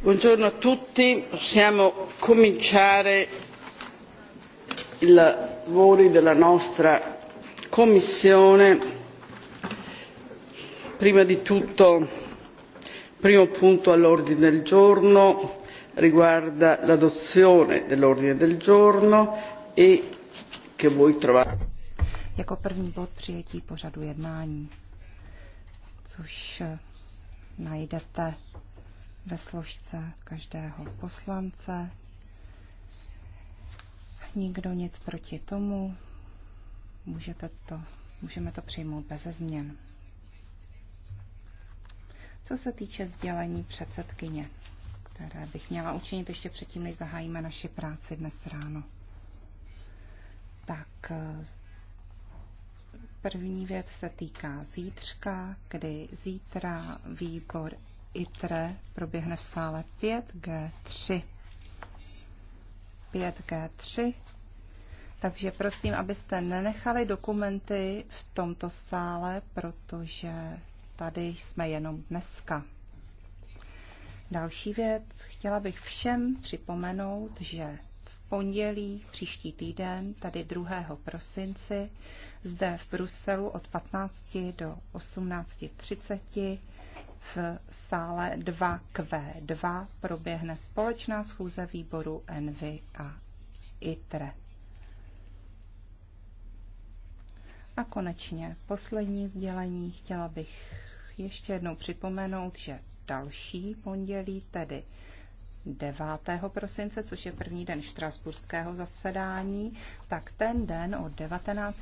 Buongiorno a tutti, possiamo cominciare i lavori della nostra Commissione. Prima di tutto, il primo punto all'ordine del giorno riguarda l'adozione dell'ordine del giorno e che voi trovate jako první bod přijetí pořadu jednání, což eh, najdete ve složce každého poslance. Nikdo nic proti tomu, můžete to, můžeme to přijmout bez změn. Co se týče sdělení předsedkyně, které bych měla učinit ještě předtím, než zahájíme naši práci dnes ráno. Tak eh, První věc se týká zítřka, kdy zítra výbor ITRE proběhne v sále 5G3. 5G3. Takže prosím, abyste nenechali dokumenty v tomto sále, protože tady jsme jenom dneska. Další věc, chtěla bych všem připomenout, že pondělí příští týden, tady 2. prosinci, zde v Bruselu od 15 do 18.30 v sále 2Q2 proběhne společná schůze výboru Envy a ITRE. A konečně poslední sdělení. Chtěla bych ještě jednou připomenout, že další pondělí, tedy 9. prosince, což je první den štrasburského zasedání, tak ten den od 19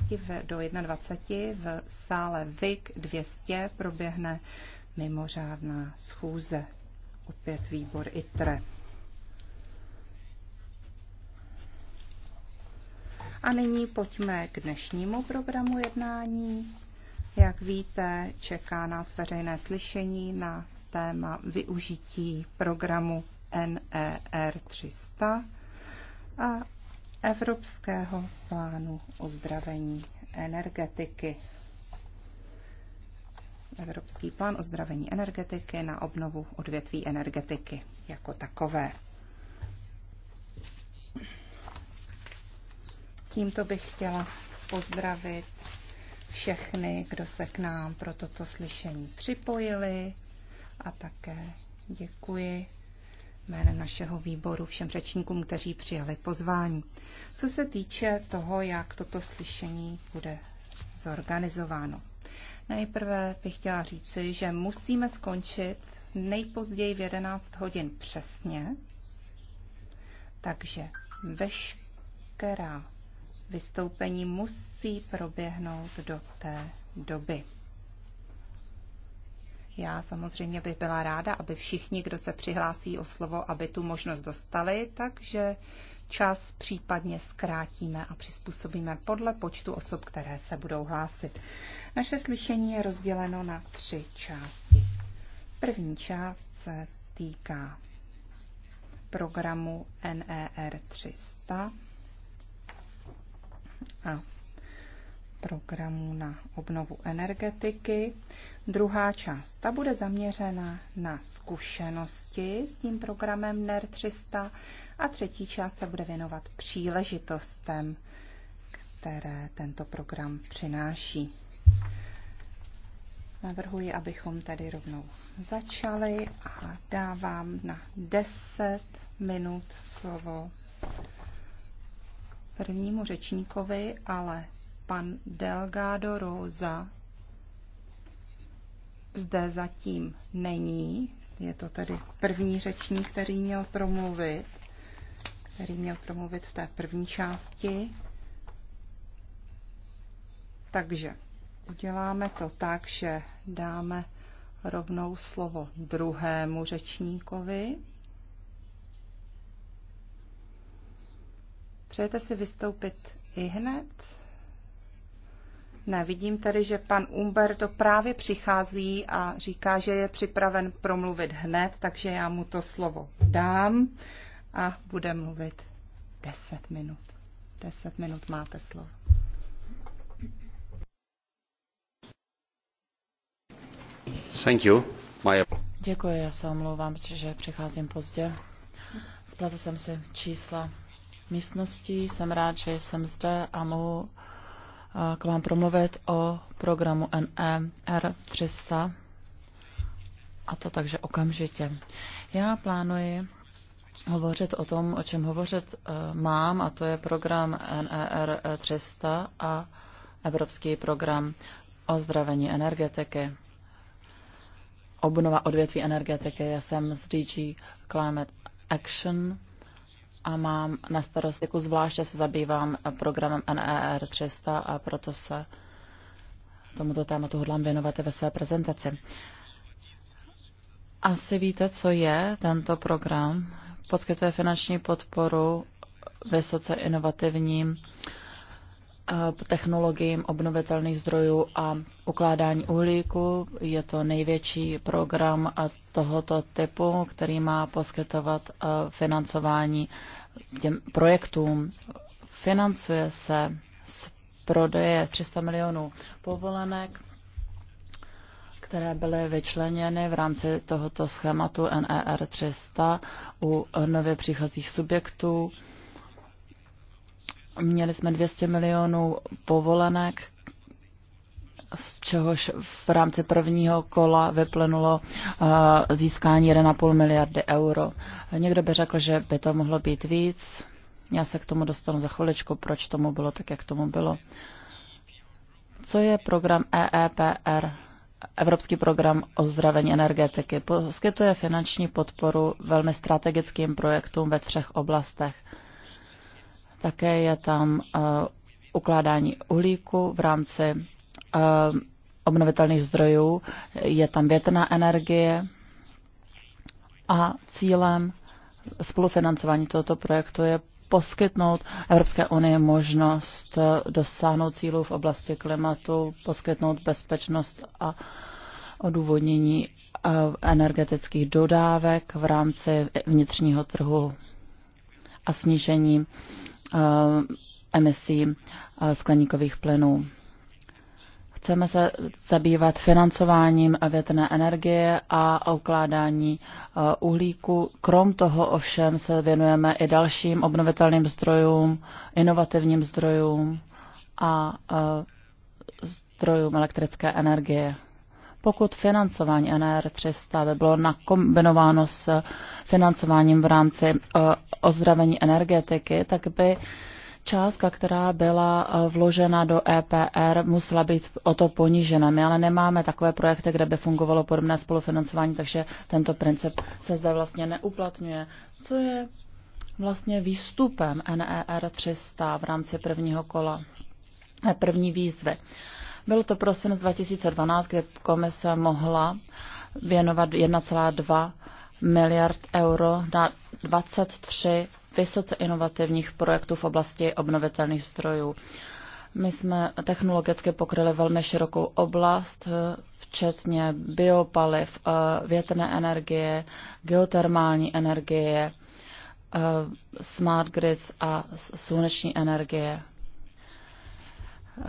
do 21 v sále VIK 200 proběhne mimořádná schůze. Opět výbor ITRE. A nyní pojďme k dnešnímu programu jednání. Jak víte, čeká nás veřejné slyšení na téma využití programu NER 300 a Evropského plánu ozdravení energetiky. Evropský plán ozdravení energetiky na obnovu odvětví energetiky jako takové. Tímto bych chtěla pozdravit všechny, kdo se k nám pro toto slyšení připojili a také děkuji jménem našeho výboru všem řečníkům, kteří přijali pozvání. Co se týče toho, jak toto slyšení bude zorganizováno. Nejprve bych chtěla říci, že musíme skončit nejpozději v 11 hodin přesně, takže veškerá vystoupení musí proběhnout do té doby. Já samozřejmě bych byla ráda, aby všichni, kdo se přihlásí o slovo, aby tu možnost dostali, takže čas případně zkrátíme a přizpůsobíme podle počtu osob, které se budou hlásit. Naše slyšení je rozděleno na tři části. První část se týká programu NER 300 a programu na obnovu energetiky. Druhá část, ta bude zaměřena na zkušenosti s tím programem NER 300 a třetí část se bude věnovat příležitostem, které tento program přináší. Navrhuji, abychom tady rovnou začali a dávám na 10 minut slovo prvnímu řečníkovi, ale pan Delgado Rosa zde zatím není. Je to tedy první řečník, který měl promluvit, který měl promluvit v té první části. Takže uděláme to tak, že dáme rovnou slovo druhému řečníkovi. Přejete si vystoupit i hned? Ne, vidím tady, že pan Umberto právě přichází a říká, že je připraven promluvit hned, takže já mu to slovo dám a bude mluvit 10 minut. 10 minut máte slovo. Thank you. My... Děkuji, já se omlouvám, že přicházím pozdě. Spletl jsem si čísla místností, jsem rád, že jsem zde a mohu k vám promluvit o programu NER 300 a to takže okamžitě. Já plánuji hovořit o tom, o čem hovořit eh, mám, a to je program NER 300 a Evropský program ozdravení energetiky. Obnova odvětví energetiky. Já jsem z DG Climate Action a mám na starosti, jako zvláště se zabývám programem NER 300 a proto se tomuto tématu hodlám věnovat i ve své prezentaci. Asi víte, co je tento program. Poskytuje finanční podporu vysoce inovativním Eh, technologiím obnovitelných zdrojů a ukládání uhlíku. Je to největší program tohoto typu, který má poskytovat eh, financování těm projektům. Financuje se z prodeje 300 milionů povolenek, které byly vyčleněny v rámci tohoto schématu NER 300 u nově příchozích subjektů Měli jsme 200 milionů povolenek, z čehož v rámci prvního kola vyplynulo eh, získání 1,5 miliardy euro. Někdo by řekl, že by to mohlo být víc. Já se k tomu dostanu za chviličku, proč tomu bylo tak, jak tomu bylo. Co je program EEPR? Evropský program ozdravení energetiky poskytuje finanční podporu velmi strategickým projektům ve třech oblastech. Také je tam eh, ukládání uhlíku v rámci eh, obnovitelných zdrojů, je tam větrná energie a cílem spolufinancování tohoto projektu je poskytnout Evropské unii možnost eh, dosáhnout cílů v oblasti klimatu, poskytnout bezpečnost a odůvodnění energetických dodávek v rámci vnitřního trhu a snížení Eh, emisí eh, skleníkových plynů. Chceme se zabývat financováním větrné energie a ukládání eh, uhlíku. Krom toho ovšem se věnujeme i dalším obnovitelným zdrojům, inovativním zdrojům a zdrojům elektrické energie pokud financování NR300 by bylo nakombinováno s financováním v rámci eh, ozdravení energetiky, tak by částka, která byla eh, vložena do EPR, musela být o to ponížena. My ale nemáme takové projekty, kde by fungovalo podobné spolufinancování, takže tento princip se zde vlastně neuplatňuje. Co je vlastně výstupem NER 300 v rámci prvního kola? Eh, první výzvy. Byl to prosinec 2012, kde komise mohla věnovat 1,2 miliard euro na 23 vysoce inovativních projektů v oblasti obnovitelných zdrojů. My jsme technologicky pokryli velmi širokou oblast, včetně biopaliv, eh, větrné energie, geotermální energie, eh, smart grids a sluneční energie.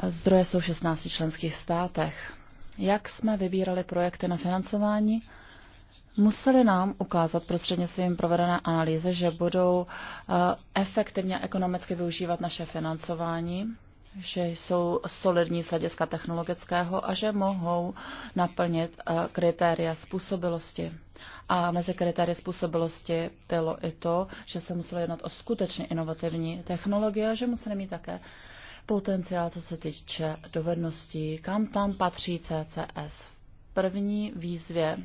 Zdroje jsou v 16 členských státech. Jak jsme vybírali projekty na financování? Museli nám ukázat prostřednictvím provedené analýzy, že budou eh, efektivně ekonomicky využívat naše financování, že jsou solidní z hlediska technologického a že mohou naplnit eh, kritéria způsobilosti. A mezi kritéria způsobilosti bylo i to, že se muselo jednat o skutečně inovativní technologie a že museli mít také potenciál, co se týče dovedností, kam tam patří CCS. V první výzvě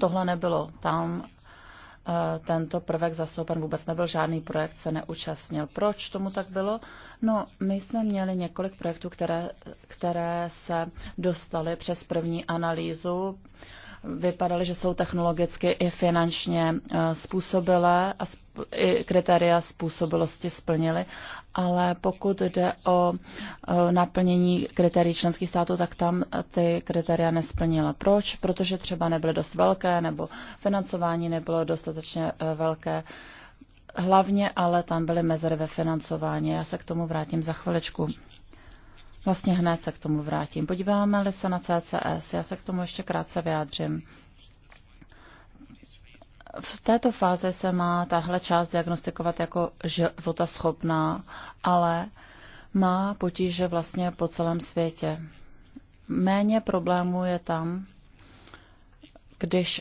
tohle nebylo. Tam eh, tento prvek zastoupen vůbec nebyl, žádný projekt se neúčastnil. Proč tomu tak bylo? No, my jsme měli několik projektů, které, které se dostaly přes první analýzu vypadaly, že jsou technologicky i finančně eh, způsobilé a i kritéria způsobilosti splnily, ale pokud jde o eh, naplnění kritérií členských států, tak tam eh, ty kritéria nesplnila. Proč? Protože třeba nebyly dost velké nebo financování nebylo dostatečně velké. Hlavně ale tam byly mezery ve financování. Já se k tomu vrátím za chviličku. Vlastně hned se k tomu vrátím. Podíváme-li se na CCS, já se k tomu ještě krátce vyjádřím. V této fázi se má tahle část diagnostikovat jako života schopná, ale má potíže vlastně po celém světě. Méně problémů je tam, když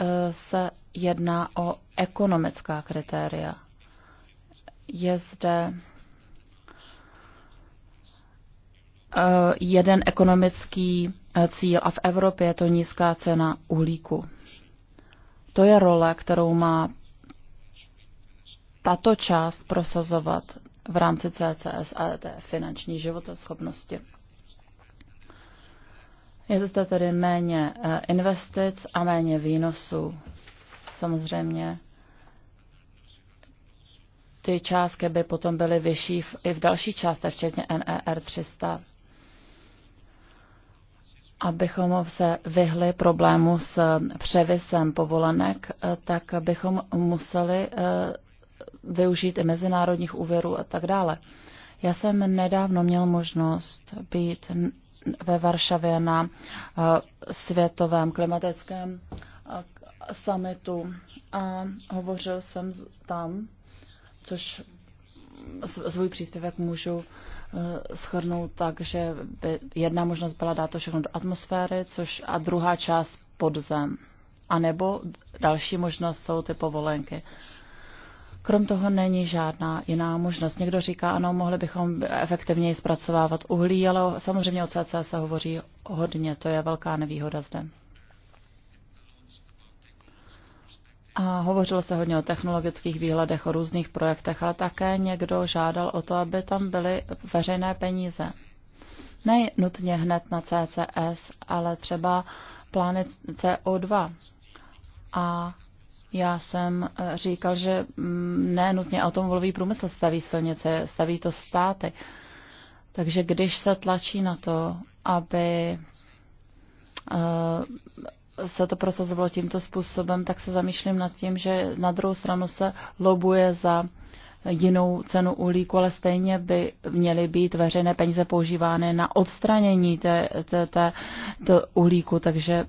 eh, se jedná o ekonomická kritéria. Je zde Eh, jeden ekonomický eh, cíl a v Evropě je to nízká cena uhlíku. To je role, kterou má tato část prosazovat v rámci CCS a té finanční životoschopnosti. Je zde tedy méně eh, investic a méně výnosů. Samozřejmě ty částky by potom byly vyšší v, i v další částech, včetně NER 300 abychom se vyhli problému s převisem povolenek, eh, tak bychom museli eh, využít i mezinárodních úvěrů a tak dále. Já jsem nedávno měl možnost být ve Varšavě na eh, světovém klimatickém summitu a hovořil jsem tam, což svůj příspěvek můžu Eh, schrnout tak, že by jedna možnost byla dát to všechno do atmosféry, což a druhá část pod zem. A nebo další možnost jsou ty povolenky. Krom toho není žádná jiná možnost. Někdo říká, ano, mohli bychom efektivněji zpracovávat uhlí, ale samozřejmě o CC se hovoří hodně, to je velká nevýhoda zde. A hovořilo se hodně o technologických výhledech, o různých projektech, ale také někdo žádal o to, aby tam byly veřejné peníze. Ne nutně hned na CCS, ale třeba plány CO2. A já jsem eh, říkal, že mm, ne nutně automobilový průmysl staví silnice, staví to státy. Takže když se tlačí na to, aby eh, se to prosazovalo tímto způsobem, tak se zamýšlím nad tím, že na druhou stranu se lobuje za jinou cenu uhlíku, ale stejně by měly být veřejné peníze používány na odstranění té, té, té, té uhlíku, takže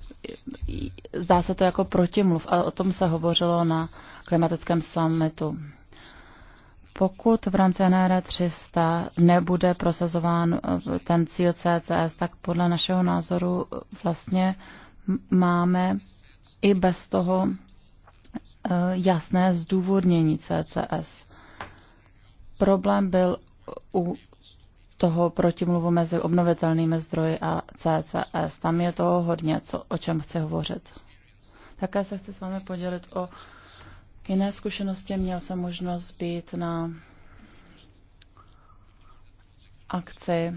zdá se to jako protimluv a o tom se hovořilo na klimatickém summitu. Pokud v rámci NR 300 nebude prosazován ten cíl CCS, tak podle našeho názoru vlastně máme i bez toho eh, jasné zdůvodnění CCS. Problém byl u toho protimluvu mezi obnovitelnými zdroji a CCS. Tam je toho hodně, co, o čem chci hovořit. Také se chci s vámi podělit o jiné zkušenosti. Měl jsem možnost být na akci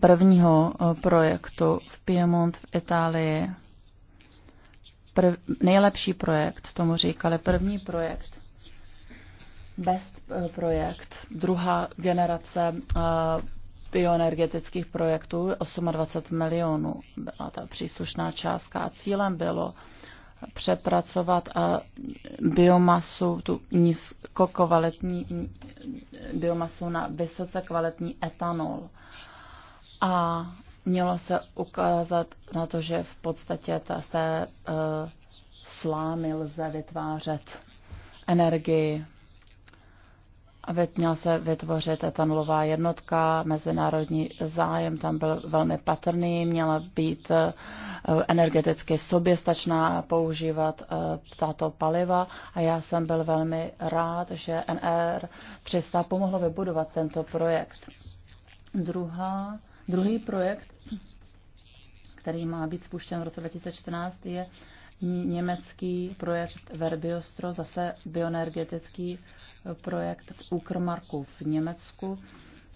prvního eh, projektu v Piemont v Itálii. Prv, nejlepší projekt, tomu říkali první projekt. Best eh, projekt, druhá generace eh, bioenergetických projektů, 28 milionů byla ta příslušná částka a cílem bylo přepracovat a biomasu, tu nízkokvalitní biomasu na vysoce kvalitní etanol a mělo se ukázat na to, že v podstatě ta se uh, slámy lze vytvářet energii. Měla se vytvořit etanolová jednotka, mezinárodní zájem tam byl velmi patrný, měla být eh, energeticky soběstačná a používat eh, tato paliva a já jsem byl velmi rád, že NR300 pomohlo vybudovat tento projekt. Druhá Druhý projekt, který má být spuštěn v roce 2014, je německý projekt Verbiostro, zase bioenergetický projekt v Ukrmarku v Německu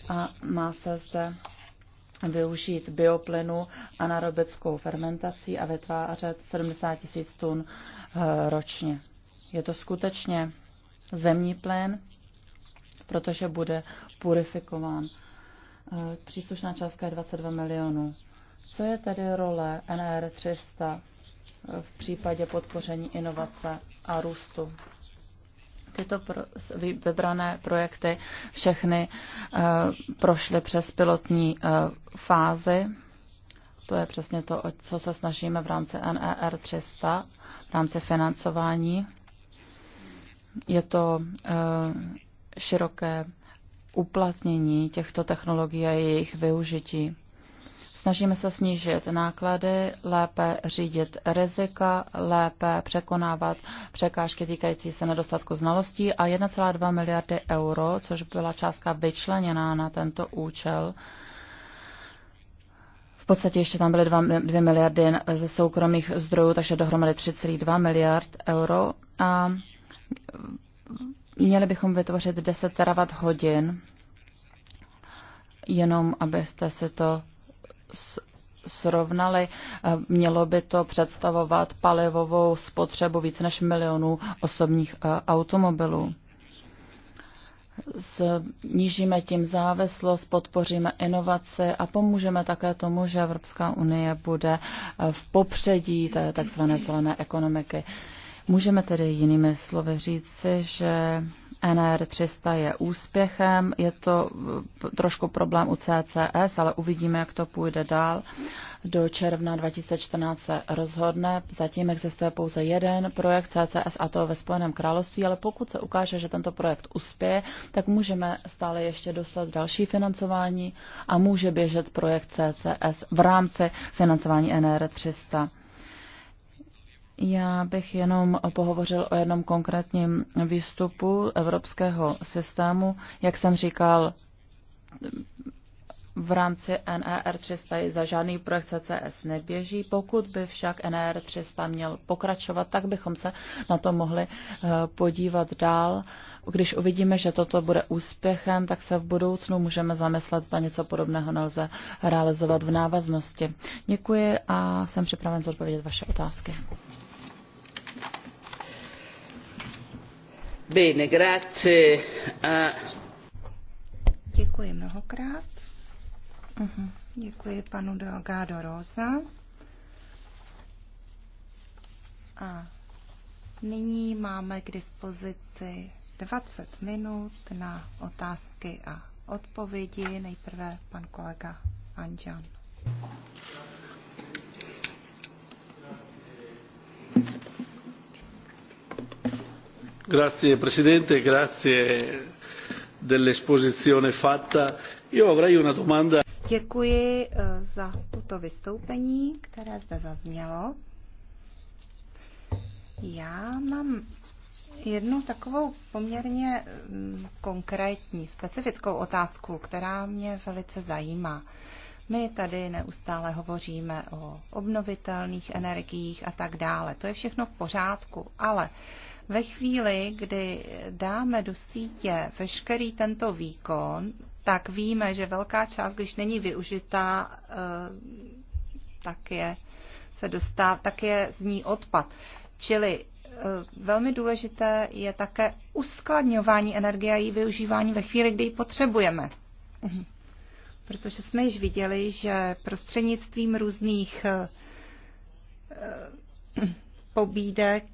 a má se zde využít bioplynu anaerobickou fermentací a vytvářet 70 tisíc tun eh, ročně. Je to skutečně zemní plyn, protože bude purifikován Eh, příslušná částka je 22 milionů. Co je tedy role NR300 eh, v případě podpoření inovace a růstu? Tyto pro, vybrané projekty všechny uh, prošly přes pilotní uh, fázi. To je přesně to, o co se snažíme v rámci NER 300, v rámci financování. Je to uh, široké uplatnění těchto technologií a jejich využití. Snažíme se snížit náklady, lépe řídit rizika, lépe překonávat překážky týkající se nedostatku znalostí a 1,2 miliardy euro, což byla částka vyčleněná na tento účel. V podstatě ještě tam byly 2, miliardy ze soukromých zdrojů, takže dohromady 3,2 miliard euro. A Měli bychom vytvořit 10 teravat hodin, jenom abyste si to srovnali, eh, mělo by to představovat palivovou spotřebu více než milionů osobních eh, automobilů. Snížíme tím závislost, podpoříme inovace a pomůžeme také tomu, že Evropská unie bude eh, v popředí té tzv. zelené ekonomiky. Můžeme tedy jinými slovy říci, že NR300 je úspěchem, je to eh, trošku problém u CCS, ale uvidíme, jak to půjde dál. Do června 2014 se rozhodne, zatím existuje pouze jeden projekt CCS a to ve Spojeném království, ale pokud se ukáže, že tento projekt uspěje, tak můžeme stále ještě dostat další financování a může běžet projekt CCS v rámci financování NR300. Já bych jenom pohovořil o jednom konkrétním výstupu evropského systému. Jak jsem říkal, v rámci NER 300 za žádný projekt CCS neběží. Pokud by však NER 300 měl pokračovat, tak bychom se na to mohli eh, podívat dál. Když uvidíme, že toto bude úspěchem, tak se v budoucnu můžeme zamyslet, zda něco podobného nelze realizovat v návaznosti. Děkuji a jsem připraven zodpovědět vaše otázky. Děkuji mnohokrát. Mhm, děkuji panu Delgado Rosa. A nyní máme k dispozici 20 minut na otázky a odpovědi. Nejprve pan kolega Anjan. signor Presidente, grazie dell'esposizione fatta. Io avrei una domanda. Děkuji eh, za toto vystoupení, které zde zaznělo. Já mám jednu takovou poměrně mm, konkrétní, specifickou otázku, která mě velice zajímá. My tady neustále hovoříme o obnovitelných energiích a tak dále. To je všechno v pořádku, ale ve chvíli, kdy dáme do sítě veškerý tento výkon, tak víme, že velká část, když není využitá, eh, tak je, se dostá, tak je z ní odpad. Čili eh, velmi důležité je také uskladňování energie a její využívání ve chvíli, kdy ji potřebujeme. Mhm. Protože jsme již viděli, že prostřednictvím různých eh, pobídek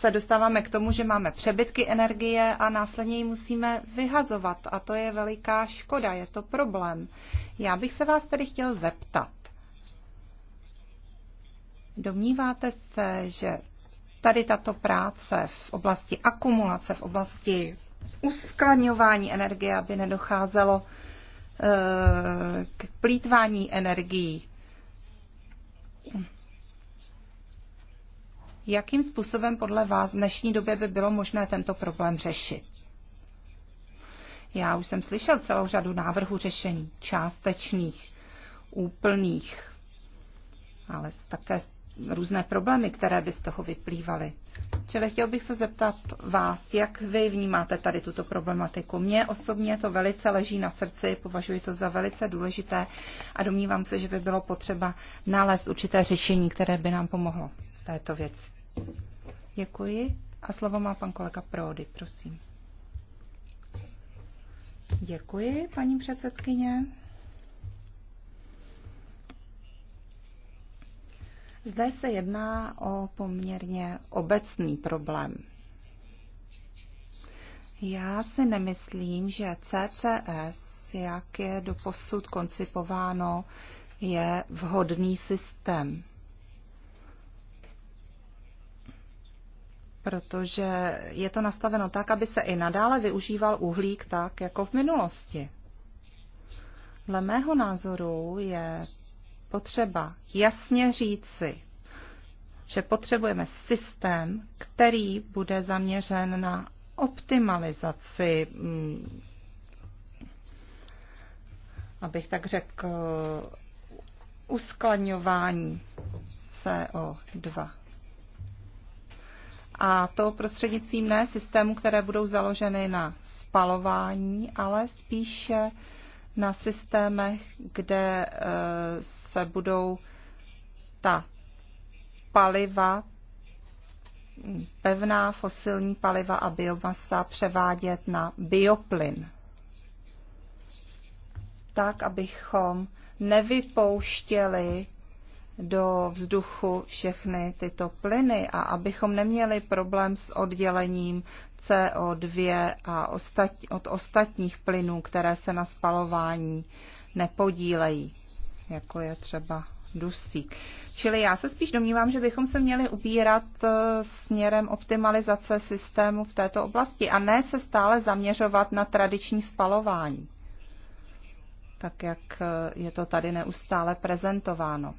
se dostáváme k tomu, že máme přebytky energie a následně ji musíme vyhazovat. A to je veliká škoda, je to problém. Já bych se vás tedy chtěl zeptat. Domníváte se, že tady tato práce v oblasti akumulace, v oblasti uskladňování energie, aby nedocházelo eh, k plítvání energií, Jakým způsobem podle vás v dnešní době by bylo možné tento problém řešit? Já už jsem slyšel celou řadu návrhů řešení, částečných, úplných, ale také různé problémy, které by z toho vyplývaly. Čili chtěl bych se zeptat vás, jak vy vnímáte tady tuto problematiku. Mně osobně to velice leží na srdci, považuji to za velice důležité a domnívám se, že by bylo potřeba nalézt určité řešení, které by nám pomohlo této věci. Děkuji. A slovo má pan kolega Prody, prosím. Děkuji, paní předsedkyně. Zde se jedná o poměrně obecný problém. Já si nemyslím, že CCS, jak je doposud koncipováno, je vhodný systém. protože je to nastaveno tak, aby se i nadále využíval uhlík tak, jako v minulosti. Dle mého názoru je potřeba jasně říci, že potřebujeme systém, který bude zaměřen na optimalizaci, mm, abych tak řekl, uskladňování CO2. A to prostřednictvím ne systému, které budou založeny na spalování, ale spíše na systémech, kde eh, se budou ta paliva, pevná fosilní paliva a biomasa převádět na bioplyn. Tak, abychom nevypouštěli do vzduchu všechny tyto plyny a abychom neměli problém s oddělením CO2 a ostat, od ostatních plynů, které se na spalování nepodílejí, jako je třeba dusík. Čili já se spíš domnívám, že bychom se měli ubírat eh, směrem optimalizace systému v této oblasti a ne se stále zaměřovat na tradiční spalování, tak jak eh, je to tady neustále prezentováno.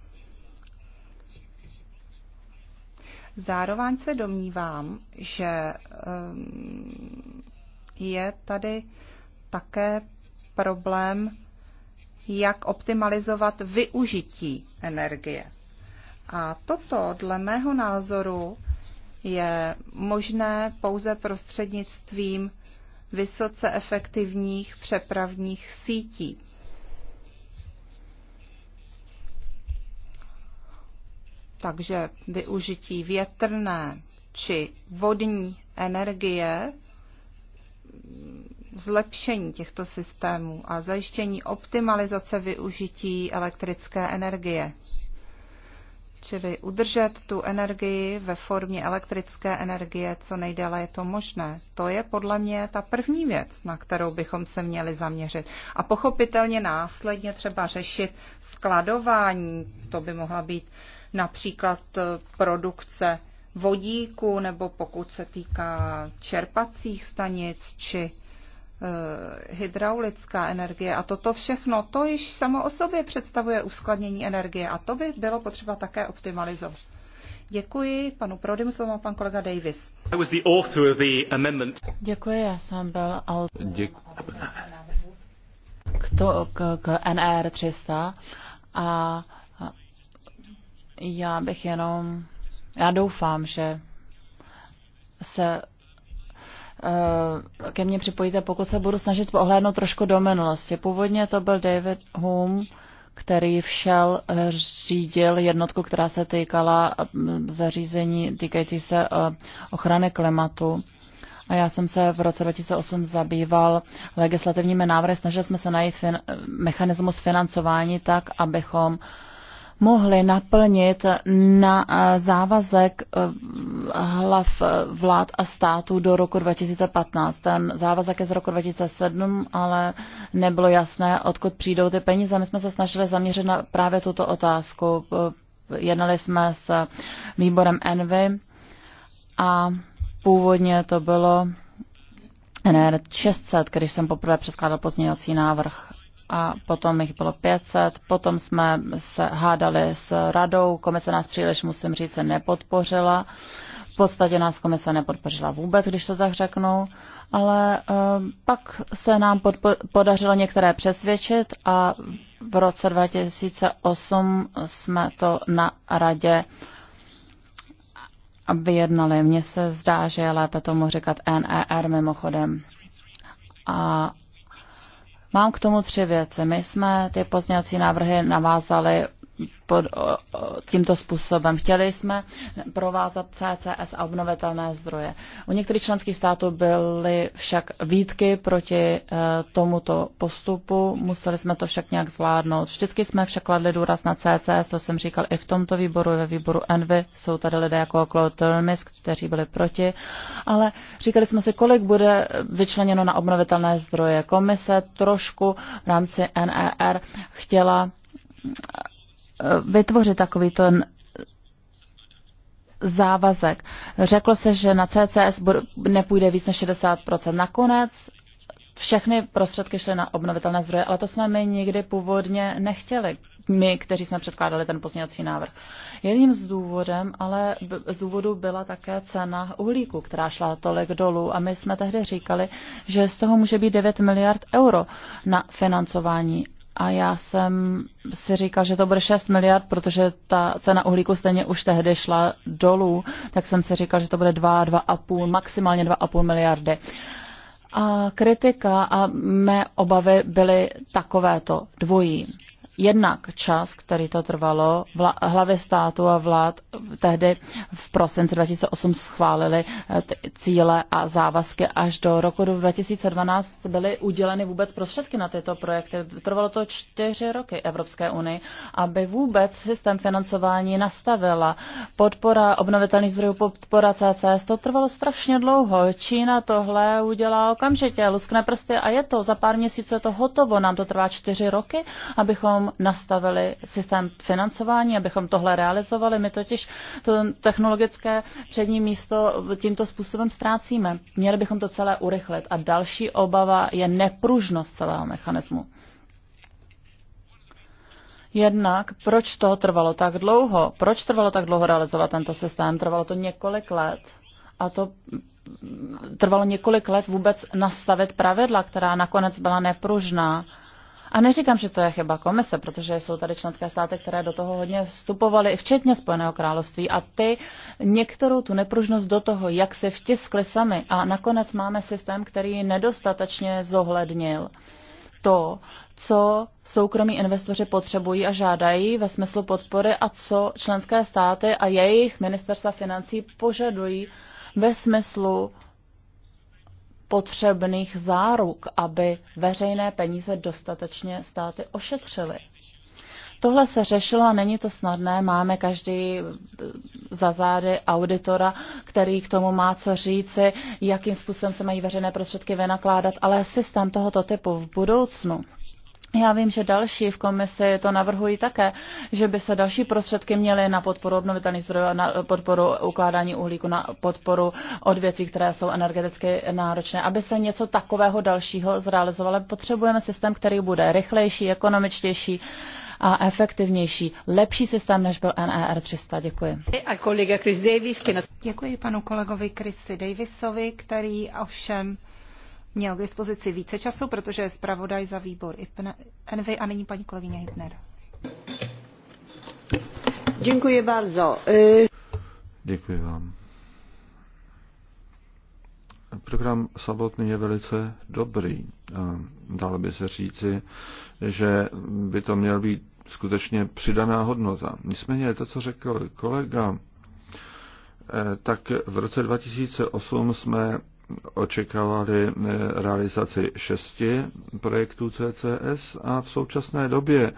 Zároveň se domnívám, že ehm, je tady také problém, jak optimalizovat využití energie. A toto, dle mého názoru, je možné pouze prostřednictvím vysoce efektivních přepravních sítí. Takže využití větrné či vodní energie, zlepšení těchto systémů a zajištění optimalizace využití elektrické energie. Čili udržet tu energii ve formě elektrické energie, co nejdéle je to možné. To je podle mě ta první věc, na kterou bychom se měli zaměřit. A pochopitelně následně třeba řešit skladování. To by mohla být uh, například eh, produkce vodíku nebo pokud se týká čerpacích stanic či eh, hydraulická energie a toto všechno, to již samo o sobě představuje uskladnění energie a to by bylo potřeba také optimalizovat. Děkuji panu Prodymu, slovo pan kolega Davis. Děkuji, já jsem byl autor k, to, k, k NR 300 a já bych jenom, já doufám, že se eh, ke mně připojíte, pokud se budu snažit pohlédnout trošku do minulosti. Původně to byl David Hume, který všel eh, řídil jednotku, která se týkala eh, zařízení týkající se ochrany klimatu. A já jsem se v roce 2008 zabýval legislativními návrhy. Snažili jsme se najít fin- mechanismus financování tak, abychom uh, mohli naplnit na eh, závazek eh, hlav eh, vlád a států do roku 2015. Ten závazek je z roku 2007, ale nebylo jasné, odkud přijdou ty peníze. My jsme se snažili zaměřit na právě tuto otázku. Jednali jsme s výborem Envy a původně to bylo NR 600, když jsem poprvé předkládal pozměňovací návrh a potom jich bylo 500. Potom jsme se hádali s radou, komise nás příliš, musím říct, se nepodpořila. V podstatě nás komise nepodpořila vůbec, když to tak řeknu, ale eh, pak se nám podařilo některé přesvědčit a v roce 2008 jsme to na radě vyjednali. Mně se zdá, že je lépe tomu říkat NER mimochodem. A Mám k tomu tři věci. My jsme ty pozněcí návrhy navázali pod, tímto způsobem. Chtěli jsme provázat CCS a obnovitelné zdroje. U některých členských států byly však výtky proti e, tomuto postupu, museli jsme to však nějak zvládnout. Vždycky jsme však kladli důraz na CCS, to jsem říkal i v tomto výboru, ve výboru Envy, jsou tady lidé jako Claude Turmis, kteří byli proti, ale říkali jsme si, kolik bude vyčleněno na obnovitelné zdroje. Komise trošku v rámci NER chtěla Eh, vytvořit takový ten závazek. Řeklo se, že na CCS nepůjde víc než 60%. Nakonec všechny prostředky šly na obnovitelné zdroje, ale to jsme my nikdy původně nechtěli, my, kteří jsme předkládali ten pozměňovací návrh. Jedním z důvodem, ale z důvodu byla také cena uhlíku, která šla tolik dolů a my jsme tehdy říkali, že z toho může být 9 miliard euro na financování a já jsem si říkal, že to bude 6 miliard, protože ta cena uhlíku stejně už tehdy šla dolů, tak jsem si říkal, že to bude 2, 2,5, maximálně 2,5 miliardy. A kritika a mé obavy byly takovéto dvojí. Jednak čas, který to trvalo, vla, hlavy státu a vlád tehdy v prosinci 2008 schválili eh, cíle a závazky až do roku 2012 byly uděleny vůbec prostředky na tyto projekty. Trvalo to čtyři roky Evropské unii, aby vůbec systém financování nastavila. Podpora obnovitelných zdrojů, podpora CCS, to trvalo strašně dlouho. Čína tohle udělá okamžitě, luskne prsty a je to. Za pár měsíců je to hotovo. Nám to trvá čtyři roky, abychom nastavili systém financování, abychom tohle realizovali. My totiž to technologické přední místo tímto způsobem ztrácíme. Měli bychom to celé urychlit. A další obava je nepružnost celého mechanismu. Jednak, proč to trvalo tak dlouho? Proč trvalo tak dlouho realizovat tento systém? Trvalo to několik let. A to mm, trvalo několik let vůbec nastavit pravidla, která nakonec byla nepružná a neříkám, že to je chyba komise, protože jsou tady členské státy, které do toho hodně vstupovaly, včetně Spojeného království, a ty některou tu nepružnost do toho, jak se vtiskly sami. A nakonec máme systém, který nedostatečně zohlednil to, co soukromí investoři potřebují a žádají ve smyslu podpory a co členské státy a jejich ministerstva financí požadují ve smyslu potřebných záruk, aby veřejné peníze dostatečně státy ošetřily. Tohle se řešilo a není to snadné. Máme každý eh, za zády auditora, který k tomu má co říci, jakým způsobem se mají veřejné prostředky vynakládat, ale systém tohoto typu v budoucnu já vím, že další v komisi to navrhují také, že by se další prostředky měly na podporu obnovitelných zdrojů, na podporu ukládání uhlíku, na podporu odvětví, které jsou energeticky náročné. Aby se něco takového dalšího zrealizovalo, potřebujeme systém, který bude rychlejší, ekonomičtější a efektivnější. Lepší systém, než byl NER 300. Děkuji. A kolega Chris Davis, Děkuji panu kolegovi Chrisi Davisovi, který ovšem měl k dispozici více času, protože je zpravodaj za výbor Envy a nyní paní kolegyně Hitner. Děkuji bardzo. E, Děkuji vám. Program samotný je velice dobrý. Dalo by se říci, že by to měl být skutečně přidaná hodnota. Nicméně to, co řekl kolega, e, tak v roce 2008 jsme očekávali eh, realizaci šesti projektů CCS a v současné době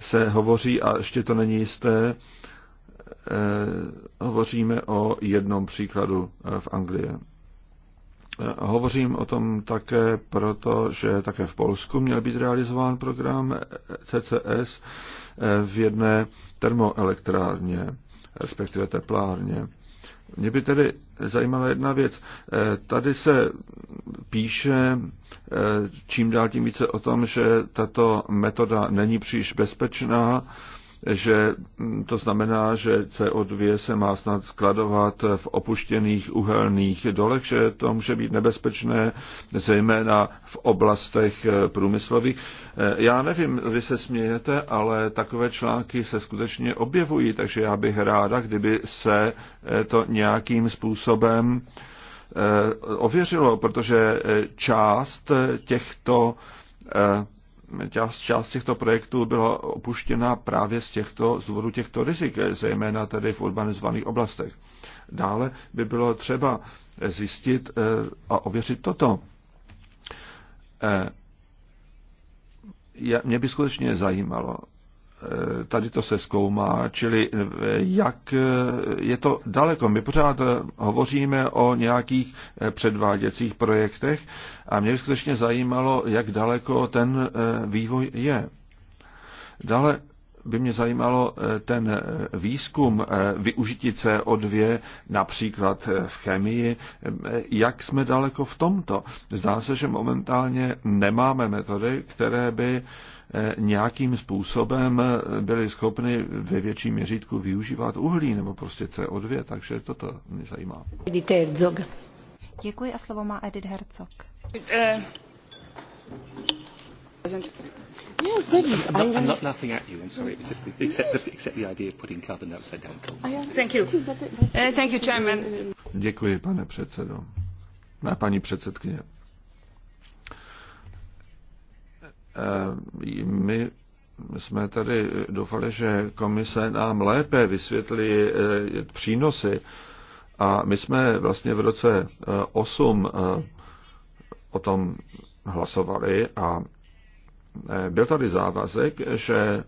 se hovoří, a ještě to není jisté, eh, hovoříme o jednom příkladu eh, v Anglii. Hovořím o tom také proto, že také v Polsku měl být realizován program CCS v jedné termoelektrárně, respektive teplárně. Mě by tedy zajímala jedna věc. Eh, tady se píše eh, čím dál tím více o tom, že tato metoda není příliš bezpečná že mm, to znamená, že CO2 se má snad skladovat v opuštěných uhelných dolech, že to může být nebezpečné, zejména v oblastech eh, průmyslových. Eh, já nevím, vy se smějete, ale takové články se skutečně objevují, takže já bych ráda, kdyby se eh, to nějakým způsobem ověřilo, protože část těchto část, část těchto projektů byla opuštěna právě z, těchto, z důvodu těchto rizik, zejména tedy v urbanizovaných oblastech. Dále by bylo třeba zjistit eh, a ověřit toto. Eh, mě by skutečně zajímalo, tady to se zkoumá, čili eh, jak eh, je to daleko. My pořád eh, hovoříme o nějakých předváděcích projektech a mě skutečně zajímalo, jak daleko ten vývoj je. Dále by mě zajímalo ten výzkum využití CO2 například v chemii. Jak jsme daleko v tomto? Zdá se, že momentálně nemáme metody, které by nějakým způsobem byli schopni ve větším měřítku využívat uhlí nebo prostě CO2, takže toto mě zajímá. Edith Děkuji a slovo má Edith Herzog. Thank you. Uh, thank you, Chairman. Děkuji, pane předsedo. Na paní předsedkyně. Eh, my jsme tady doufali, že komise nám lépe vysvětlí eh, přínosy a my jsme vlastně v roce 8 eh, o tom hlasovali a byl tady závazek, že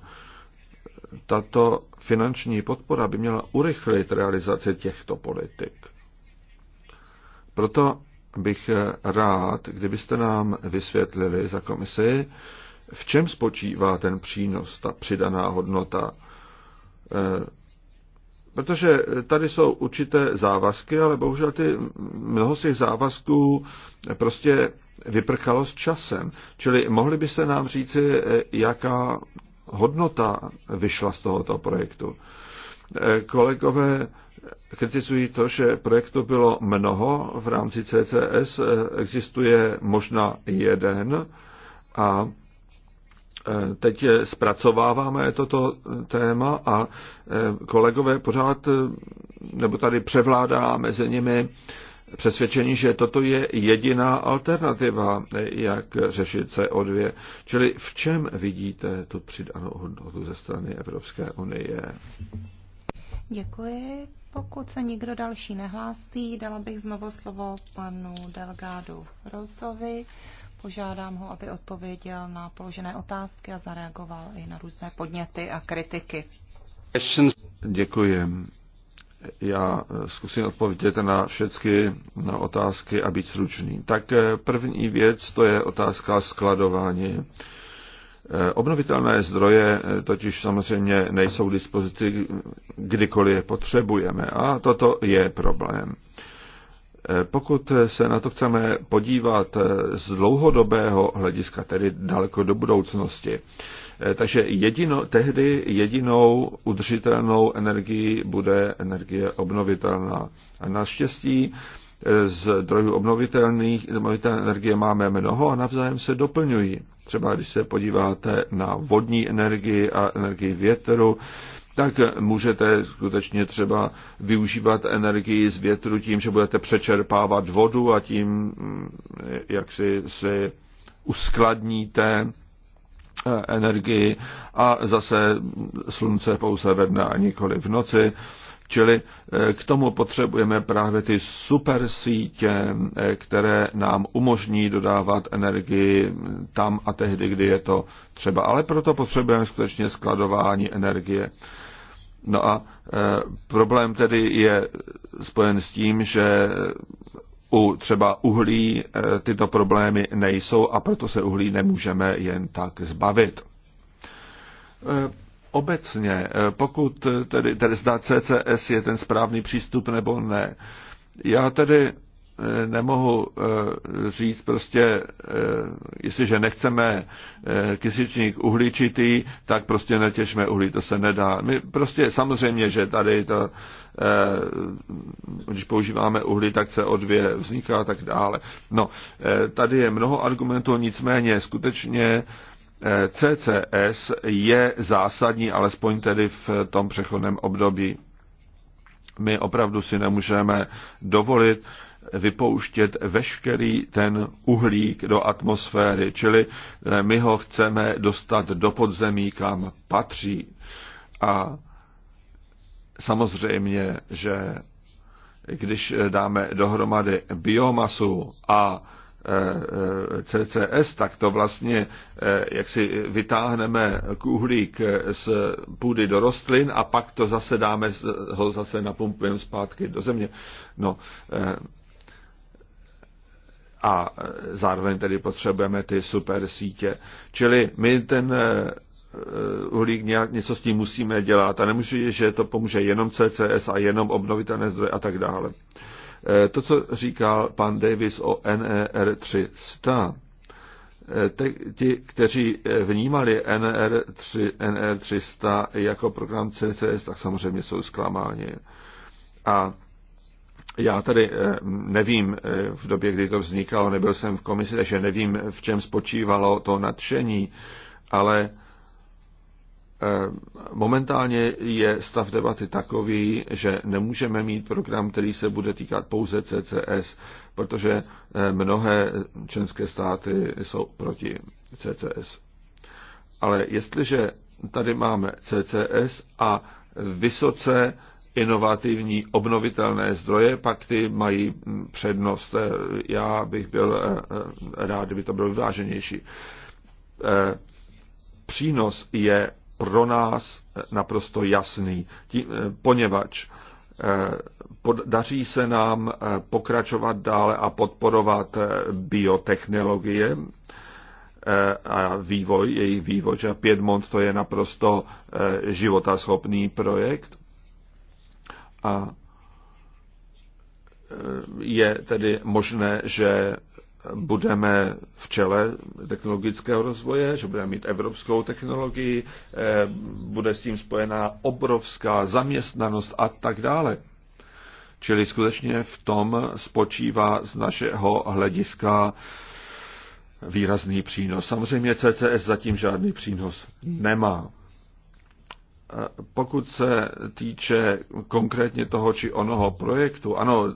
tato finanční podpora by měla urychlit realizaci těchto politik. Proto bych eh, rád, kdybyste nám vysvětlili za komisi, v čem spočívá ten přínos, ta přidaná hodnota. Eh, protože tady jsou určité závazky, ale bohužel ty, mnoho z těch závazků prostě vyprchalo s časem. Čili mohli byste nám říci, eh, jaká hodnota vyšla z tohoto projektu. Kolegové kritizují to, že projektů bylo mnoho v rámci CCS, existuje možná jeden a e, teď zpracováváme toto téma a e, kolegové pořád, e, nebo tady převládá mezi nimi přesvědčení, že toto je jediná alternativa, jak řešit CO2. Čili v čem vidíte tu přidanou hodnotu ze strany Evropské unie? Děkuji. Pokud se nikdo další nehlásí, dala bych znovu slovo panu Delgádu Rosovi. Požádám ho, aby odpověděl na položené otázky a zareagoval i na různé podněty a kritiky. Děkuji. Já zkusím odpovědět na všechny na otázky a být stručný. Tak první věc, to je otázka skladování. Eh, obnovitelné zdroje eh, totiž samozřejmě nejsou k dispozici, kdykoliv je potřebujeme a toto je problém. Eh, pokud se na to chceme podívat z dlouhodobého hlediska, tedy daleko do budoucnosti, takže jedino, tehdy jedinou udržitelnou energii bude energie obnovitelná. A naštěstí zdrojů obnovitelných, obnovitelné energie máme mnoho a navzájem se doplňují. Třeba když se podíváte na vodní energii a energii větru, tak můžete skutečně třeba využívat energii z větru tím, že budete přečerpávat vodu a tím, mm, jak si, si uskladníte eh, energii a zase slunce pouze ve dne a nikoli v noci. Čili eh, k tomu potřebujeme právě ty super sítě, eh, které nám umožní dodávat energii tam a tehdy, kdy je to třeba. Ale proto potřebujeme skutečně skladování energie. No a eh, problém tedy je spojen s tím, že u třeba uhlí tyto problémy nejsou a proto se uhlí nemůžeme jen tak zbavit obecně, eh, pokud eh, tedy, tedy zda CCS je ten správný přístup nebo ne. Já tedy eh, nemohu říct prostě, jestliže nechceme kysičník uhličitý, tak prostě netěžme uhlí, to se nedá. My prostě samozřejmě, že tady to, když používáme uhlí, tak se 2 vzniká a tak dále. No, tady je mnoho argumentů, nicméně skutečně CCS je zásadní, alespoň tedy v tom přechodném období. My opravdu si nemůžeme dovolit vypouštět veškerý ten uhlík do atmosféry, čili eh, my ho chceme dostat do podzemí, kam patří. A samozřejmě, že když eh, dáme dohromady biomasu a Eh, CCS, tak to vlastně, eh, jak si vytáhneme uhlík z půdy do rostlin a pak to zase dáme, ho zase napumpujeme zpátky do země. No, eh, a zároveň tedy potřebujeme ty super sítě. Čili my ten uhlík nějak, něco s tím musíme dělat a nemůže, že to pomůže jenom CCS a jenom obnovitelné zdroje a tak dále. Eh, to, co říkal pan Davis o NER 300, eh, te, ti, kteří eh, vnímali NR3, e NR300 e jako program CCS, tak samozřejmě jsou zklamáni. A já tady nevím, v době, kdy to vznikalo, nebyl jsem v komisi, takže nevím, v čem spočívalo to nadšení, ale Eh, momentálně je stav debaty takový, že nemůžeme mít program, který se bude týkat pouze CCS, protože eh, mnohé členské státy jsou proti CCS. Ale jestliže tady máme CCS a vysoce inovativní obnovitelné zdroje, pak ty mají hm, přednost. Eh, já bych byl rád, kdyby to bylo vyváženější. Přínos je pro nás naprosto jasný, tím, eh, poněvadž eh, podaří se nám eh, pokračovat dále a podporovat biotechnologie a vývoj, jejich vývoj, že Piedmont to je naprosto životaschopný projekt a je tedy možné, že budeme v čele technologického rozvoje, že budeme mít evropskou technologii, eh, bude s tím spojená obrovská zaměstnanost a tak dále. Čili skutečně v tom spočívá z našeho hlediska výrazný přínos. Samozřejmě CCS zatím žádný přínos nemá. Eh, pokud se týče konkrétně toho či onoho projektu, ano, eh,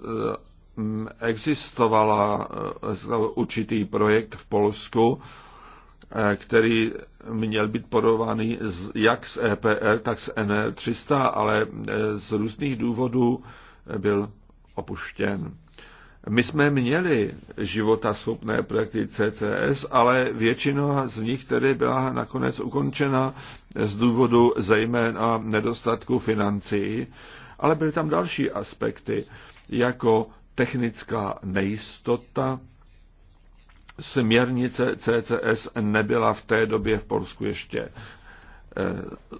Mm, existovala eh, určitý projekt v Polsku, eh, který měl být podovaný jak z EPR, tak z nl 300 e ale eh, z různých důvodů byl opuštěn. My jsme měli života schopné projekty CCS, ale většina z nich tedy byla nakonec ukončena z důvodu zejména nedostatku financí, ale byly tam další aspekty, jako technická nejistota. Směrnice CCS nebyla v té době v Polsku ještě eh,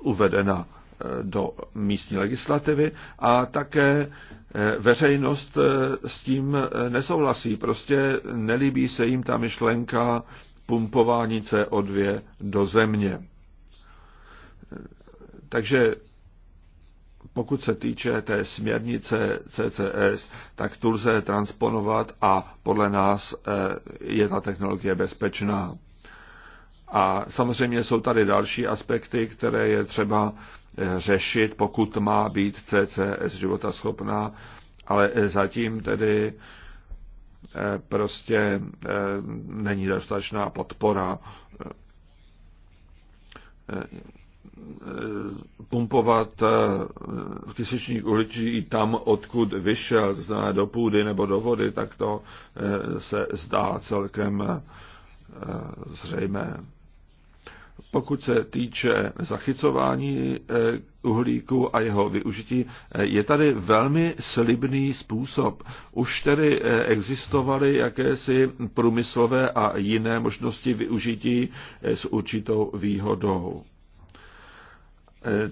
uvedena eh, do místní legislativy a také eh, veřejnost s tím nesouhlasí. Prostě nelíbí se jim ta myšlenka pumpování CO2 do země. Takže pokud se týče té směrnice CCS, tak tu lze transponovat a podle nás eh, je ta technologie bezpečná. A samozřejmě jsou tady další aspekty, které je třeba eh, řešit, pokud má být CCS života schopná, ale eh, zatím tedy prostě není dostatečná podpora Eh, pumpovat kysličník eh, uličí tam, odkud vyšel, to znamená do půdy nebo do vody, tak to eh, se zdá celkem zřejmé. Pokud se týče zachycování uhlíku a jeho využití, je tady velmi slibný způsob. Už tedy existovaly jakési průmyslové a jiné možnosti využití s určitou výhodou.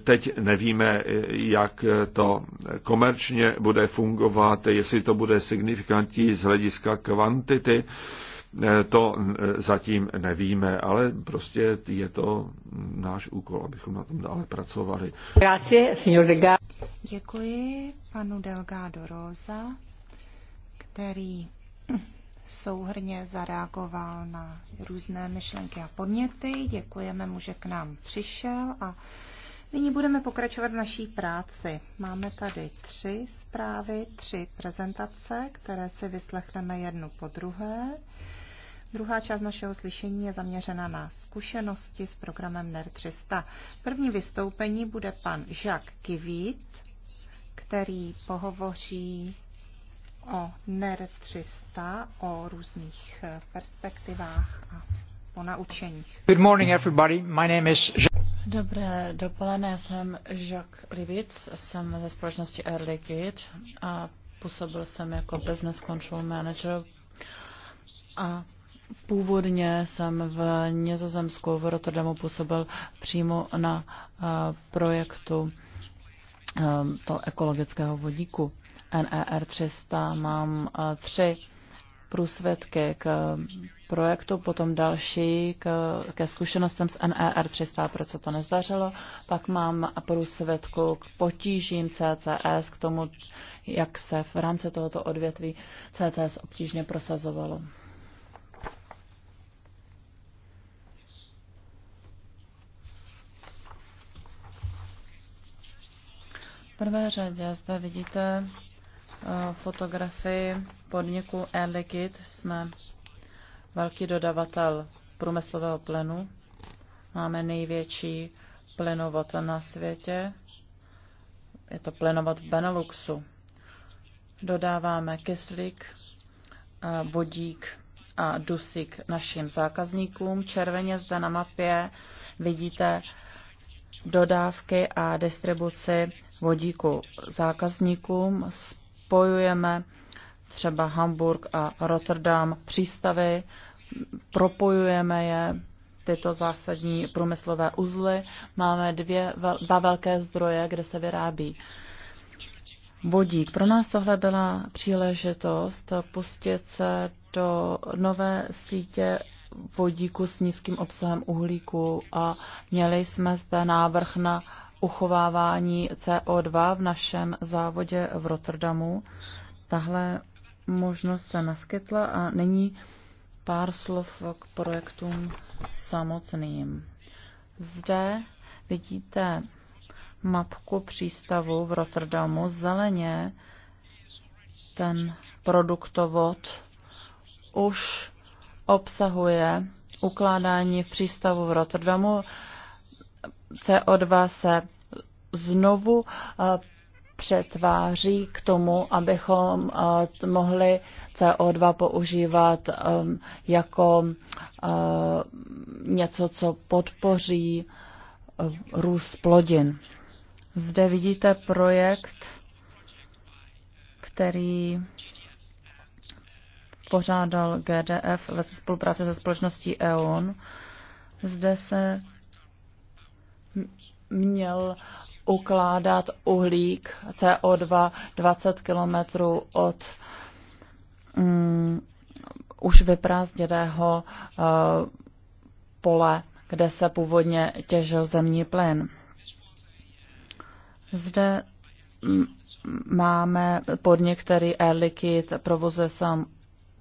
Teď nevíme, jak to komerčně bude fungovat, jestli to bude signifikantní z hlediska kvantity, to zatím nevíme, ale prostě je to náš úkol, abychom na tom dále pracovali. Děkuji panu Delgado Rosa, který souhrně zareagoval na různé myšlenky a podněty. Děkujeme mu, že k nám přišel a Nyní budeme pokračovat v naší práci. Máme tady tři zprávy, tři prezentace, které si vyslechneme jednu po druhé. Druhá část našeho slyšení je zaměřena na zkušenosti s programem NER 300. První vystoupení bude pan Jacques Kivit, který pohovoří o NER 300, o různých perspektivách a po naučeních. Good morning everybody. My name is Dobré dopoledne, jsem Jacques Livic, jsem ze společnosti Air Liquid a působil jsem jako business control manager a Původně jsem v Nězozemsku v Rotterdamu působil přímo na eh, projektu eh, toho ekologického vodíku NER 300. Mám eh, tři průsvědky k projektu, potom další k, ke zkušenostem s NER 300, proč co to nezdařilo. Pak mám průsvědku k potížím CCS, k tomu, jak se v rámci tohoto odvětví CCS obtížně prosazovalo. V prvé řadě zde vidíte eh, fotografii podniku Liquid. Jsme velký dodavatel průmyslového plenu. Máme největší plenovod na světě. Je to plenovod v Beneluxu. Dodáváme kyslík, eh, vodík a dusík našim zákazníkům. Červeně zde na mapě vidíte dodávky a distribuci vodíku zákazníkům. Spojujeme třeba Hamburg a Rotterdam přístavy, propojujeme je, tyto zásadní průmyslové uzly. Máme dvě, dva velké zdroje, kde se vyrábí vodík. Pro nás tohle byla příležitost pustit se do nové sítě vodíku s nízkým obsahem uhlíku a měli jsme zde návrh na uchovávání CO2 v našem závodě v Rotterdamu. Tahle možnost se naskytla a nyní pár slov k projektům samotným. Zde vidíte mapku přístavu v Rotterdamu. Zeleně ten produktovod už obsahuje ukládání v přístavu v Rotterdamu. CO2 se znovu eh, přetváří k tomu, abychom eh, mohli CO2 používat ehm, jako eh, něco, co podpoří eh, růst plodin. Zde vidíte projekt, který pořádal GDF ve spolupráci se společností E.ON. Zde se měl ukládat uhlík CO2 20 km od mm, už vyprázdněného uh, pole, kde se původně těžil zemní plyn. Zde mm, máme podnik, který Air Liquid provozuje sám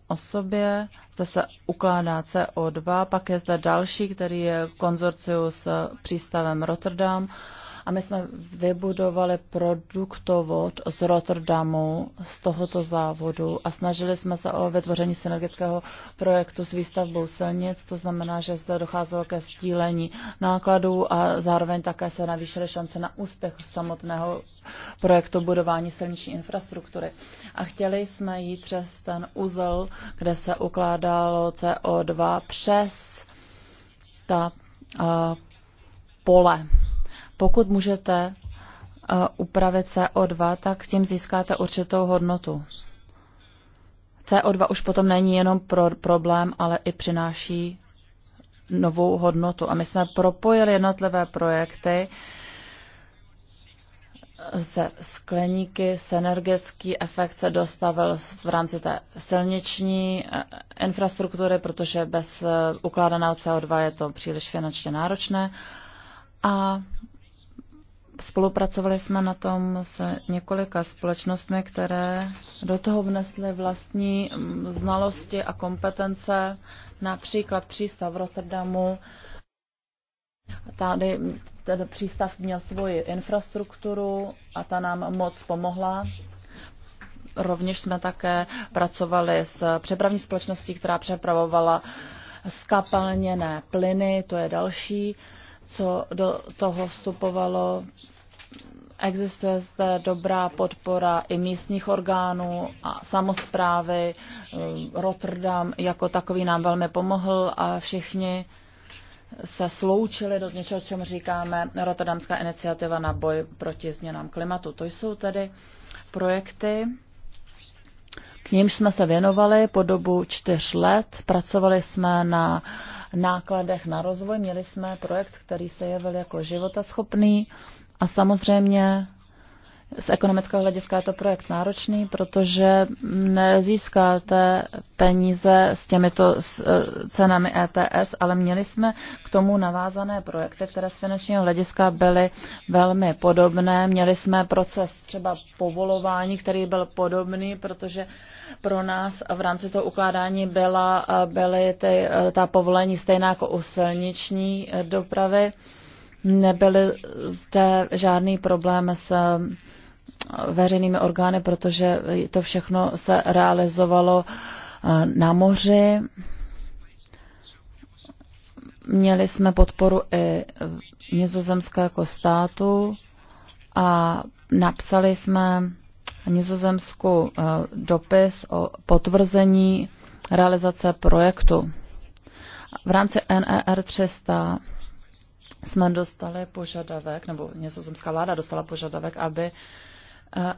o sobě, zde se ukládá CO2, pak je zde další, který je konzorciu s přístavem Rotterdam a my jsme vybudovali produktovod z Rotterdamu z tohoto závodu a snažili jsme se o vytvoření synergického projektu s výstavbou silnic, to znamená, že zde docházelo ke stílení nákladů a zároveň také se navýšily šance na úspěch samotného projektu budování silniční infrastruktury. A chtěli jsme jít přes ten uzel, kde se ukládalo CO2 přes ta uh, pole pokud můžete eh, upravit CO2, tak tím získáte určitou hodnotu. CO2 už potom není jenom pro problém, ale i přináší novou hodnotu. A my jsme propojili jednotlivé projekty se skleníky, s energetický efekt se dostavil v rámci té silniční eh, infrastruktury, protože bez eh, ukládaného CO2 je to příliš finančně náročné. A Spolupracovali jsme na tom s několika společnostmi, které do toho vnesly vlastní mm, znalosti a kompetence, například přístav v Rotterdamu. Tady ten přístav měl svoji infrastrukturu a ta nám moc pomohla. Rovněž jsme také pracovali s přepravní společností, která přepravovala skapalněné plyny, to je další co do toho vstupovalo. Existuje zde dobrá podpora i místních orgánů a samozprávy. Rotterdam jako takový nám velmi pomohl a všichni se sloučili do něčeho, čemu říkáme Rotterdamská iniciativa na boj proti změnám klimatu. To jsou tedy projekty, k nímž jsme se věnovali po dobu čtyř let. Pracovali jsme na nákladech na rozvoj, měli jsme projekt, který se jevil jako životaschopný. schopný a samozřejmě z ekonomického hlediska je to projekt náročný, protože nezískáte peníze s těmito e, cenami ETS, ale měli jsme k tomu navázané projekty, které z finančního hlediska byly velmi podobné. Měli jsme proces třeba povolování, který byl podobný, protože pro nás v rámci toho ukládání byla, byly ty, e, ta povolení stejná jako u silniční e, dopravy. Nebyly zde žádný problém s eh, veřejnými orgány, protože to všechno se realizovalo eh, na moři. Měli jsme podporu i nizozemského jako státu a napsali jsme nizozemskou eh, dopis o potvrzení realizace projektu. V rámci NER 300 jsme dostali požadavek, nebo nězozemská vláda dostala požadavek, aby eh,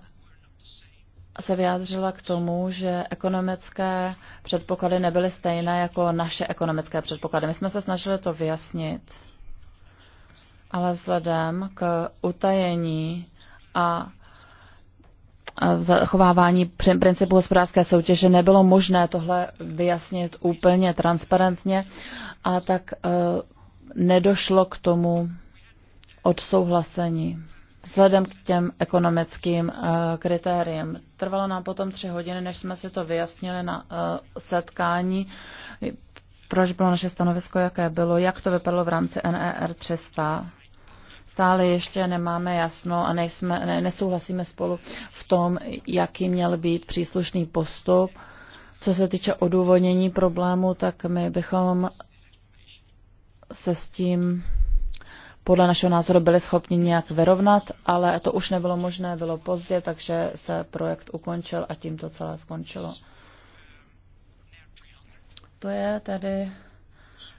se vyjádřila k tomu, že ekonomické předpoklady nebyly stejné jako naše ekonomické předpoklady. My jsme se snažili to vyjasnit, ale vzhledem k utajení a zachovávání principu hospodářské soutěže nebylo možné tohle vyjasnit úplně transparentně a tak eh, nedošlo k tomu odsouhlasení vzhledem k těm ekonomickým eh, kritériím. Trvalo nám potom tři hodiny, než jsme si to vyjasnili na eh, setkání, proč bylo naše stanovisko, jaké bylo, jak to vypadlo v rámci NER 300. Stále ještě nemáme jasno a nejsme, ne, nesouhlasíme spolu v tom, jaký měl být příslušný postup. Co se týče odůvodnění problému, tak my bychom se s tím podle našeho názoru byli schopni nějak vyrovnat, ale to už nebylo možné, bylo pozdě, takže se projekt ukončil a tím to celé skončilo. To je tedy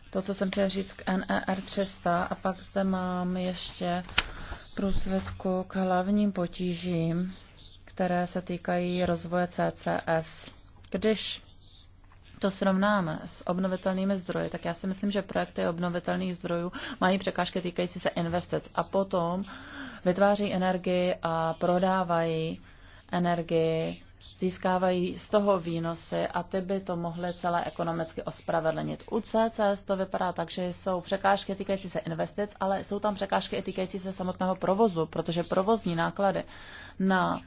to, co jsem chtěl říct k NER 300 a pak zde mám ještě průsvědku k hlavním potížím, které se týkají rozvoje CCS. Když to srovnáme s obnovitelnými zdroji, tak já si myslím, že projekty obnovitelných zdrojů mají překážky týkající se investic a potom vytváří energii a prodávají energii, získávají z toho výnosy a ty by to mohly celé ekonomicky ospravedlnit. U CCS to vypadá tak, že jsou překážky týkající se investic, ale jsou tam překážky i týkající se samotného provozu, protože provozní náklady na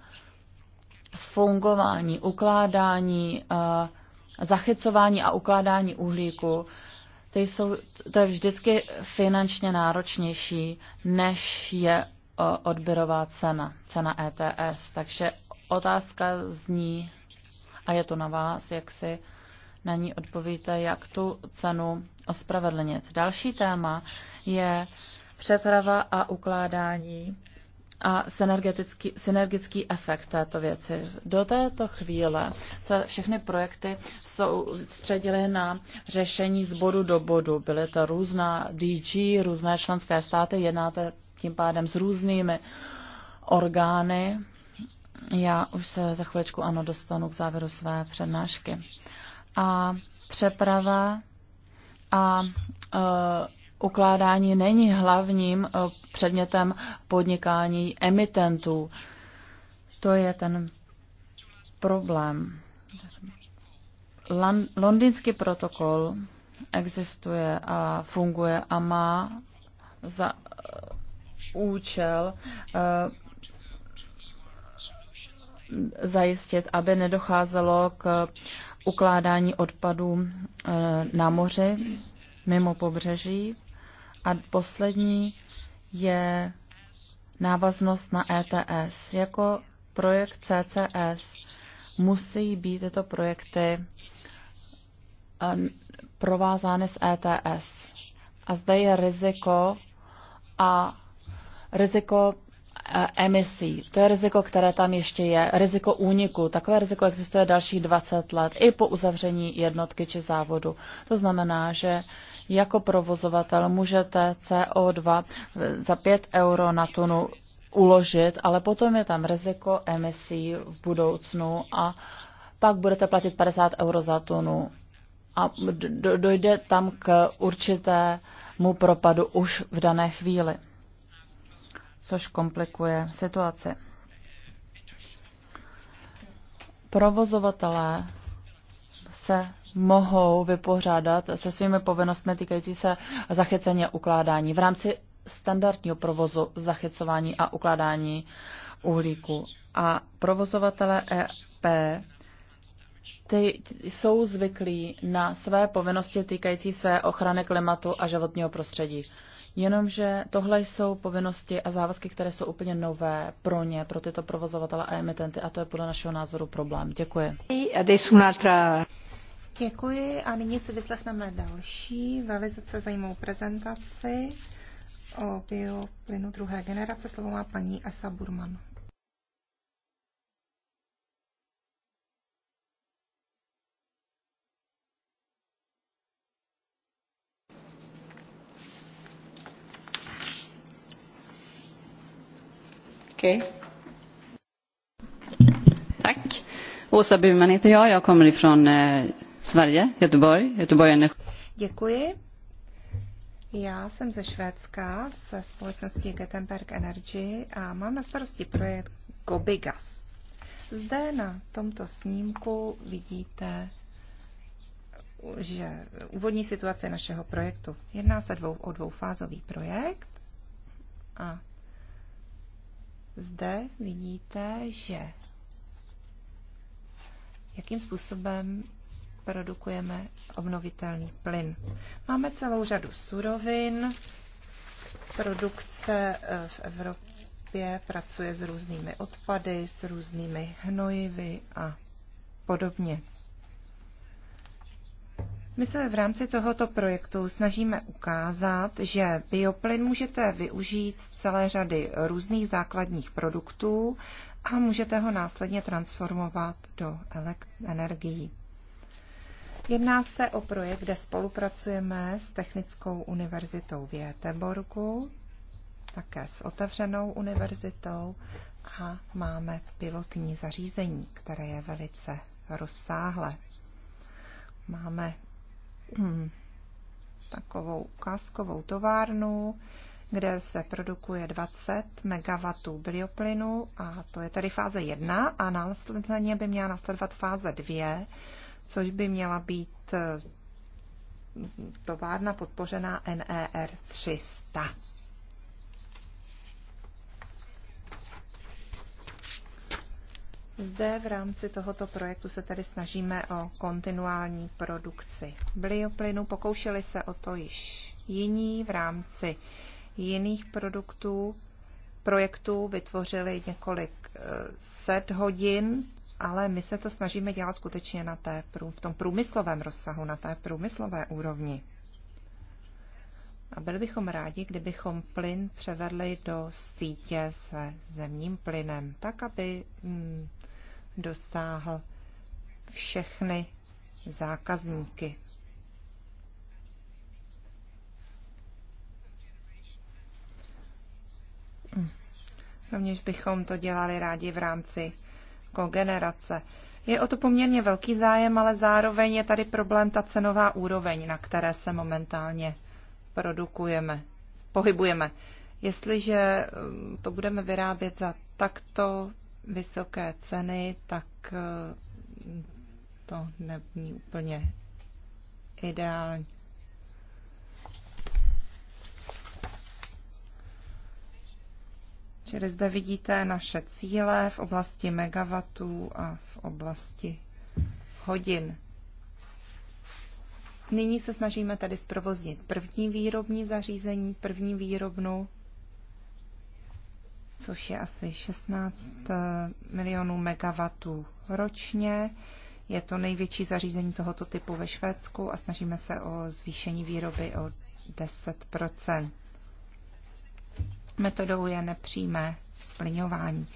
fungování, ukládání, uh, zachycování a ukládání uhlíku, ty jsou, to je vždycky finančně náročnější, než je odběrová cena, cena ETS. Takže otázka zní, a je to na vás, jak si na ní odpovíte, jak tu cenu ospravedlnit. Další téma je přeprava a ukládání a synergetický, synergický efekt této věci. Do této chvíle se všechny projekty jsou středily na řešení z bodu do bodu. Byly to různá DG, různé členské státy, jednáte tím pádem s různými orgány. Já už se za chviličku ano dostanu k závěru své přednášky. A přeprava a uh, ukládání není hlavním eh, předmětem podnikání emitentů. To je ten problém. Londýnský protokol existuje a funguje a má za eh, účel eh, zajistit, aby nedocházelo k ukládání odpadů na moři mimo pobřeží. A poslední je návaznost na ETS. Jako projekt CCS musí být tyto projekty eh, provázány s ETS. A zde je riziko a riziko Eh, emisí. To je riziko, které tam ještě je, riziko úniku. Takové riziko existuje dalších 20 let i po uzavření jednotky či závodu. To znamená, že jako provozovatel můžete CO2 eh, za 5 euro na tunu uložit, ale potom je tam riziko emisí v budoucnu a pak budete platit 50 euro za tunu a dojde tam k určitému propadu už v dané chvíli což komplikuje situaci. Provozovatelé se mohou vypořádat se svými povinnostmi týkající se zachycení a ukládání v rámci standardního provozu zachycování a ukládání uhlíku. A provozovatele EP ty jsou zvyklí na své povinnosti týkající se ochrany klimatu a životního prostředí. Jenomže tohle jsou povinnosti a závazky, které jsou úplně nové pro ně, pro tyto provozovatele a emitenty a to je podle našeho názoru problém. Děkuji. Děkuji a nyní si vyslechneme další velice zajímavou prezentaci o bioplynu druhé generace. Slovo má paní Esa Burman. Okej. Okay. Tack. Åsa Burman heter jag. Jag kommer ifrån eh, Sverige, Göteborg, Göteborg Energi. Děkuji. Já jsem ze Švédska, ze společnosti Göteborg Energy a mám na starosti projekt Gobigas. Zde na tomto snímku vidíte že úvodní situace našeho projektu. Jedná se dvou, o dvoufázový projekt a zde vidíte, že jakým způsobem produkujeme obnovitelný plyn. Máme celou řadu surovin, produkce eh, v Evropě pracuje s různými odpady, s různými hnojivy a podobně. My se v rámci tohoto projektu snažíme ukázat, že bioplyn můžete využít z celé řady různých základních produktů a můžete ho následně transformovat do energií. Jedná se o projekt, kde spolupracujeme s Technickou univerzitou v Jeteborgu, také s otevřenou univerzitou a máme pilotní zařízení, které je velice rozsáhlé. Máme Hmm. takovou ukázkovou továrnu, kde se produkuje 20 MW bioplynu a to je tady fáze 1 a následně by měla nastavovat fáze 2, což by měla být eh, továrna podpořená NER 300. Zde v rámci tohoto projektu se tedy snažíme o kontinuální produkci bioplynu. Pokoušeli se o to již jiní v rámci jiných produktů. Projektů vytvořili několik eh, set hodin, ale my se to snažíme dělat skutečně na té, v tom průmyslovém rozsahu, na té průmyslové úrovni. A byli bychom rádi, kdybychom plyn převedli do sítě se zemním plynem, tak aby mm, dosáhl všechny zákazníky. Hm. Rovněž bychom to dělali rádi v rámci kogenerace. Je o to poměrně velký zájem, ale zároveň je tady problém ta cenová úroveň, na které se momentálně produkujeme, pohybujeme. Jestliže hm, to budeme vyrábět za takto vysoké ceny, tak eh, to není úplně ideální. Čili zde vidíte naše cíle v oblasti megawatů a v oblasti hodin. Nyní se snažíme tady zprovoznit první výrobní zařízení, první výrobnu což je asi 16 eh, milionů megawatů ročně. Je to největší zařízení tohoto typu ve Švédsku a snažíme se o zvýšení výroby o 10 Metodou je nepřímé splňování.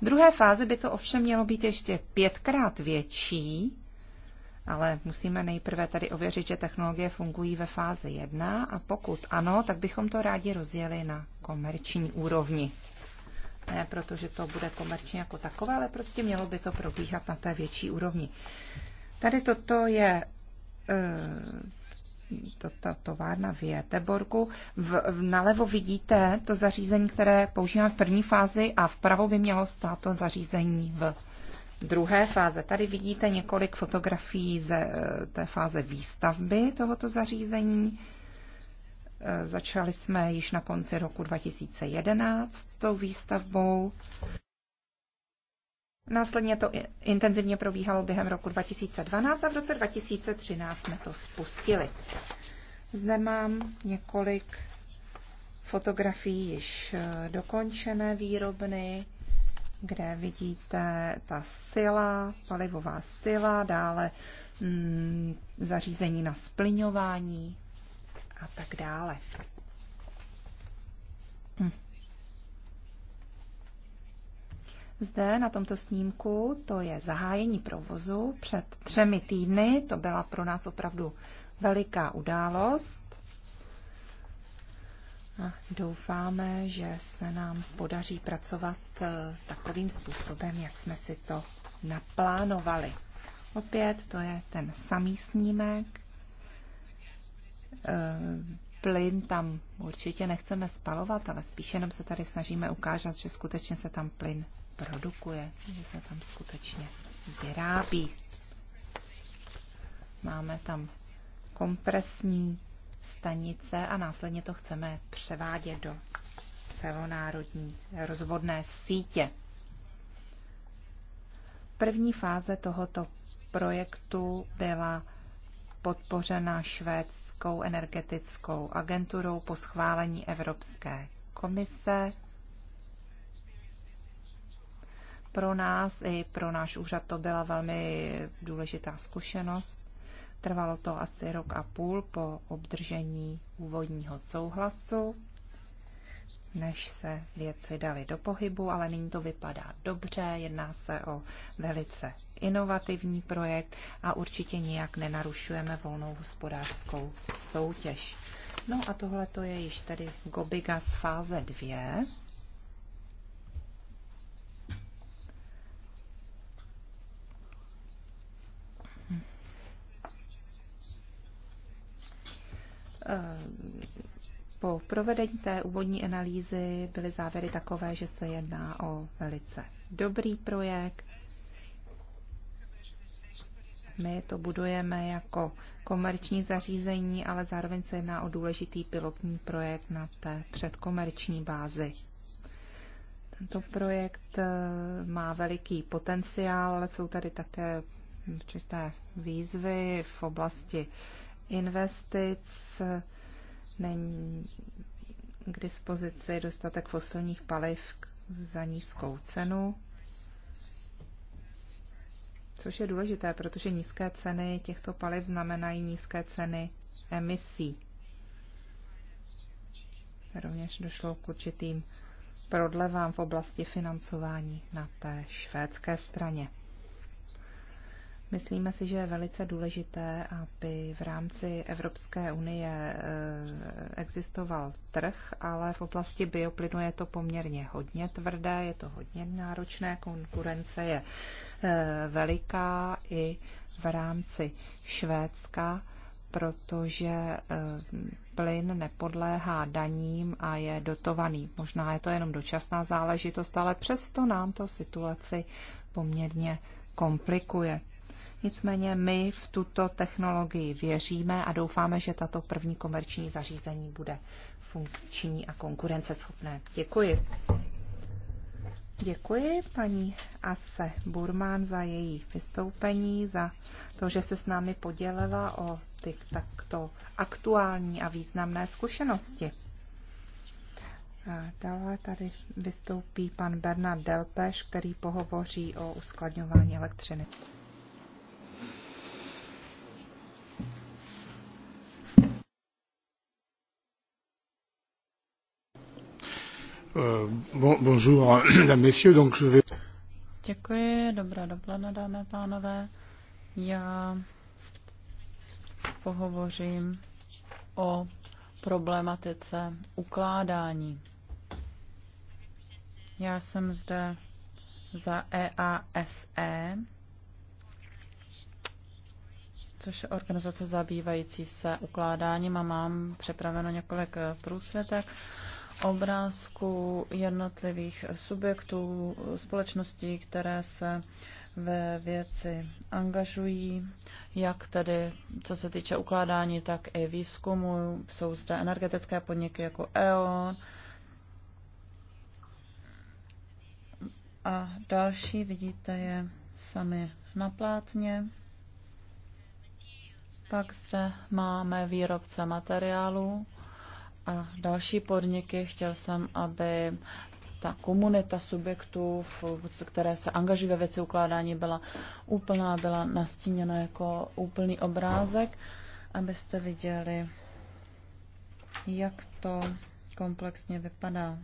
V druhé fázi by to ovšem mělo být ještě pětkrát větší, ale musíme nejprve tady ověřit, že technologie fungují ve fázi 1 a pokud ano, tak bychom to rádi rozjeli na komerční úrovni ne protože to bude komerčně jako takové, ale prostě mělo by to probíhat na té větší úrovni. Tady toto je e, ta továrna v Jeteborgu. V, v, nalevo vidíte to zařízení, které používáme v první fázi a vpravo by mělo stát to zařízení v druhé fáze. Tady vidíte několik fotografií ze e, té fáze výstavby tohoto zařízení. Eh, začali jsme již na konci roku 2011 s tou výstavbou. Následně to intenzivně probíhalo během roku 2012 a v roce 2013 jsme to spustili. Zde mám několik fotografií již eh, dokončené výrobny, kde vidíte ta sila, palivová sila, dále mm, zařízení na splňování a tak dále. Hm. Zde na tomto snímku to je zahájení provozu před třemi týdny. To byla pro nás opravdu veliká událost. A doufáme, že se nám podaří pracovat eh, takovým způsobem, jak jsme si to naplánovali. Opět to je ten samý snímek. Eh, plyn tam určitě nechceme spalovat, ale spíše jenom se tady snažíme ukázat, že skutečně se tam plyn produkuje, že se tam skutečně vyrábí. Máme tam kompresní stanice a následně to chceme převádět do celonárodní rozvodné sítě. První fáze tohoto projektu byla podpořena švédským Evropskou energetickou agenturou po schválení Evropské komise. Pro nás i pro náš úřad to byla velmi důležitá zkušenost. Trvalo to asi rok a půl po obdržení úvodního souhlasu než se věci daly do pohybu, ale nyní to vypadá dobře, jedná se o velice inovativní projekt a určitě nijak nenarušujeme volnou hospodářskou soutěž. No a tohle to je již tedy Gobigas fáze 2. Uh, po provedení té úvodní analýzy byly závěry takové, že se jedná o velice dobrý projekt. My to budujeme jako komerční zařízení, ale zároveň se jedná o důležitý pilotní projekt na té předkomerční bázi. Tento projekt eh, má veliký potenciál, ale jsou tady také určité výzvy v oblasti investic není k dispozici dostatek fosilních paliv za nízkou cenu, což je důležité, protože nízké ceny těchto paliv znamenají nízké ceny emisí. Rovněž došlo k určitým prodlevám v oblasti financování na té švédské straně. Myslíme si, že je velice důležité, aby v rámci Evropské unie eh, existoval trh, ale v oblasti bioplynu je to poměrně hodně tvrdé, je to hodně náročné, konkurence je eh, veliká i v rámci Švédska, protože eh, plyn nepodléhá daním a je dotovaný. Možná je to jenom dočasná záležitost, ale přesto nám to situaci poměrně komplikuje. Nicméně my v tuto technologii věříme a doufáme, že tato první komerční zařízení bude funkční a konkurenceschopné. Děkuji. Děkuji paní Asse Burman za její vystoupení, za to, že se s námi podělila o ty takto aktuální a významné zkušenosti. A dále tady vystoupí pan Bernard Delpeš, který pohovoří o uskladňování elektřiny. Euh, bon, bonjour, messieurs, donc je vais... Děkuji, dobré dopoledne, dámy a pánové. Já pohovořím o problematice ukládání. Já jsem zde za EASE, e, což je organizace zabývající se ukládáním a mám přepraveno několik průsvětek obrázku jednotlivých subjektů, společností, které se ve věci angažují, jak tedy, co se týče ukládání, tak i výzkumu. Jsou zde energetické podniky jako E.ON a další, vidíte je sami na plátně. Pak zde máme výrobce materiálů, a další podniky. Chtěl jsem, aby ta komunita subjektů, které se angažují ve věci ukládání, byla úplná, byla nastíněna jako úplný obrázek, abyste viděli, jak to komplexně vypadá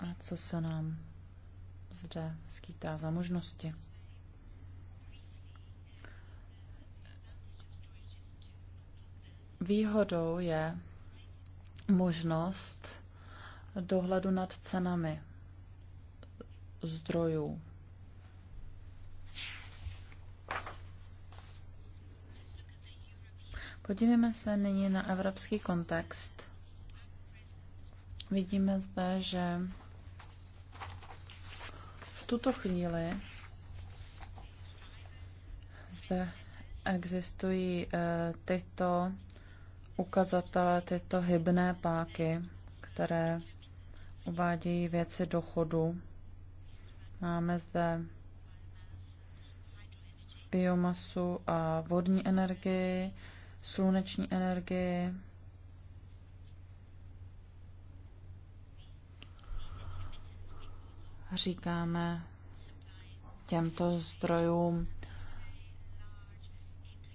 a co se nám zde skýtá za možnosti. Výhodou je možnost dohledu nad cenami zdrojů. Podívejme se nyní na evropský kontext. Vidíme zde, že v tuto chvíli zde existují eh, tyto ukazatele, tyto hybné páky, které uvádějí věci do chodu. Máme zde biomasu a vodní energii, sluneční energii. Říkáme těmto zdrojům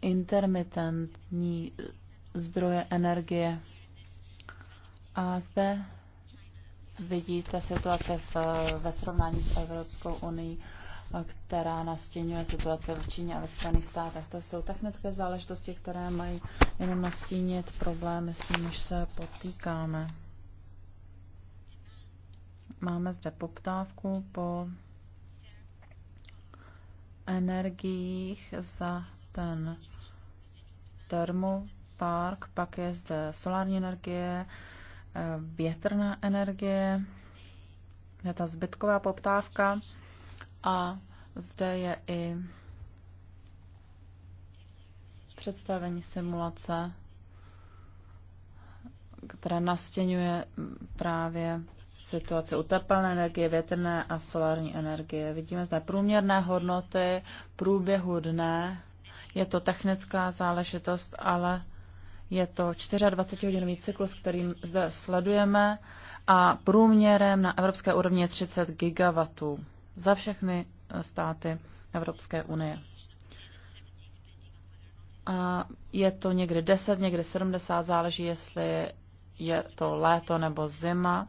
intermitentní zdroje energie. A zde vidíte situace v, ve srovnání s Evropskou unii, která nastěňuje situace v Číně a ve Spojených státech. To jsou technické záležitosti, které mají jenom nastínit problémy, s nimiž se potýkáme. Máme zde poptávku po energiích za ten termo Park, pak je zde solární energie, eh, větrná energie, je ta zbytková poptávka a zde je i představení simulace, která nastěňuje právě situaci u tepelné energie, větrné a solární energie. Vidíme zde průměrné hodnoty průběhu dne. Je to technická záležitost, ale je to 24-hodinový cyklus, který zde sledujeme a průměrem na evropské úrovni je 30 gigawatů za všechny eh, státy Evropské unie. A je to někdy 10, někdy 70, záleží, jestli je to léto nebo zima.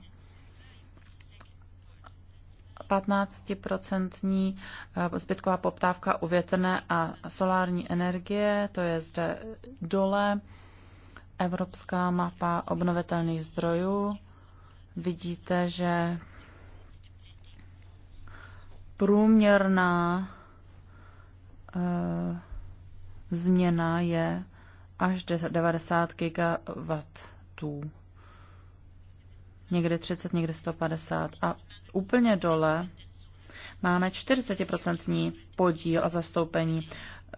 15% eh, zbytková poptávka u větrné a solární energie, to je zde dole. Evropská mapa obnovitelných zdrojů. Vidíte, že průměrná e, změna je až 90 gigawattů. Někde 30, někde 150. A úplně dole máme 40% podíl a zastoupení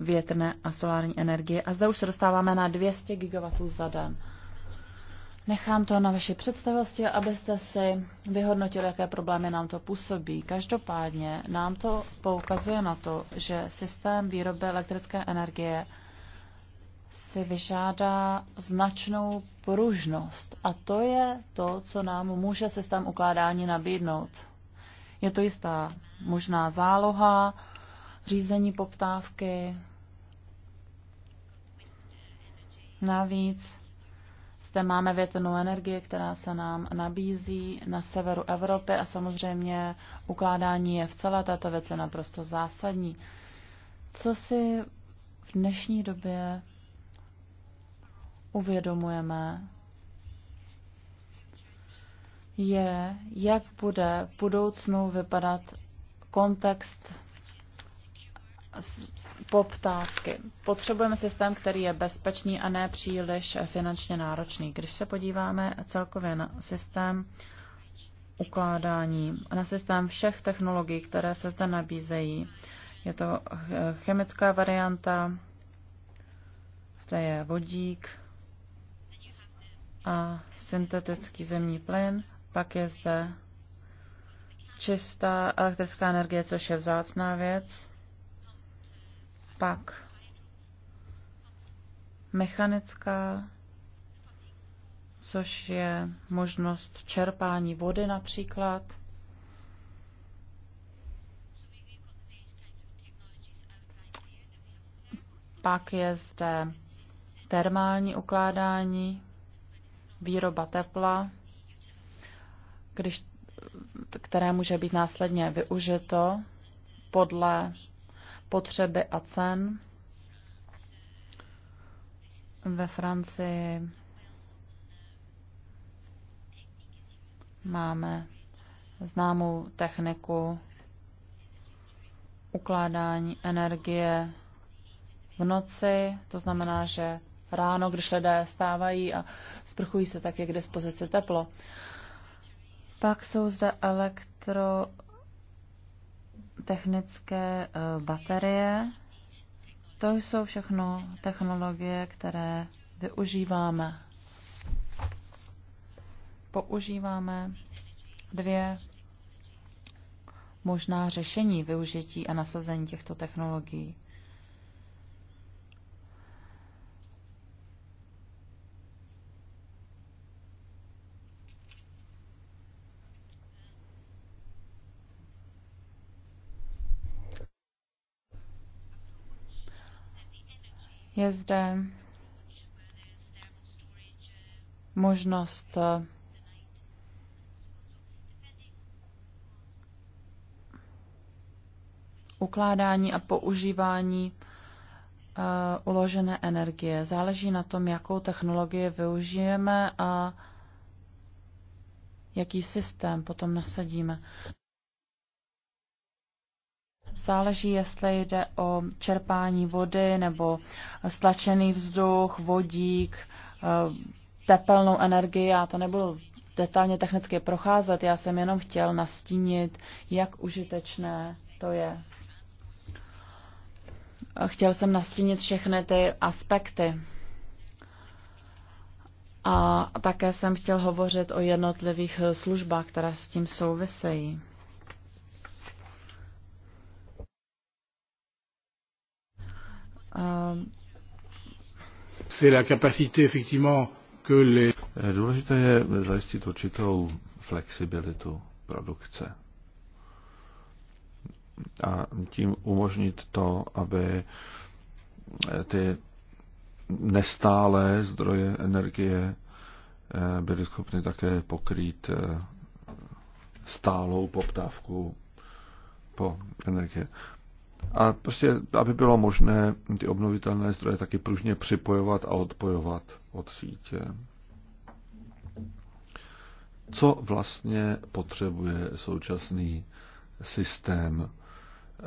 větrné a solární energie a zde už se dostáváme na 200 GW za den. Nechám to na vaši představosti, abyste si vyhodnotili, jaké problémy nám to působí. Každopádně nám to poukazuje na to, že systém výroby elektrické energie si vyžádá značnou pružnost. A to je to, co nám může systém ukládání nabídnout. Je to jistá možná záloha, řízení poptávky, Navíc zde máme větrnou energii, která se nám nabízí na severu Evropy a samozřejmě ukládání je v celé této věci naprosto zásadní. Co si v dnešní době uvědomujeme, je, jak bude v budoucnu vypadat kontext poptávky. Potřebujeme systém, který je bezpečný a ne příliš finančně náročný. Když se podíváme celkově na systém ukládání, na systém všech technologií, které se zde nabízejí, je to chemická varianta, zde je vodík a syntetický zemní plyn, pak je zde čistá elektrická energie, což je vzácná věc, pak mechanická, což je možnost čerpání vody například. Pak je zde termální ukládání, výroba tepla, když, které může být následně využito podle spotřeby a cen. Ve Francii máme známou techniku ukládání energie v noci, to znamená, že ráno, když lidé stávají a sprchují se, tak je k dispozici teplo. Pak jsou zde elektro technické eh, baterie. To jsou všechno technologie, které využíváme. Používáme dvě možná řešení využití a nasazení těchto technologií. Je zde možnost eh, ukládání a používání eh, uložené energie. Záleží na tom, jakou technologii využijeme a jaký systém potom nasadíme. Záleží, jestli jde o čerpání vody nebo stlačený vzduch, vodík, eh, tepelnou energii. Já to nebudu detailně technicky procházet, já jsem jenom chtěl nastínit, jak užitečné to je. Chtěl jsem nastínit všechny ty aspekty. A také jsem chtěl hovořit o jednotlivých službách, které s tím souvisejí. Euh, Důležité je zajistit určitou flexibilitu produkce a tím umožnit to, aby ty nestálé zdroje energie eh, byly schopny také pokrýt eh, stálou poptávku po energie. A prostě, aby bylo možné ty obnovitelné zdroje taky pružně připojovat a odpojovat od sítě. Co vlastně potřebuje současný systém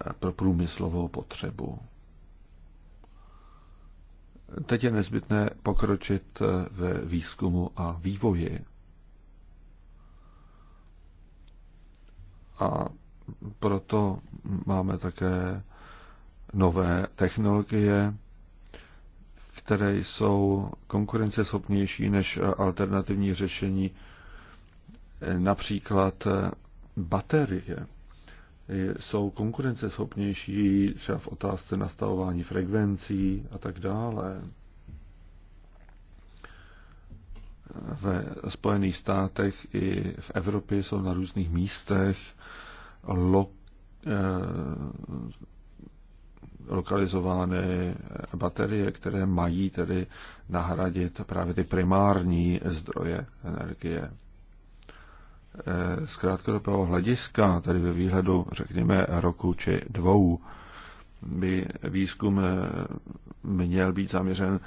eh, pro průmyslovou potřebu? Teď je nezbytné pokročit eh, ve výzkumu a vývoji. A proto máme také nové technologie, které jsou konkurenceschopnější než alternativní řešení, například baterie jsou konkurenceschopnější třeba v otázce nastavování frekvencí a tak dále. Ve Spojených státech i v Evropě jsou na různých místech lo, eh, lokalizované baterie, které mají tedy nahradit právě ty primární zdroje energie. Eh, z krátkodobého hlediska, tedy ve výhledu, řekněme, roku či dvou, by výzkum eh, měl být zaměřen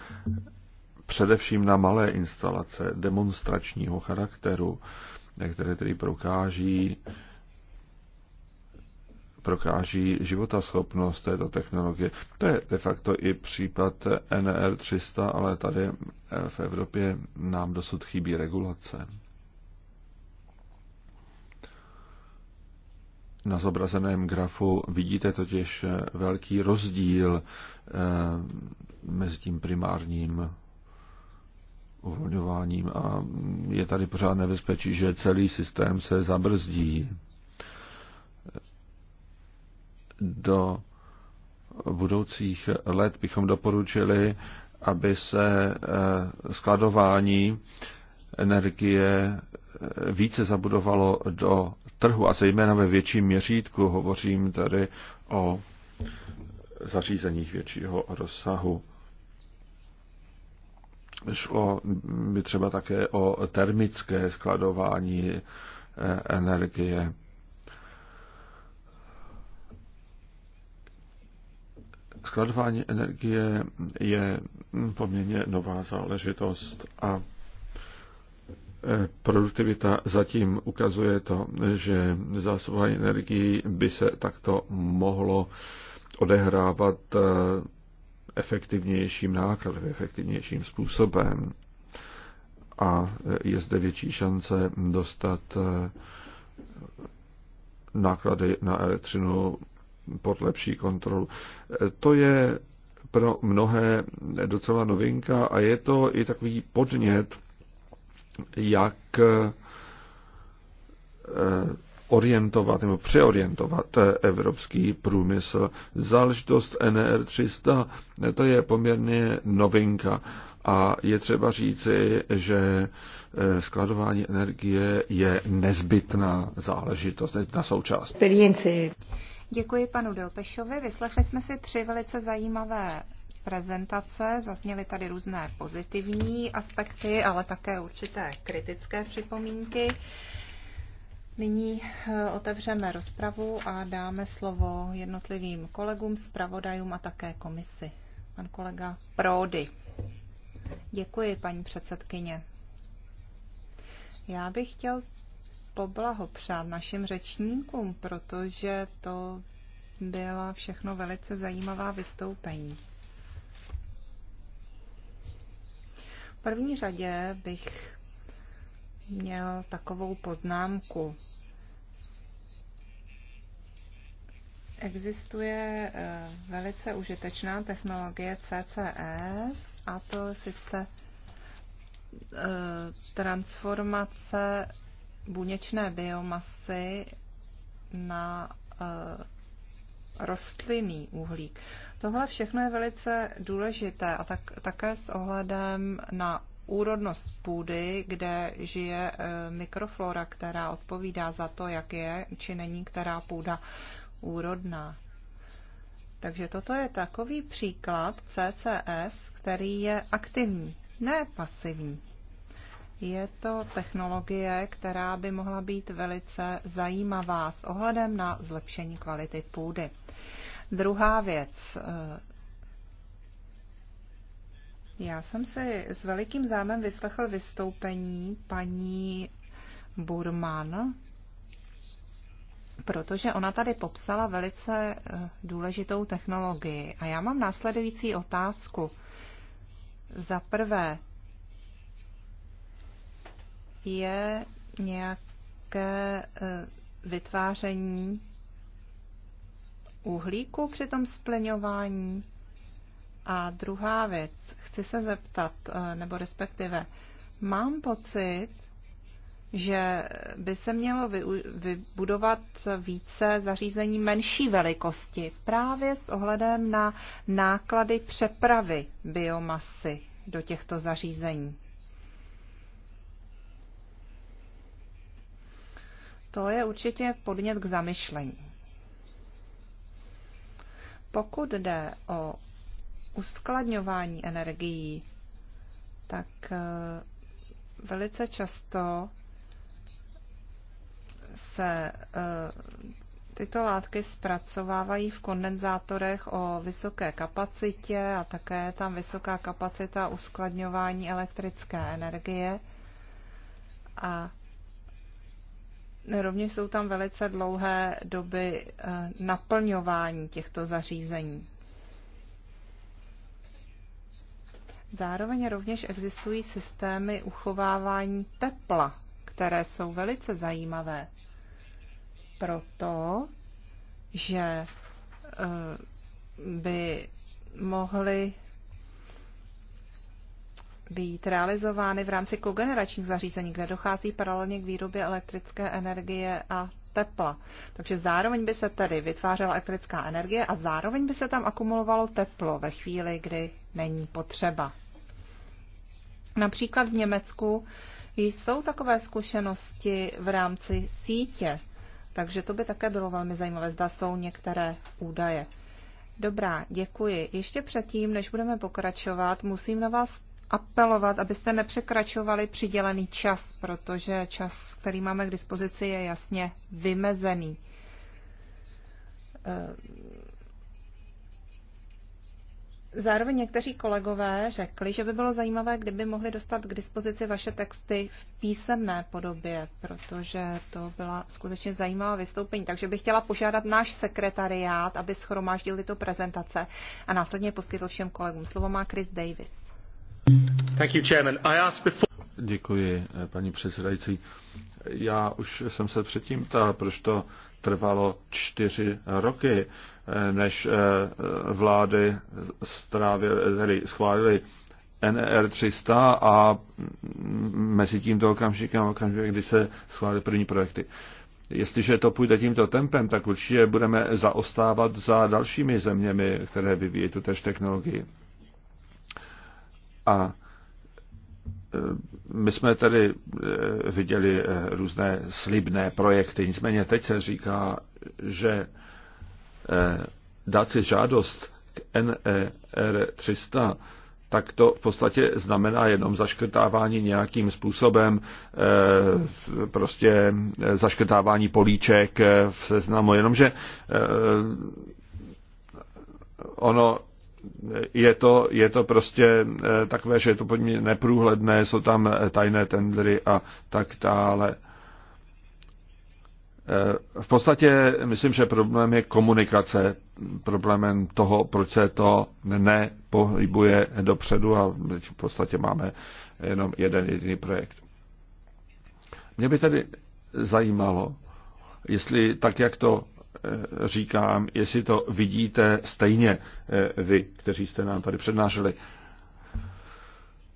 především na malé instalace demonstračního charakteru, které tedy prokáží, prokáží životaschopnost této technologie. To je de facto i případ NR300, ale tady eh, v Evropě nám dosud chybí regulace. Na zobrazeném grafu vidíte totiž eh, velký rozdíl eh, mezi tím primárním uvolňováním a je tady pořád nebezpečí, že celý systém se zabrzdí do budoucích let bychom doporučili, aby se eh, skladování energie eh, více zabudovalo do trhu a zejména ve větším měřítku. Hovořím tady o zařízeních většího rozsahu. Šlo by třeba také o termické skladování eh, energie. skladování energie je poměrně nová záležitost a e, produktivita zatím ukazuje to, že zásobování energií by se takto mohlo odehrávat e, efektivnějším nákladem, efektivnějším způsobem. A e, je zde větší šance dostat náklady na elektřinu pod lepší kontrolu. To je pro mnohé docela novinka a je to i takový podnět, jak eh, orientovat nebo přeorientovat evropský průmysl. Záležitost NR300 to je poměrně novinka a je třeba říci, že eh, skladování energie je nezbytná záležitost, nezbytná součást. Experience. Děkuji panu Delpešovi. Vyslechli jsme si tři velice zajímavé prezentace. Zazněly tady různé pozitivní aspekty, ale také určité kritické připomínky. Nyní eh, otevřeme rozpravu a dáme slovo jednotlivým kolegům, zpravodajům a také komisi. Pan kolega Prody. Děkuji, paní předsedkyně. Já bych chtěl poblahopřát našim řečníkům, protože to byla všechno velice zajímavá vystoupení. V první řadě bych měl takovou poznámku. Existuje eh, velice užitečná technologie CCS, a to sice eh, transformace buněčné biomasy na e, rostlinný uhlík. Tohle všechno je velice důležité a tak, také s ohledem na úrodnost půdy, kde žije e, mikroflora, která odpovídá za to, jak je či není která půda úrodná. Takže toto je takový příklad CCS, který je aktivní, ne pasivní. Je to technologie, která by mohla být velice zajímavá s ohledem na zlepšení kvality půdy. Druhá věc. Já jsem si s velikým zájmem vyslechl vystoupení paní Burman, protože ona tady popsala velice eh, důležitou technologii. A já mám následující otázku. Za prvé, je nějaké eh, vytváření uhlíku při tom splňování? A druhá věc, chci se zeptat, eh, nebo respektive, mám pocit, že by se mělo vybudovat více zařízení menší velikosti právě s ohledem na náklady přepravy biomasy do těchto zařízení. to je určitě podnět k zamyšlení. Pokud jde o uskladňování energií, tak eh, velice často se eh, tyto látky zpracovávají v kondenzátorech o vysoké kapacitě a také je tam vysoká kapacita uskladňování elektrické energie. A Rovněž jsou tam velice dlouhé doby eh, naplňování těchto zařízení. Zároveň rovněž existují systémy uchovávání tepla, které jsou velice zajímavé, protože eh, by mohly být realizovány v rámci kogeneračních zařízení, kde dochází paralelně k výrobě elektrické energie a tepla. Takže zároveň by se tedy vytvářela elektrická energie a zároveň by se tam akumulovalo teplo ve chvíli, kdy není potřeba. Například v Německu jsou takové zkušenosti v rámci sítě, takže to by také bylo velmi zajímavé, zda jsou některé údaje. Dobrá, děkuji. Ještě předtím, než budeme pokračovat, musím na vás apelovat, abyste nepřekračovali přidělený čas, protože čas, který máme k dispozici, je jasně vymezený. Eh, zároveň někteří kolegové řekli, že by bylo zajímavé, kdyby mohli dostat k dispozici vaše texty v písemné podobě, protože to byla skutečně zajímavá vystoupení. Takže bych chtěla požádat náš sekretariát, aby schromáždil tyto prezentace a následně poskytl všem kolegům. Slovo má Chris Davis. Thank you, Chairman. I asked before... Děkuji, paní předsedající. Já už jsem se předtím ptal, proč to trvalo čtyři roky, než eh, vlády strávili, schválili NR e 300 a mezi tímto okamžikem, okamžikem, kdy se schválily první projekty. Jestliže to půjde tímto tempem, tak určitě budeme zaostávat za dalšími zeměmi, které vyvíjí tutéž technologii. A e, my jsme tedy e, viděli e, různé slibné projekty, nicméně teď se říká, že dát si žádost k NER 300, tak to v podstatě znamená jenom zaškrtávání nějakým způsobem, prostě zaškrtávání políček v seznamu, jenomže ono je to, je to prostě eh, takové, že je to podmě neprůhledné, jsou tam eh, tajné tendry a tak dále. Eh, v podstatě myslím, že problém je komunikace, problémem toho, proč se to nepohybuje dopředu a v podstatě máme jenom jeden jediný projekt. Mě by tedy zajímalo, jestli tak, jak to říkám, jestli to vidíte stejně eh, vy, kteří jste nám tady přednášeli.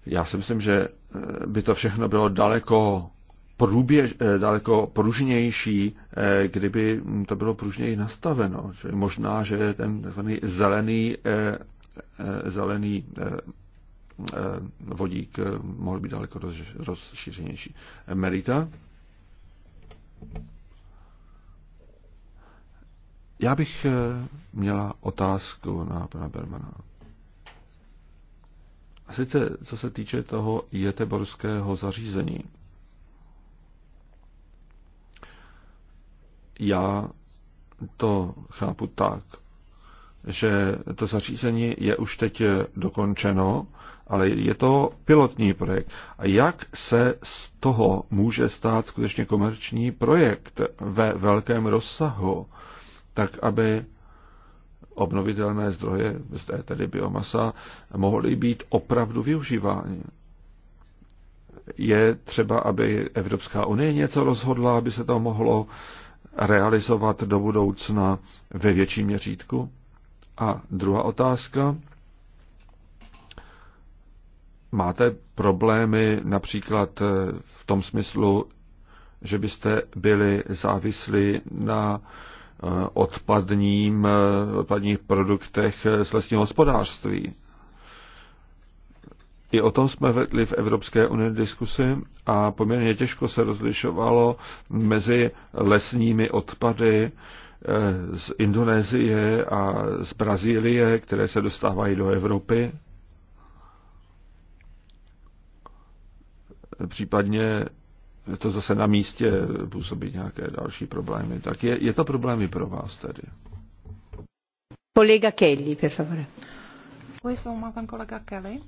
Já si myslím, že eh, by to všechno bylo daleko, průběž, eh, daleko pružnější, kdyby to bylo pružněji nastaveno. Čili možná, že ten zelený, zelený vodík mohl být daleko rozšířenější. Merita? Já bych eh, měla otázku na pana Bermana. A sice, co se týče toho jeteborského zařízení. Já to chápu tak, že to zařízení je už teď dokončeno, ale je to pilotní projekt. A jak se z toho může stát skutečně komerční projekt ve velkém rozsahu? tak aby obnovitelné zdroje, zde tedy biomasa, mohly být opravdu využívány. Je třeba, aby Evropská unie něco rozhodla, aby se to mohlo realizovat do budoucna ve větším měřítku? A druhá otázka. Máte problémy například v tom smyslu, že byste byli závislí na odpadním, eh, odpadních produktech eh, z lesního hospodářství. I o tom jsme vedli v Evropské unii diskusy a poměrně těžko se rozlišovalo mezi lesními odpady eh, z Indonésie a z Brazílie, které se dostávají do Evropy, případně to zase na místě působí nějaké další problémy. Tak je, je to problémy pro vás tedy. Kolega Kelly, per favore. Děkuji, slovo má pan kolega Kelly.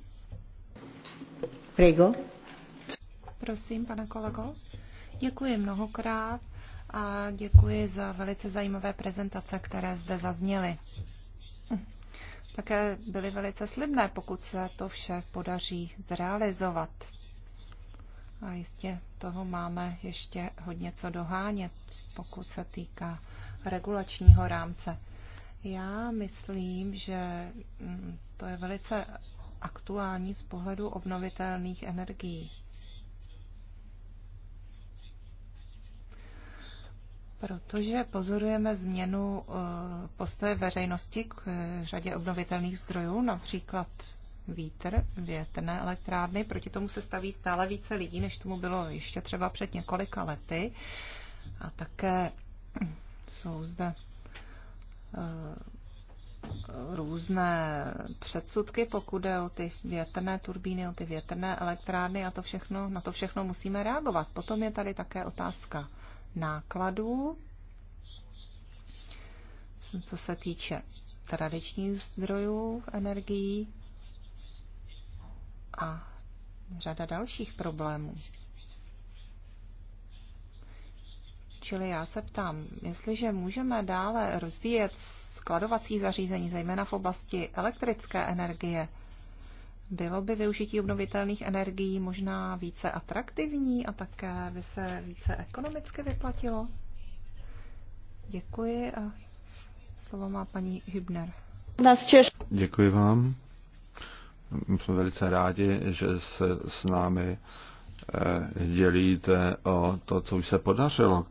Prego. Prosím, pane kolego. Děkuji mnohokrát a děkuji za velice zajímavé prezentace, které zde zazněly. Také byly velice slibné, pokud se to vše podaří zrealizovat. A jistě toho máme ještě hodně co dohánět, pokud se týká regulačního rámce. Já myslím, že mm, to je velice aktuální z pohledu obnovitelných energií. Protože pozorujeme změnu eh, postoje veřejnosti k eh, řadě obnovitelných zdrojů, například vítr, větrné elektrárny. Proti tomu se staví stále více lidí, než tomu bylo ještě třeba před několika lety. A také jsou zde eh, různé předsudky, pokud jde o ty větrné turbíny, o ty větrné elektrárny a to všechno, na to všechno musíme reagovat. Potom je tady také otázka nákladů, co se týče tradičních zdrojů energií, a řada dalších problémů. Čili já se ptám, jestliže můžeme dále rozvíjet skladovací zařízení, zejména v oblasti elektrické energie, bylo by využití obnovitelných energií možná více atraktivní a také by se více ekonomicky vyplatilo? Děkuji a slovo má paní Hübner. Děkuji vám jsme velice rádi, že se s námi eh, dělíte o to, co už se podařilo.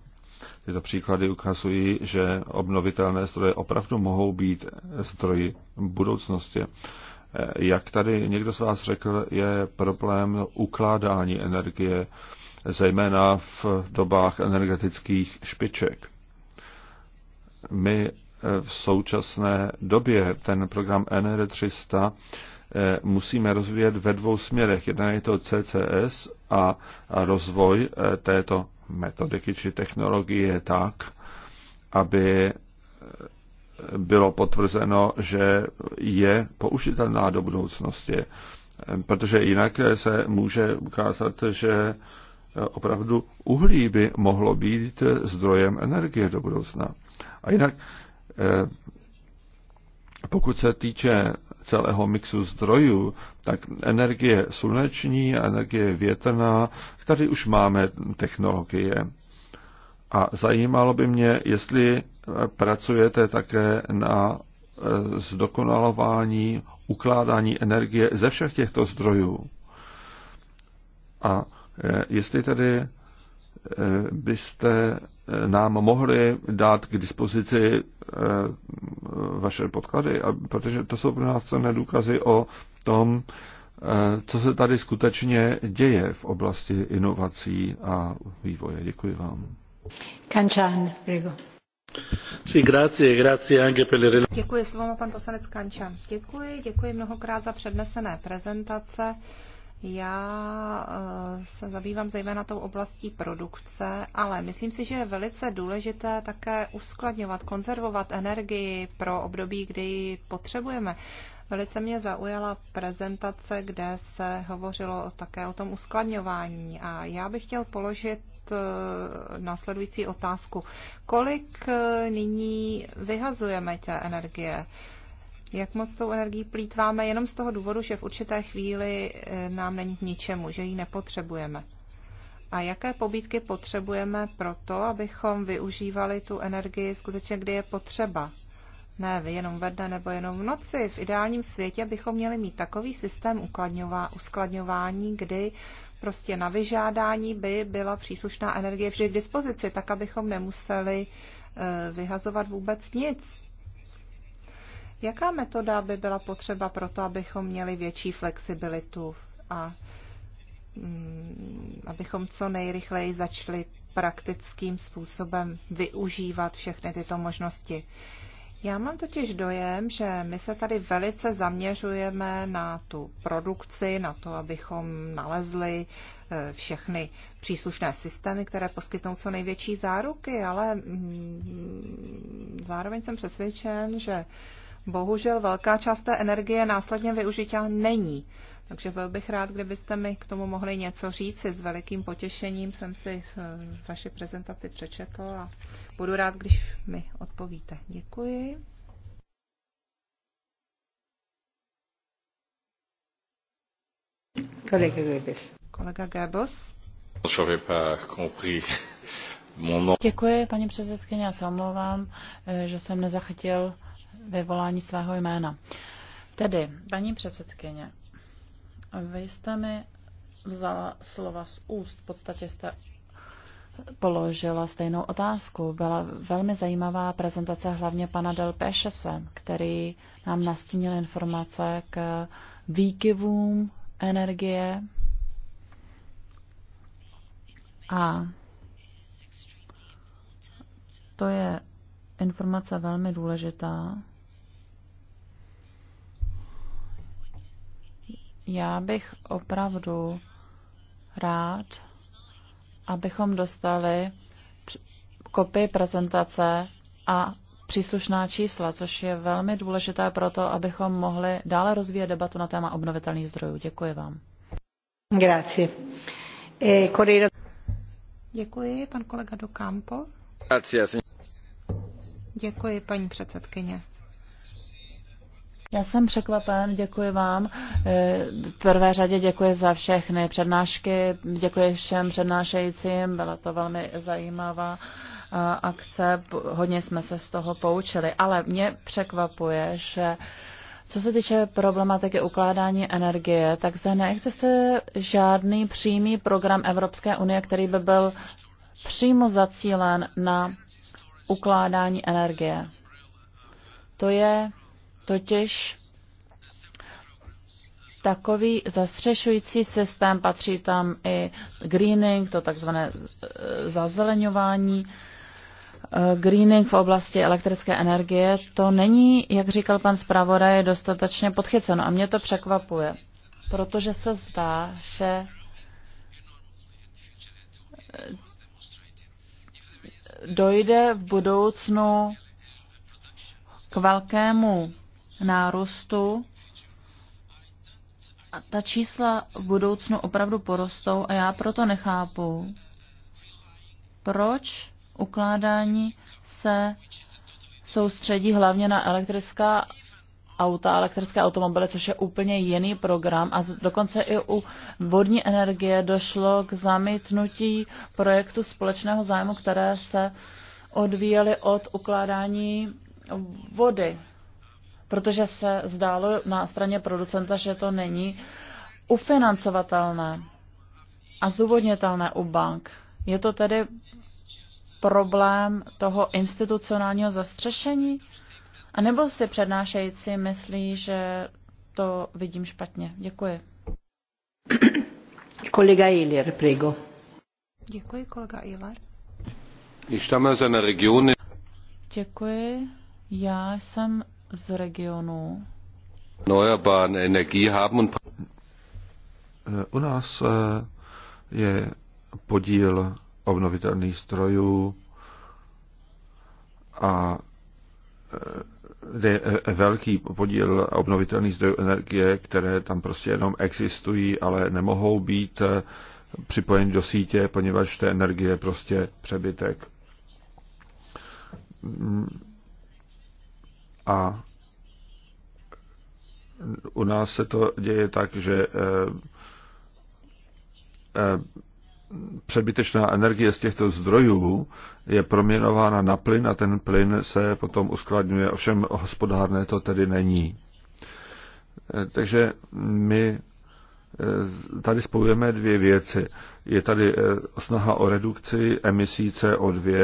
Tyto příklady ukazují, že obnovitelné zdroje opravdu mohou být zdroji budoucnosti. Eh, jak tady někdo z vás řekl, je problém ukládání energie, zejména v dobách energetických špiček. My eh, v současné době ten program NR300 Eh, musíme rozvíjet ve dvou směrech. Jedna je to CCS a rozvoj eh, této metodiky či technologie tak, aby eh, bylo potvrzeno, že je použitelná do budoucnosti. Protože jinak se může ukázat, že opravdu uhlí by mohlo být zdrojem energie do budoucna. A jinak, pokud se týče celého mixu zdrojů, tak energie sluneční a energie větrná, tady už máme technologie. A zajímalo by mě, jestli eh, pracujete také na eh, zdokonalování ukládání energie ze všech těchto zdrojů. A eh, jestli tedy byste eh, nám mohli dát k dispozici eh, vaše podklady, protože to jsou pro nás cené důkazy o tom, eh, co se tady skutečně děje v oblasti inovací a vývoje. Děkuji vám. Kančan, Rigo. Děkuji slovo, pan poslanec Kančan. Děkuji, děkuji mnohokrát za přednesené prezentace. Já eh, se zabývám zejména tou oblastí produkce, ale myslím si, že je velice důležité také uskladňovat, konzervovat energii pro období, kdy ji potřebujeme. Velice mě zaujala prezentace, kde se hovořilo také o tom uskladňování. A já bych chtěl položit eh, následující otázku. Kolik eh, nyní vyhazujeme té energie? jak moc tou energií plítváme jenom z toho důvodu, že v určité chvíli eh, nám není k ničemu, že ji nepotřebujeme. A jaké pobídky potřebujeme pro to, abychom využívali tu energii skutečně, kdy je potřeba? Ne, vy jenom ve dne nebo jenom v noci. V ideálním světě bychom měli mít takový systém uskladňování, kdy prostě na vyžádání by byla příslušná energie vždy k dispozici, tak abychom nemuseli eh, vyhazovat vůbec nic. Jaká metoda by byla potřeba pro to, abychom měli větší flexibilitu a mm, abychom co nejrychleji začali praktickým způsobem využívat všechny tyto možnosti. Já mám totiž dojem, že my se tady velice zaměřujeme na tu produkci, na to, abychom nalezli e, všechny příslušné systémy, které poskytnou co největší záruky, ale mm, zároveň jsem přesvědčen, že Bohužel velká část té energie následně využitá není. Takže byl bych rád, kdybyste mi k tomu mohli něco říci. S velikým potěšením jsem si eh, vaši prezentaci přečetl a budu rád, když mi odpovíte. Děkuji. Kolega Goebbels. Kolega Goebbels. Děkuji, paní předsedkyně, já se omlouvám, eh, že jsem nezachytil vyvolání svého jména. Tedy, paní předsedkyně, vy jste mi vzala slova z úst, v podstatě jste položila stejnou otázku. Byla velmi zajímavá prezentace hlavně pana Del Pešese, který nám nastínil informace k výkyvům energie a to je informace velmi důležitá, Já bych opravdu rád, abychom dostali kopii prezentace a příslušná čísla, což je velmi důležité pro to, abychom mohli dále rozvíjet debatu na téma obnovitelných zdrojů. Děkuji vám. Grazie. E, Děkuji, pan kolega do Campo. Děkuji, paní předsedkyně. Já jsem překvapen, děkuji vám. Eh, v prvé řadě děkuji za všechny přednášky, děkuji všem přednášejícím, byla to velmi zajímavá eh, akce, hodně jsme se z toho poučili, ale mě překvapuje, že co se týče problematiky ukládání energie, tak zde neexistuje žádný přímý program Evropské unie, který by byl přímo zacílen na ukládání energie. To je Totiž takový zastřešující systém, patří tam i greening, to takzvané e, zazeleňování, e, greening v oblasti elektrické energie, to není, jak říkal pan zpravodaj, dostatečně podchyceno. A mě to překvapuje, protože se zdá, že e, dojde v budoucnu k velkému nárůstu a ta čísla v budoucnu opravdu porostou a já proto nechápu, proč ukládání se soustředí hlavně na elektrická auta, elektrické automobily, což je úplně jiný program a dokonce i u vodní energie došlo k zamítnutí projektu společného zájmu, které se odvíjely od ukládání vody protože se zdálo na straně producenta, že to není ufinancovatelné a zdůvodnitelné u bank. Je to tedy problém toho institucionálního zastřešení? A nebo si přednášející myslí, že to vidím špatně? Děkuji. Kolega Ilir, prego. Děkuji, kolega Ilar. Děkuji. Já jsem z regionu. U nás eh, je podíl obnovitelných strojů a eh, je eh, velký podíl obnovitelných zdrojů energie, které tam prostě jenom existují, ale nemohou být připojeny do sítě, poněvadž té energie je prostě přebytek a u nás se to děje tak, že eh, eh, přebytečná energie z těchto zdrojů je proměnována na plyn a ten plyn se potom uskladňuje. Ovšem hospodárné to tedy není. Eh, takže my tady spojujeme dvě věci. Je tady snaha o redukci emisí CO2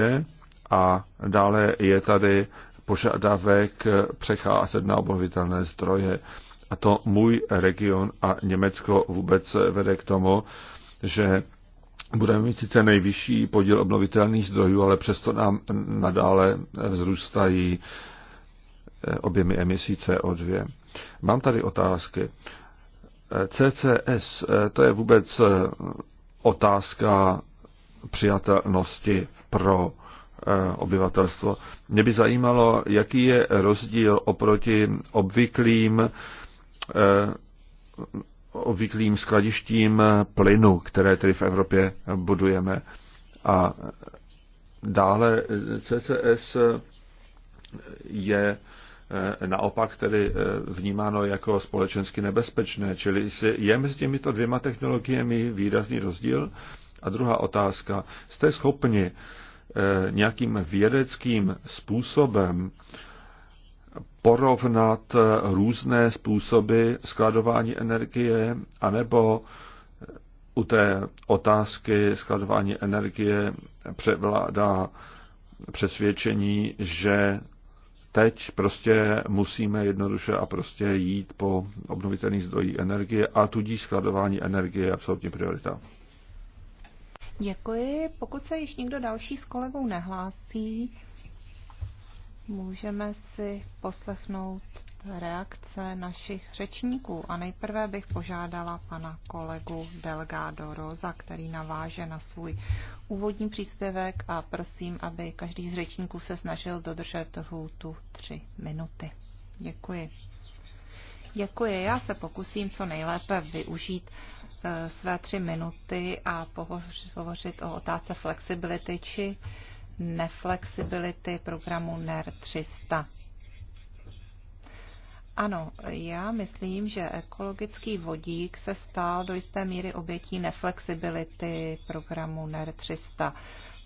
a dále je tady požadavek přecházet na obnovitelné zdroje. A to můj region a Německo vůbec vede k tomu, že budeme mít sice nejvyšší podíl obnovitelných zdrojů, ale přesto nám nadále vzrůstají eh, objemy emisí CO2. Mám tady otázky. Eh, CCS, eh, to je vůbec otázka přijatelnosti pro Eh, obyvatelstvo. Mě by zajímalo, jaký je rozdíl oproti obvyklým eh, obvyklým skladištím plynu, které tedy v Evropě budujeme. A dále CCS je eh, naopak tedy vnímáno jako společensky nebezpečné, čili je mezi těmito dvěma technologiemi výrazný rozdíl. A druhá otázka, jste schopni Eh, nějakým vědeckým způsobem porovnat eh, různé způsoby skladování energie, anebo eh, u té otázky skladování energie převládá přesvědčení, že teď prostě musíme jednoduše a prostě jít po obnovitelných zdrojích energie a tudíž skladování energie je absolutní priorita. Děkuji. Pokud se již někdo další s kolegou nehlásí, můžeme si poslechnout reakce našich řečníků. A nejprve bych požádala pana kolegu Delgado Rosa, který naváže na svůj úvodní příspěvek a prosím, aby každý z řečníků se snažil dodržet hůtu tři minuty. Děkuji. Děkuji. Já se pokusím co nejlépe využít eh, své tři minuty a pohovořit o otázce flexibility či neflexibility programu NER 300. Ano, já myslím, že ekologický vodík se stál do jisté míry obětí neflexibility programu NER 300,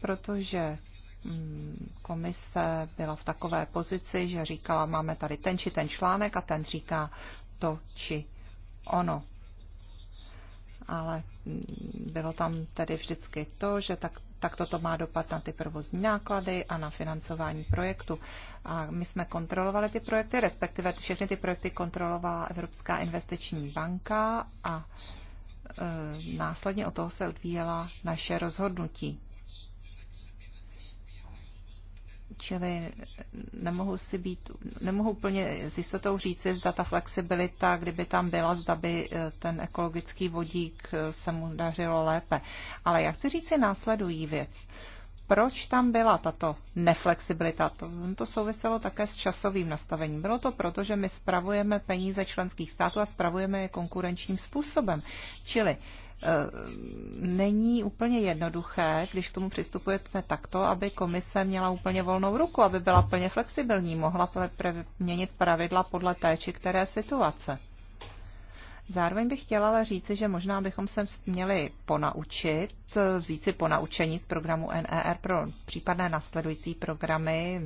protože Mm, komise byla v takové pozici, že říkala, máme tady ten či ten článek a ten říká to či ono. Ale mm, bylo tam tedy vždycky to, že tak, tak toto má dopad na ty provozní náklady a na financování projektu. A my jsme kontrolovali ty projekty, respektive všechny ty projekty kontrolovala Evropská investiční banka a e, následně od toho se odvíjela naše rozhodnutí. Čili nemohu si být, nemohu plně s jistotou říci, zda ta flexibilita, kdyby tam byla, zda by eh, ten ekologický vodík eh, se mu dařilo lépe. Ale já chci říci následují věc proč tam byla tato neflexibilita. To, to souviselo také s časovým nastavením. Bylo to proto, že my spravujeme peníze členských států a spravujeme je konkurenčním způsobem. Čili e, není úplně jednoduché, když k tomu přistupujeme takto, aby komise měla úplně volnou ruku, aby byla plně flexibilní, mohla měnit pravidla podle té či které situace. Zároveň bych chtěla ale říci, že možná bychom se měli ponaučit, vzít si ponaučení z programu NER pro případné nasledující programy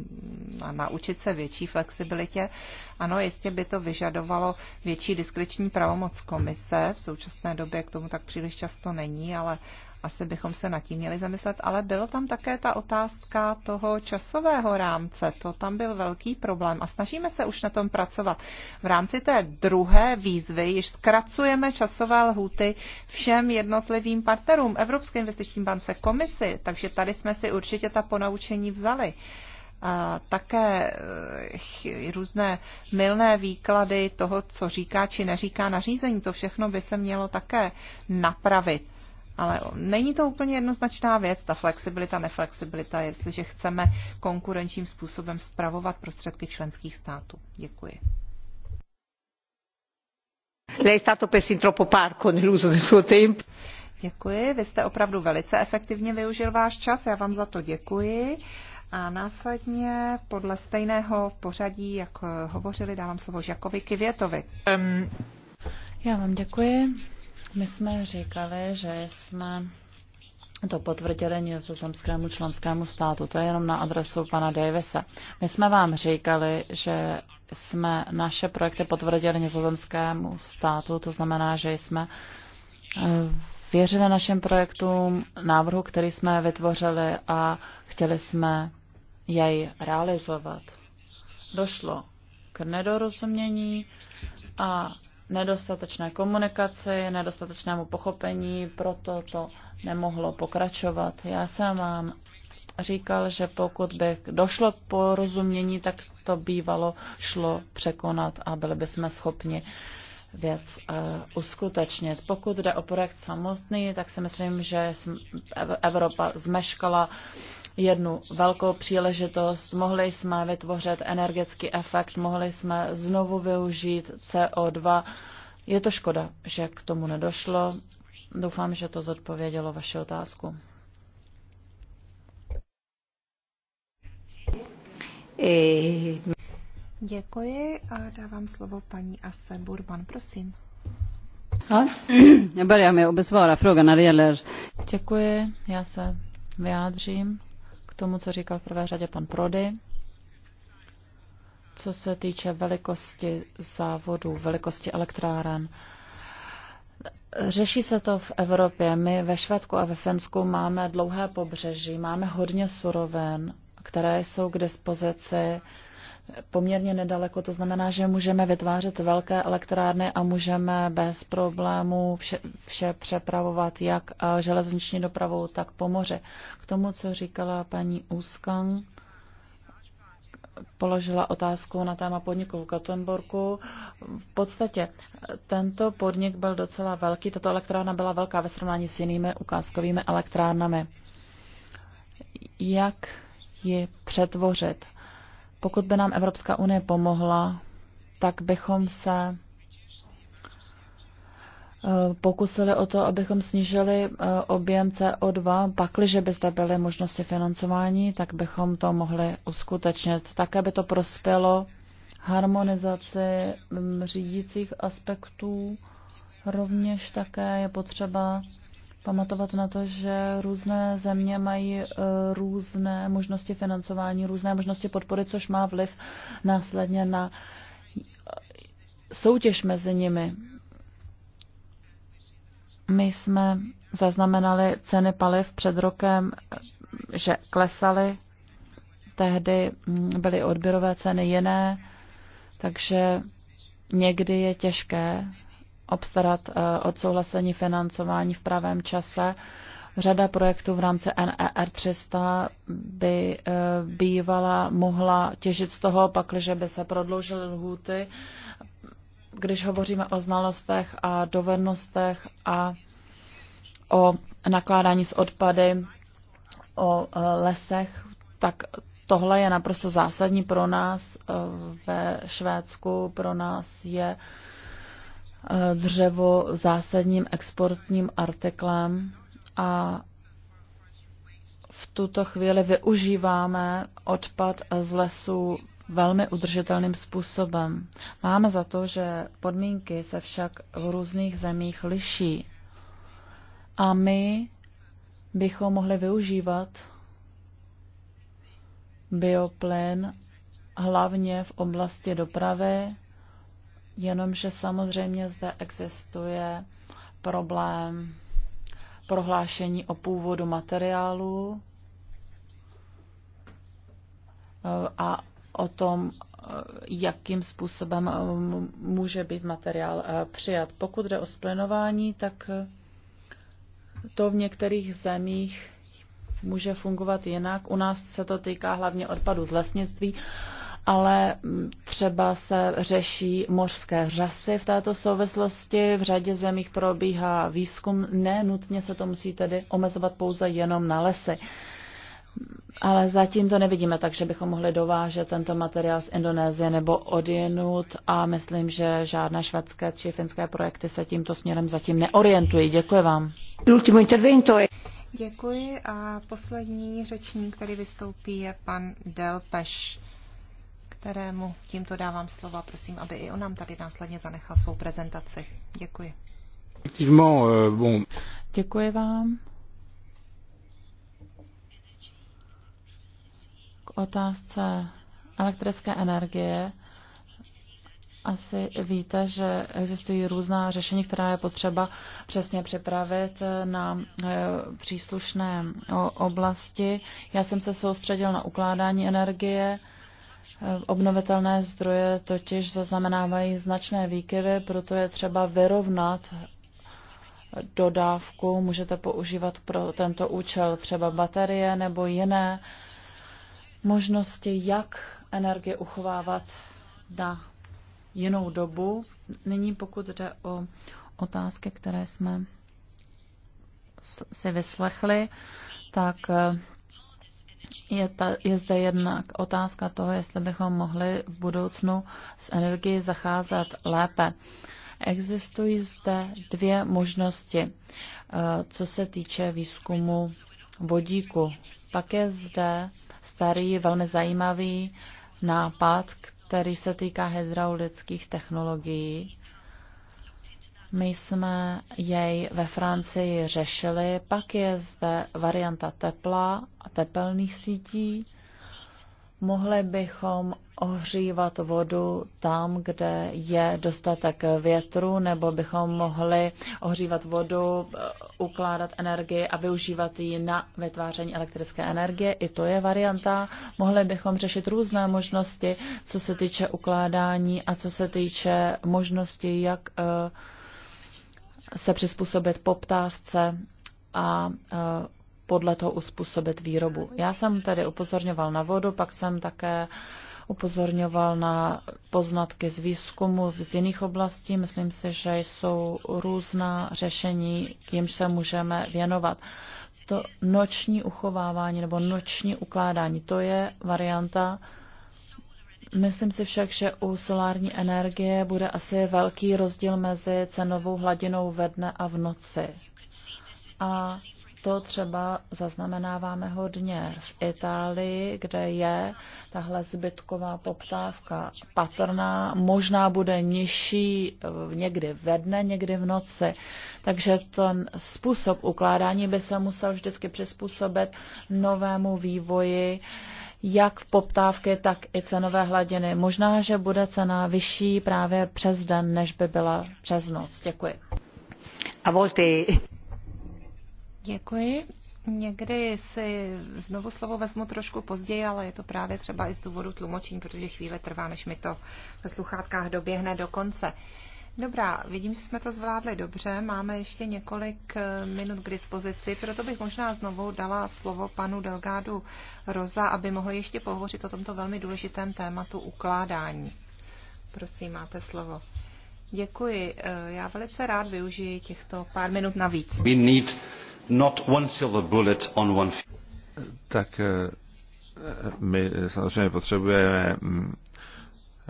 a naučit se větší flexibilitě. Ano, jistě by to vyžadovalo větší diskreční pravomoc komise. V současné době k tomu tak příliš často není, ale asi bychom se nad tím měli zamyslet, ale byla tam také ta otázka toho časového rámce. To tam byl velký problém a snažíme se už na tom pracovat. V rámci té druhé výzvy již zkracujeme časové lhuty všem jednotlivým partnerům, Evropské investiční bance, komisi, takže tady jsme si určitě ta ponaučení vzali a také eh, různé milné výklady toho, co říká či neříká nařízení. To všechno by se mělo také napravit. Ale není to úplně jednoznačná věc, ta flexibilita, neflexibilita, jestliže chceme konkurenčním způsobem spravovat prostředky členských států. Děkuji. stato troppo parco del suo tempo. Děkuji, vy jste opravdu velice efektivně využil váš čas, já vám za to děkuji. A následně podle stejného pořadí, jak hovořili, dávám slovo Žakovi Kivětovi. Um, já vám děkuji. My jsme říkali, že jsme to potvrdili nizozemskému členskému státu. To je jenom na adresu pana Davise. My jsme vám říkali, že jsme naše projekty potvrdili nizozemskému státu, to znamená, že jsme eh, věřili našim projektům, návrhu, který jsme vytvořili a chtěli jsme jej realizovat. Došlo k nedorozumění a nedostatečné komunikaci, nedostatečnému pochopení, proto to nemohlo pokračovat. Já jsem vám říkal, že pokud by došlo k porozumění, tak to bývalo šlo překonat a byli bychom schopni věc eh, uskutečnit. Pokud jde o projekt samotný, tak si myslím, že Evropa zmeškala jednu velkou příležitost. Mohli jsme vytvořit energetický efekt, mohli jsme znovu využít CO2. Je to škoda, že k tomu nedošlo. Doufám, že to zodpovědělo vaši otázku. Eh, děkuji a dávám slovo paní Asse Burban, prosím. Ja, jag börjar med att besvara frågan när det gäller... Děkuji, já se vyjádřím tomu, co říkal v prvé řadě pan Prody. Co se týče velikosti závodů, velikosti elektráren, Řeší se to v Evropě. My ve Švédsku a ve Finsku máme dlouhé pobřeží, máme hodně surovin, které jsou k dispozici poměrně nedaleko, to znamená, že můžeme vytvářet velké elektrárny a můžeme bez problémů vše, vše přepravovat jak eh, železniční dopravou, tak po moře. K tomu, co říkala paní Úskan, položila otázku na téma podniku v Gothenburgu. V podstatě tento podnik byl docela velký, tato elektrárna byla velká ve srovnání s jinými ukázkovými elektrárnami. Jak ji přetvořit? Pokud by nám Evropská unie pomohla, tak bychom se eh, pokusili o to, abychom snížili eh, objem CO2. Pakliže by zde byly možnosti financování, tak bychom to mohli uskutečnit. Také by to prospělo harmonizaci mm, řídících aspektů. Rovněž také je potřeba pamatovat na to, že různé země mají e, různé možnosti financování, různé možnosti podpory, což má vliv následně na e, soutěž mezi nimi. My jsme zaznamenali ceny paliv před rokem, že klesaly, tehdy mm, byly odběrové ceny jiné, takže někdy je těžké obstarat eh, odsouhlasení financování v pravém čase. Řada projektů v rámci NER 300 by eh, bývala mohla těžit z toho, pakliže by se prodloužily lhůty. Když hovoříme o znalostech a dovednostech a o nakládání s odpady, o eh, lesech, tak tohle je naprosto zásadní pro nás ve Švédsku, pro nás je uh, Eh, dřevo zásadním exportním artiklem a v tuto chvíli využíváme odpad z lesů velmi udržitelným způsobem. Máme za to, že podmínky se však v různých zemích liší a my bychom mohli využívat bioplyn hlavně v oblasti dopravy, Jenomže samozřejmě zde existuje problém prohlášení o původu materiálu eh, a o tom, eh, jakým způsobem eh, může být materiál přijat. Pokud jde o splinování, tak to v některých zemích může fungovat jinak. U nás se to týká hlavně odpadu z lesnictví ale třeba se řeší mořské řasy v této souvislosti. V řadě zemích probíhá výzkum, ne nutně se to musí tedy omezovat pouze jenom na lesy. Ale zatím to nevidíme, takže bychom mohli dovážet tento materiál z Indonésie nebo odjenut a myslím, že žádné švédské či finské projekty se tímto směrem zatím neorientují. Děkuji vám. Děkuji a poslední řečník, který vystoupí, je pan Del Peš kterému tímto dávám slova. Prosím, aby i on nám tady následně zanechal svou prezentaci. Děkuji. Euh, Děkuji vám. K otázce elektrické energie asi víte, že existují různá řešení, která je potřeba přesně připravit na eh, příslušné oblasti. Já jsem se soustředil na ukládání energie Obnovitelné zdroje totiž zaznamenávají značné výkyvy, proto je třeba vyrovnat dodávku. Můžete používat pro tento účel třeba baterie nebo jiné možnosti, jak energie uchovávat na jinou dobu. Nyní pokud jde o otázky, které jsme si vyslechli, tak eh, je, ta, je zde jednak otázka toho, jestli bychom mohli v budoucnu s energií zacházet lépe. Existují zde dvě možnosti, eh, co se týče výzkumu vodíku. Pak je zde starý, velmi zajímavý nápad, který se týká hydraulických technologií my jsme jej ve Francii řešili, pak je zde varianta tepla a tepelných sítí. Mohli bychom ohřívat vodu tam, kde je dostatek větru, nebo bychom mohli ohřívat vodu, eh, ukládat energii a využívat ji na vytváření elektrické energie. I to je varianta. Mohli bychom řešit různé možnosti, co se týče ukládání a co se týče možnosti, jak uh, se přizpůsobit poptávce a e, podle toho uspůsobit výrobu. Já jsem tedy upozorňoval na vodu, pak jsem také upozorňoval na poznatky z výzkumu z jiných oblastí. Myslím si, že jsou různá řešení, jimž se můžeme věnovat. To noční uchovávání nebo noční ukládání, to je varianta, Myslím si však, že u solární energie bude asi velký rozdíl mezi cenovou hladinou ve dne a v noci. A to třeba zaznamenáváme hodně v Itálii, kde je tahle zbytková poptávka patrná, možná bude nižší eh, někdy ve dne, někdy v noci. Takže ten způsob ukládání by se musel vždycky přizpůsobit novému vývoji uh, jak v poptávky, tak i cenové hladiny. Možná, že bude cena vyšší právě přes den, než by byla přes noc. Děkuji. A volty. Děkuji. Někdy si znovu slovo vezmu trošku později, ale je to právě třeba i z důvodu tlumočení, protože chvíle trvá, než mi to ve sluchátkách doběhne do konce. Uh, Dobrá, vidím, že jsme to zvládli dobře. Máme ještě několik eh, minut k dispozici, proto bych možná znovu dala slovo panu Delgádu Roza, aby mohl ještě pohovořit o tomto velmi důležitém tématu ukládání. Prosím, máte slovo. Děkuji. Eh, já velice rád využiji těchto pár minut navíc. We need not one silver bullet on one... Tak eh, my samozřejmě potřebujeme mm,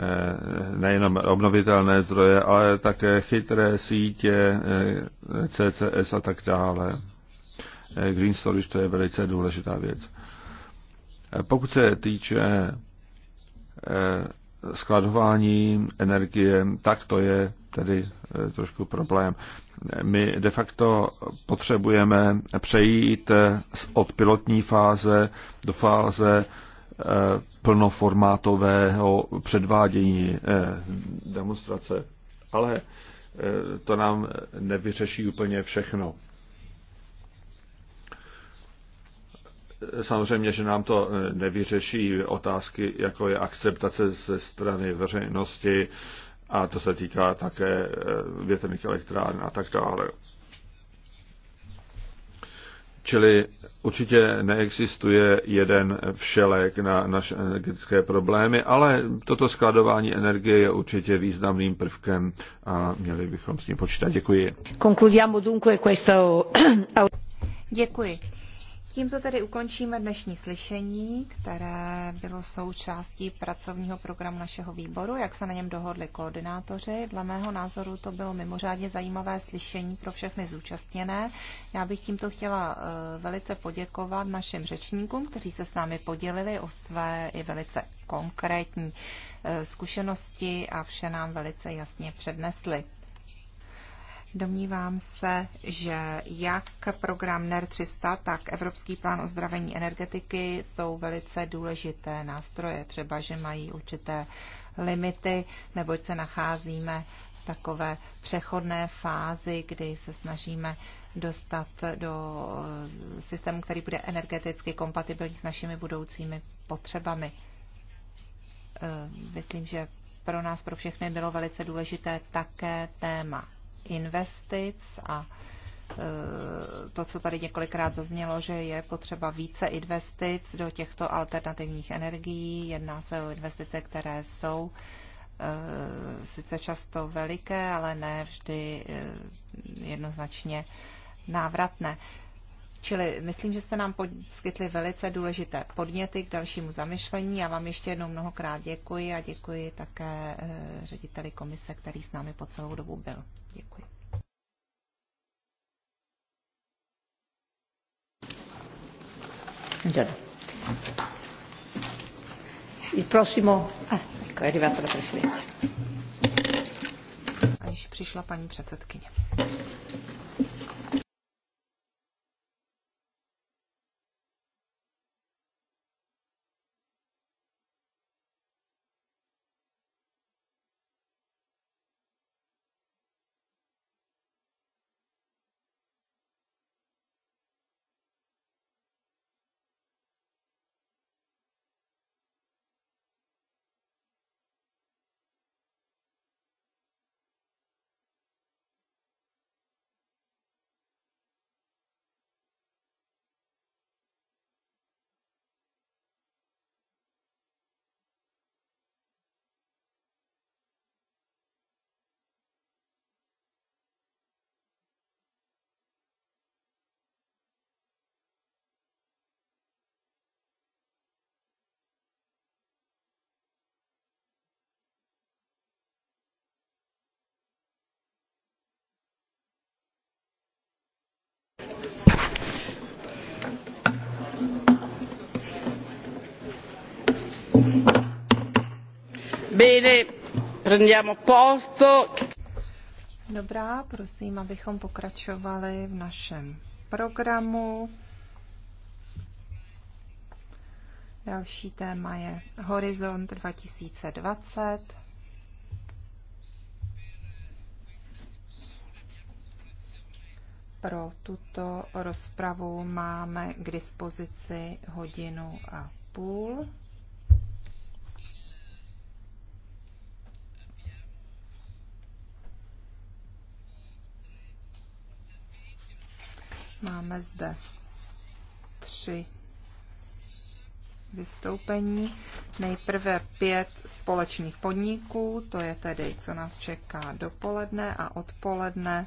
Eh, nejenom obnovitelné zdroje, ale také chytré sítě, eh, CCS a tak dále. Eh, Green storage to je velice důležitá věc. Pokud se týče skladování energie, tak to je tedy trošku problém. My de facto potřebujeme přejít od pilotní fáze do fáze Eh, plnoformátového předvádění eh, demonstrace. Ale eh, to nám nevyřeší úplně všechno. Samozřejmě, že nám to nevyřeší otázky, jako je akceptace ze strany veřejnosti, a to se týká také větrných elektrárn a tak dále. Čili určitě neexistuje jeden všelek na naše energetické problémy, ale toto skladování energie je určitě významným prvkem a měli bychom s ním počítat. Děkuji. Concludiamo dunque questo... Děkuji. Tímto tedy ukončíme dnešní slyšení, které bylo součástí pracovního programu našeho výboru, jak se na něm dohodli koordinátoři. Dle mého názoru to bylo mimořádně zajímavé slyšení pro všechny zúčastněné. Já bych tímto chtěla eh, velice poděkovat našim řečníkům, kteří se s námi podělili o své i velice konkrétní eh, zkušenosti a vše nám velice jasně přednesli. Domnívám se, že jak program NER 300, tak Evropský plán ozdravení energetiky jsou velice důležité nástroje, třeba že mají určité limity, neboť se nacházíme v takové přechodné fázi, kdy se snažíme dostat do systému, který bude energeticky kompatibilní s našimi budoucími potřebami. Myslím, že pro nás, pro všechny bylo velice důležité také téma investic a e, to, co tady několikrát zaznělo, že je potřeba více investic do těchto alternativních energií. Jedná se o investice, které jsou e, sice často veliké, ale ne vždy e, jednoznačně návratné. Čili myslím, že jste nám poskytli velice důležité podněty k dalšímu zamyšlení. Já vám ještě jednou mnohokrát děkuji a děkuji také eh, řediteli komise, který s námi po celou dobu byl. Děkuji. Buongiorno. Il prossimo... Ah, ecco, è arrivata la Presidente. A již přišla paní předsedkyně. Bene, prendiamo posto. Dobrá, prosím, abychom pokračovali v našem programu. Další téma je Horizont 2020. Pro tuto rozpravu máme k dispozici hodinu a půl. Máme zde tři vystoupení. Nejprve pět společných podniků, to je tedy, co nás čeká dopoledne a odpoledne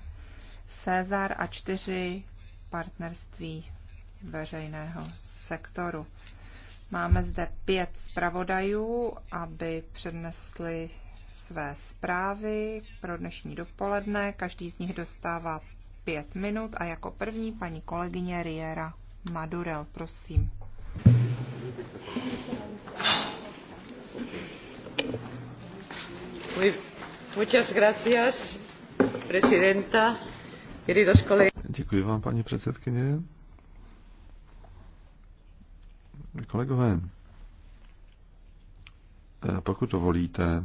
Cezar a čtyři partnerství veřejného sektoru. Máme zde pět zpravodajů, aby přednesli své zprávy pro dnešní dopoledne. Každý z nich dostává pět minut a jako první paní kolegyně Riera Madurel, prosím. Muchas gracias, presidenta, queridos colegas. Děkuji vám, paní předsedkyně. Kolegové, eh, pokud to volíte,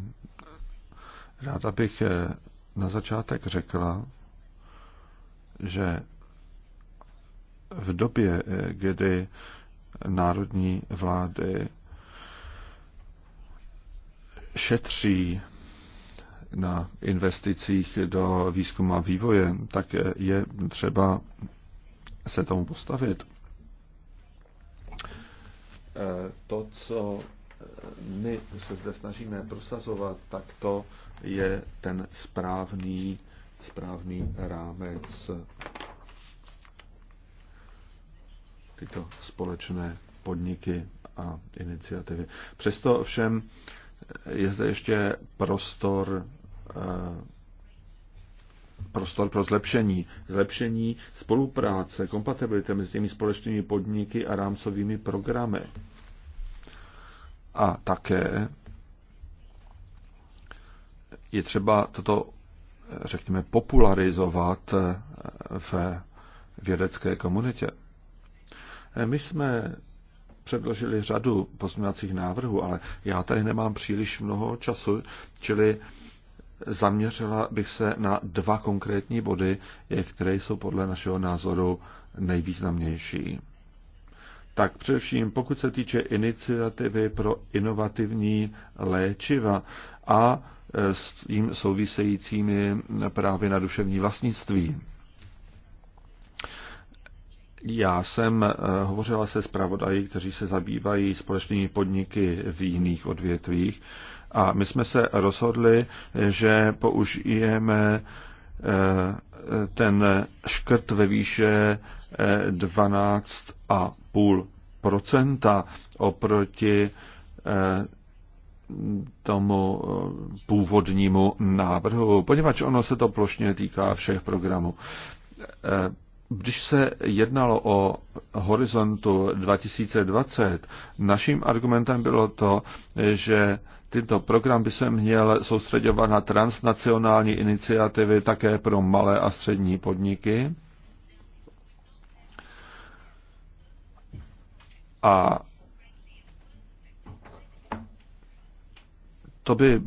ráda bych eh, na začátek řekla, že v době, kdy národní vlády šetří na investicích do výzkumu a vývoje, tak je třeba se tomu postavit. To, co my se zde snažíme prosazovat, tak to je ten správný správný rámec tyto společné podniky a iniciativy. Přesto všem je zde ještě prostor eh, prostor pro zlepšení. Zlepšení spolupráce, kompatibilita mezi těmi společnými podniky a rámcovými programy. A také je třeba toto řekněme, popularizovat eh, v vědecké komunitě. Eh, my jsme předložili řadu pozměňovacích návrhů, ale já tady nemám příliš mnoho času, čili zaměřila bych se na dva konkrétní body, eh, které jsou podle našeho názoru nejvýznamnější. Tak především, pokud se týče iniciativy pro inovativní léčiva a s tím souvisejícími právě na duševní vlastnictví. Já jsem eh, hovořila se zpravodaji, kteří se zabývají společnými podniky v jiných odvětvích a my jsme se rozhodli, že použijeme eh, ten škrt ve výše 12,5% eh, oproti tomu eh, původnímu návrhu, poněvadž ono se to plošně týká všech programů. Eh, když se jednalo o horizontu 2020, naším argumentem bylo to, že tento program by se měl soustředovat na transnacionální iniciativy také pro malé a střední podniky. A to by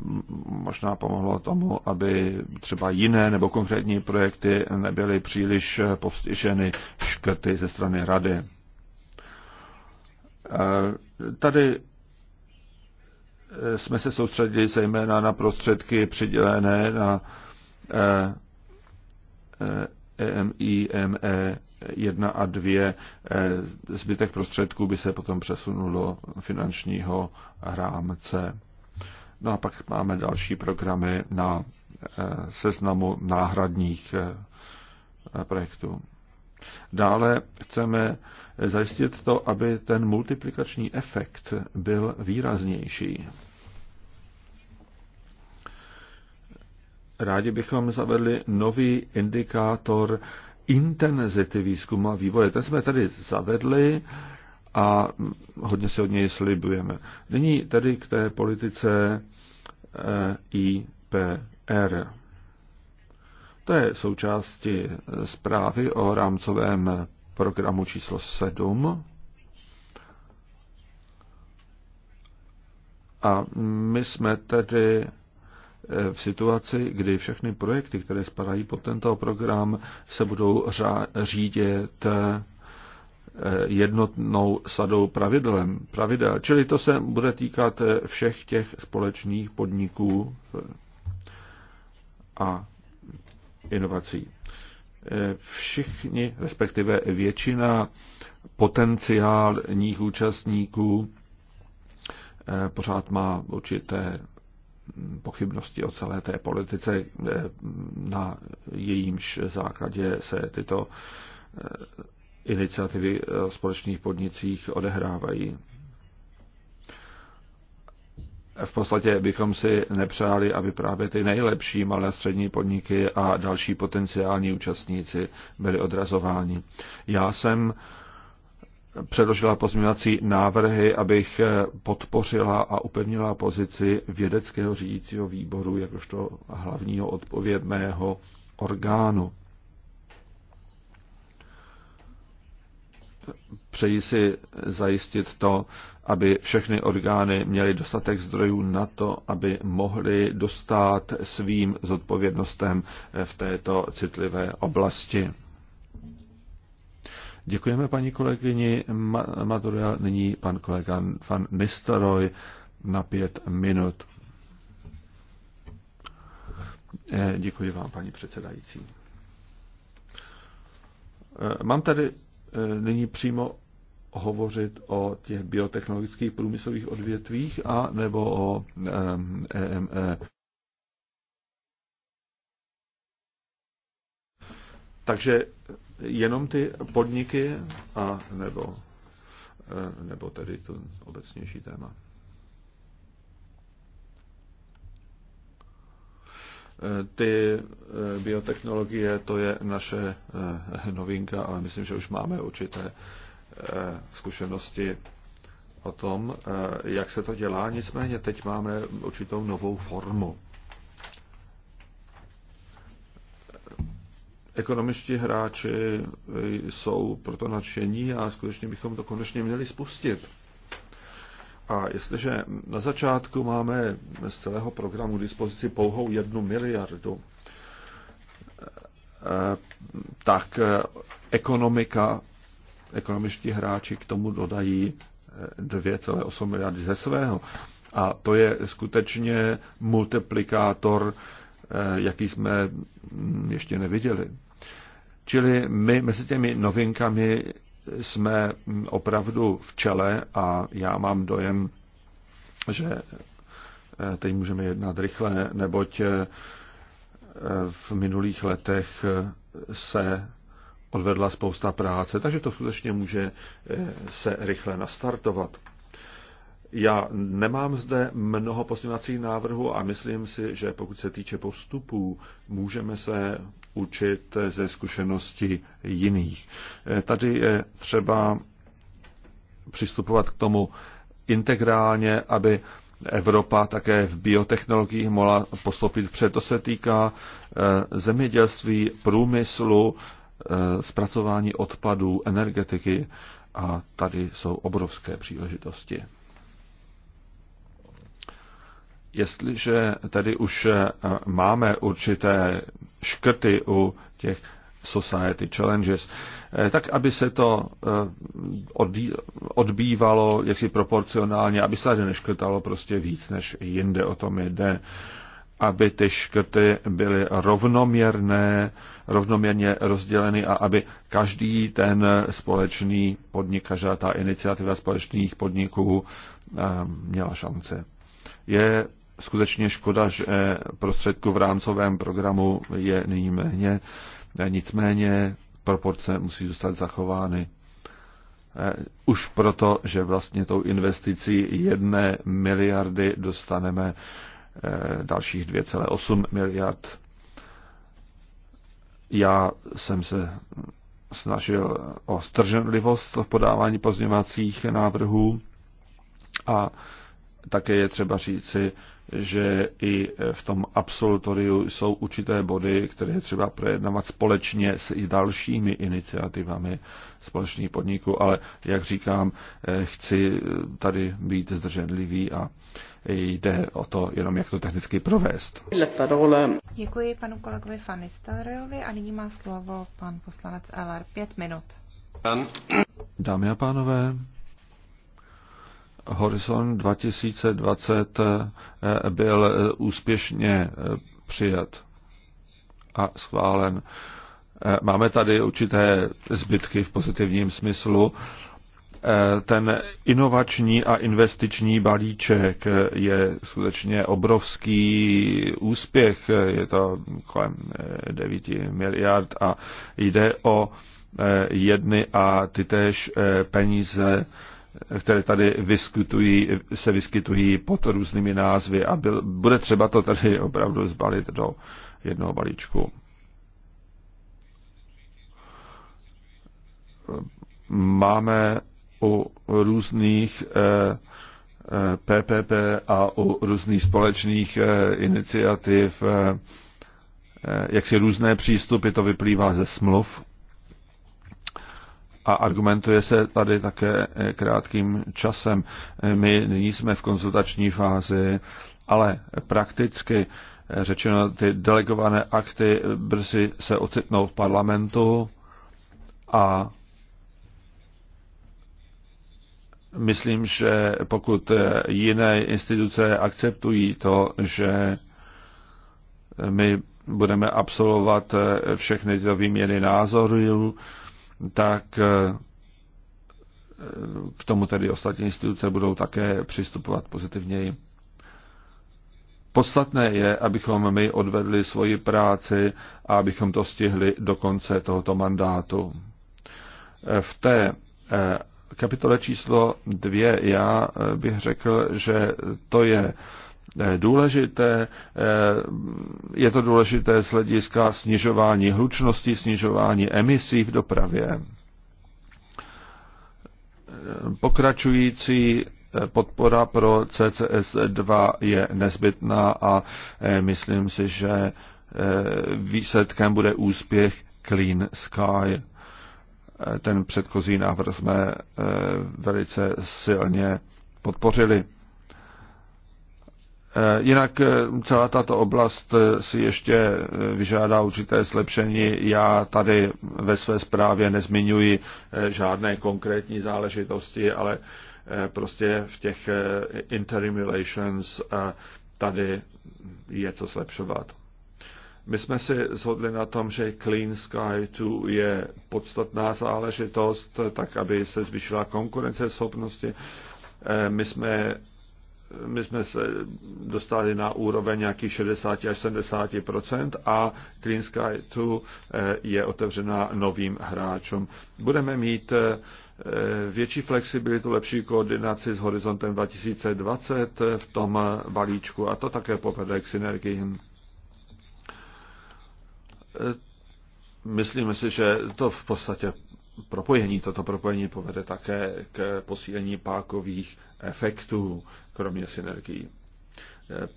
možná pomohlo tomu, aby třeba jiné nebo konkrétní projekty nebyly příliš postiženy škrty ze strany rady. E, tady jsme se soustředili zejména na prostředky přidělené na EMI, e, e ME 1 a 2. Zbytek prostředků by se potom přesunulo finančního rámce. No a pak máme další programy na eh, seznamu náhradních eh, eh, projektů. Dále chceme zajistit to, aby ten multiplikační efekt byl výraznější. Rádi bychom zavedli nový indikátor intenzity výzkumu a vývoje. Ten jsme tady zavedli a hodně se od něj slibujeme. Nyní tedy k té politice eh, IPR. To je součástí zprávy o rámcovém programu číslo 7. A my jsme tedy eh, v situaci, kdy všechny projekty, které spadají pod tento program, se budou řídit eh, Eh, jednotnou sadou pravidlem, pravidel. Čili to se bude týkat eh, všech těch společných podniků eh, a inovací. Všichni, respektive většina potenciálních účastníků pořád má určité pochybnosti o celé té politice, na jejímž základě se tyto iniciativy eh, v společných podnicích odehrávají. V podstatě bychom si nepřáli, aby právě ty nejlepší malé a střední podniky a další potenciální účastníci byli odrazováni. Já jsem předložila pozměňovací návrhy, abych eh, podpořila a upevnila pozici vědeckého řídícího výboru jakožto hlavního odpovědného orgánu. přeji si zajistit to, aby všechny orgány měly dostatek zdrojů na to, aby mohly dostat svým zodpovědnostem v této citlivé oblasti. Děkujeme paní kolegyni Madurel. Nyní pan kolega van Nistelrooy na pět minut. Eh, děkuji vám, paní předsedající. Eh, mám tady Eh, nyní přímo hovořit o těch biotechnologických průmyslových odvětvích a nebo o EME. Eh, e. Takže jenom ty podniky a nebo, eh, nebo tedy to obecnější téma. Eh, ty eh, biotechnologie, to je naše eh, novinka, ale myslím, že už máme určité zkušenosti o tom, jak se to dělá. Nicméně teď máme určitou novou formu. Ekonomičtí hráči jsou proto nadšení a skutečně bychom to konečně měli spustit. A jestliže na začátku máme z celého programu k dispozici pouhou jednu miliardu, eh, tak eh, ekonomika, ekonomičtí hráči k tomu dodají 2,8 eh, miliardy ze svého. A to je skutečně multiplikátor, jaký jsme mm, ještě neviděli. Čili my mezi těmi novinkami jsme opravdu v čele a já mám dojem, že eh, teď můžeme jednat rychle, neboť eh, v minulých letech eh, se odvedla spousta práce, takže to skutečně může se rychle nastartovat. Já nemám zde mnoho pozměňovacích návrhů a myslím si, že pokud se týče postupů, můžeme se učit ze zkušeností jiných. Eh, tady je třeba přistupovat k tomu integrálně, aby Evropa také v biotechnologiích mohla postoupit před. To se týká eh, zemědělství, průmyslu, eh, zpracování odpadů, energetiky a tady jsou obrovské příležitosti. Jestliže tady už eh, máme určité škrty u těch society challenges, eh, tak aby se to eh, odbývalo jaksi proporcionálně, aby se tady neškrtalo prostě víc než jinde, o tom jde aby ty škrty byly rovnoměrné, rovnoměrně rozděleny a aby každý ten společný podnik, každá ta iniciativa společných podniků měla šance. Je skutečně škoda, že prostředku v rámcovém programu je nyní méně. E, nicméně proporce musí zůstat zachovány. E, už proto, že vlastně tou investicí jedné miliardy dostaneme e, dalších 2,8 miliard. Já jsem se snažil o strženlivost v podávání pozněvacích návrhů a také je třeba říci, že i v tom absolutoriu jsou určité body, které je třeba projednávat společně s i dalšími iniciativami společných podniků, ale jak říkám, eh, chci tady být zdrženlivý a jde o to jenom, jak to technicky provést. Děkuji panu kolegovi Fanistorovi a nyní má slovo pan poslanec LR. Pět minut. Dámy a pánové, Horizon 2020 eh, byl eh, úspěšně eh, přijat a schválen. Máme tady určité zbytky v pozitivním smyslu. Ten inovační a investiční balíček je skutečně obrovský úspěch. Je to kolem 9 miliard a jde o jedny a tytéž peníze které tady vyskytují, se vyskytují pod různými názvy a byl, bude třeba to tady opravdu zbalit do jednoho balíčku. Máme u různých PPP eh, eh, a u různých společných eh, iniciativ jaksi různé přístupy, to vyplývá ze smluv a argumentuje se tady také eh, krátkým časem. Eh, my nyní jsme v konzultační fázi, ale prakticky eh, řečeno ty delegované akty brzy se ocitnou v parlamentu a myslím, že pokud jiné instituce akceptují to, že my budeme absolvovat všechny tyto výměny názorů, tak eh, k tomu tedy ostatní instituce budou také přistupovat pozitivněji. Podstatné je, abychom my odvedli svoji práci a abychom to stihli do konce tohoto mandátu. Eh, v té eh, kapitole číslo dvě já bych řekl, že to je Eh, důležité, eh, je to důležité z hlediska snižování hlučnosti, snižování emisí v dopravě. Eh, pokračující podpora pro CCS2 je nezbytná a myslím si, že výsledkem bude úspěch Clean Sky. Ten předchozí návrh jsme velice silně podpořili. Eh, jinak eh, celá tato oblast eh, si ještě vyžádá určité zlepšení. Já tady ve své zprávě nezmiňuji žádné konkrétní záležitosti, ale prostě v těch interim relations tady je co zlepšovat. My jsme si zhodli na tom, že Clean Sky 2 je podstatná záležitost, tak aby se zvýšila konkurenceschopnosti. My jsme my jsme se dostali na úroveň nějakých 60 až 70 a Clean Sky 2 eh, je otevřena novým hráčům. Budeme mít eh, větší flexibilitu, lepší koordinaci s horizontem 2020 eh, v tom balíčku a to také povede k synergiím. Myslíme si, že to v podstatě propojení, toto propojení povede také k posílení pákových efektů, kromě synergií.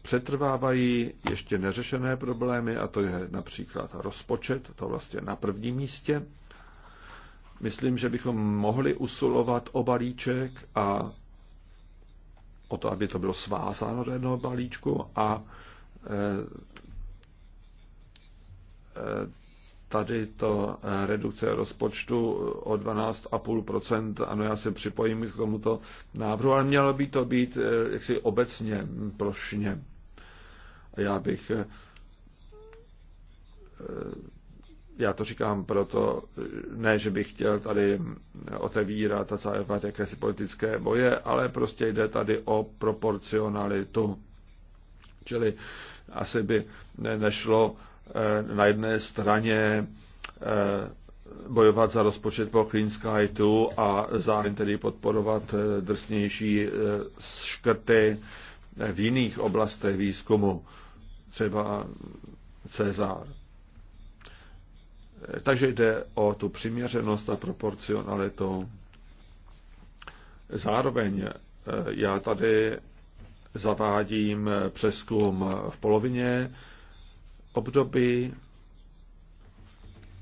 Přetrvávají ještě neřešené problémy, a to je například rozpočet, to vlastně na prvním místě. Myslím, že bychom mohli usilovat o balíček a o to, aby to bylo svázáno do jednoho balíčku a e, e, tady to eh, redukce rozpočtu o 12,5%, ano, já se připojím k tomuto návrhu, ale mělo by to být eh, jaksi obecně, hm, plošně. Já bych, eh, já to říkám proto, ne, že bych chtěl tady hm, otevírat a zahajovat jakési politické boje, ale prostě jde tady o proporcionalitu. Čili asi by nešlo Eh, na jedné straně eh, bojovat za rozpočet po Clean a zároveň tedy podporovat eh, drsnější škrty v jiných oblastech výzkumu, třeba Cezar. Takže jde o tu přiměřenost a proporcionalitu. Zároveň já tady zavádím přeskum v polovině, období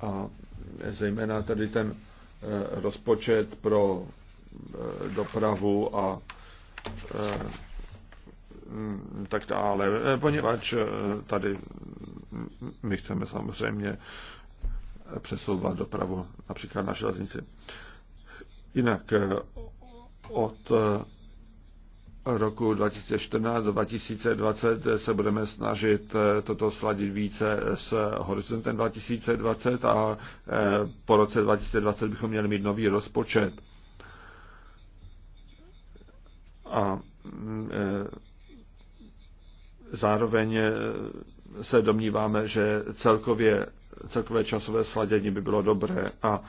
a zejména tady ten eh, rozpočet pro eh, dopravu a eh, tak dále, poněvadž tady my chceme samozřejmě přesouvat dopravu například na železnici. Jinak od roku 2014-2020 se budeme snažit eh, toto sladit více s horizontem 2020 a eh, po roce 2020 bychom měli mít nový rozpočet. A mm, eh, zároveň se domníváme, že celkově, celkové časové sladění by bylo dobré a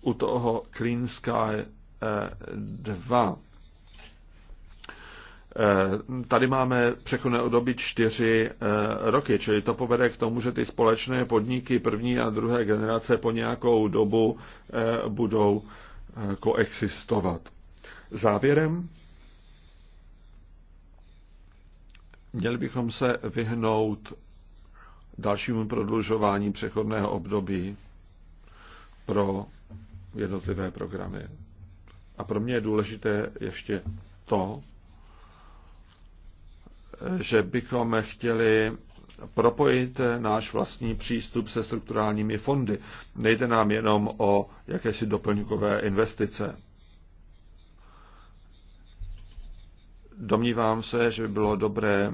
u toho Clean Sky 2. E, e, tady máme přechodné období čtyři e, roky, čili to povede k tomu, že ty společné podniky první a druhé generace po nějakou dobu budou koexistovat. Závěrem měli bychom se vyhnout dalšímu prodlužování přechodného období pro jednotlivé programy. A pro mě je důležité ještě to, že bychom chtěli propojit náš vlastní přístup se strukturálními fondy. Nejde nám jenom o jakési doplňkové investice. Domnívám se, že by bylo dobré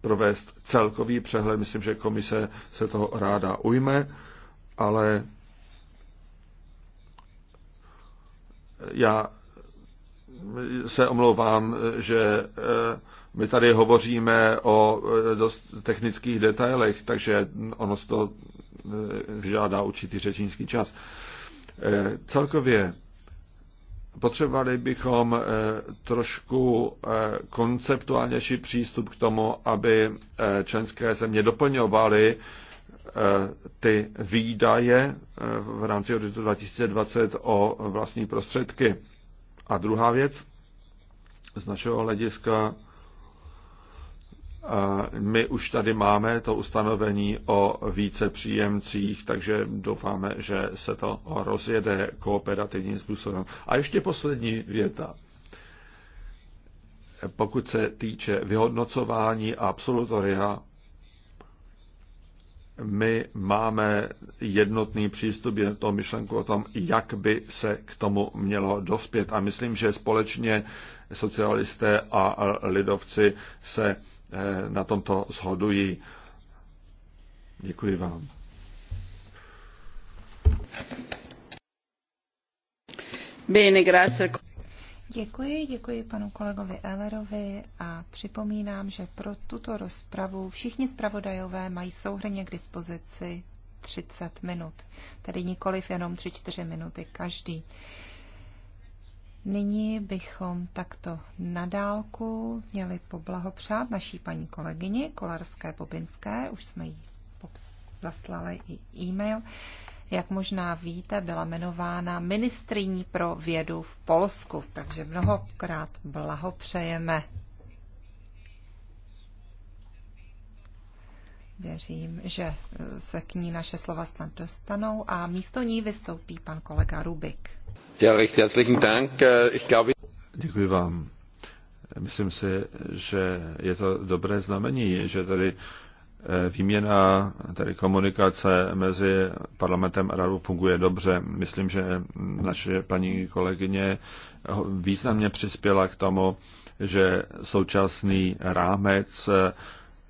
provést celkový přehled. Myslím, že komise se toho ráda ujme, ale Já se omlouvám, že eh, my tady hovoříme o eh, dost technických detailech, takže ono to eh, žádá určitý řečnický čas. Celkově potřebovali bychom trošku konceptuálnější přístup k tomu, aby členské země doplňovaly Eh, ty výdaje eh, v rámci horizontu 2020 o vlastní prostředky. A druhá věc, z našeho hlediska, eh, my už tady máme to ustanovení o více příjemcích, takže doufáme, že se to rozjede kooperativním způsobem. A ještě poslední věta pokud se týče vyhodnocování a absolutoria, my máme jednotný přístup, to myšlenku o tom, jak by se k tomu mělo dospět. A myslím, že společně socialisté a lidovci se eh, na tomto shodují. Děkuji vám. Bene, grazie. Děkuji, děkuji panu kolegovi Ellerovi a připomínám, že pro tuto rozpravu všichni zpravodajové mají souhrně k dispozici 30 minut, tedy nikoliv jenom 3-4 minuty každý. Nyní bychom takto nadálku měli poblahopřát naší paní kolegyni Kolarské Bobinské, už jsme jí zaslali i e-mail. Jak možná víte, byla jmenována ministriní pro vědu v Polsku, takže mnohokrát blahopřejeme. Věřím, že se k ní naše slova snad dostanou a místo ní vystoupí pan kolega Rubik. Ja, recht herzlichen Dank. Ich glaube... Děkuji vám. Myslím si, že je to dobré znamení, že tady Eh, výměna, tedy komunikace mezi parlamentem a radou funguje dobře. Myslím, že naše paní kolegyně významně přispěla k tomu, že současný rámec eh,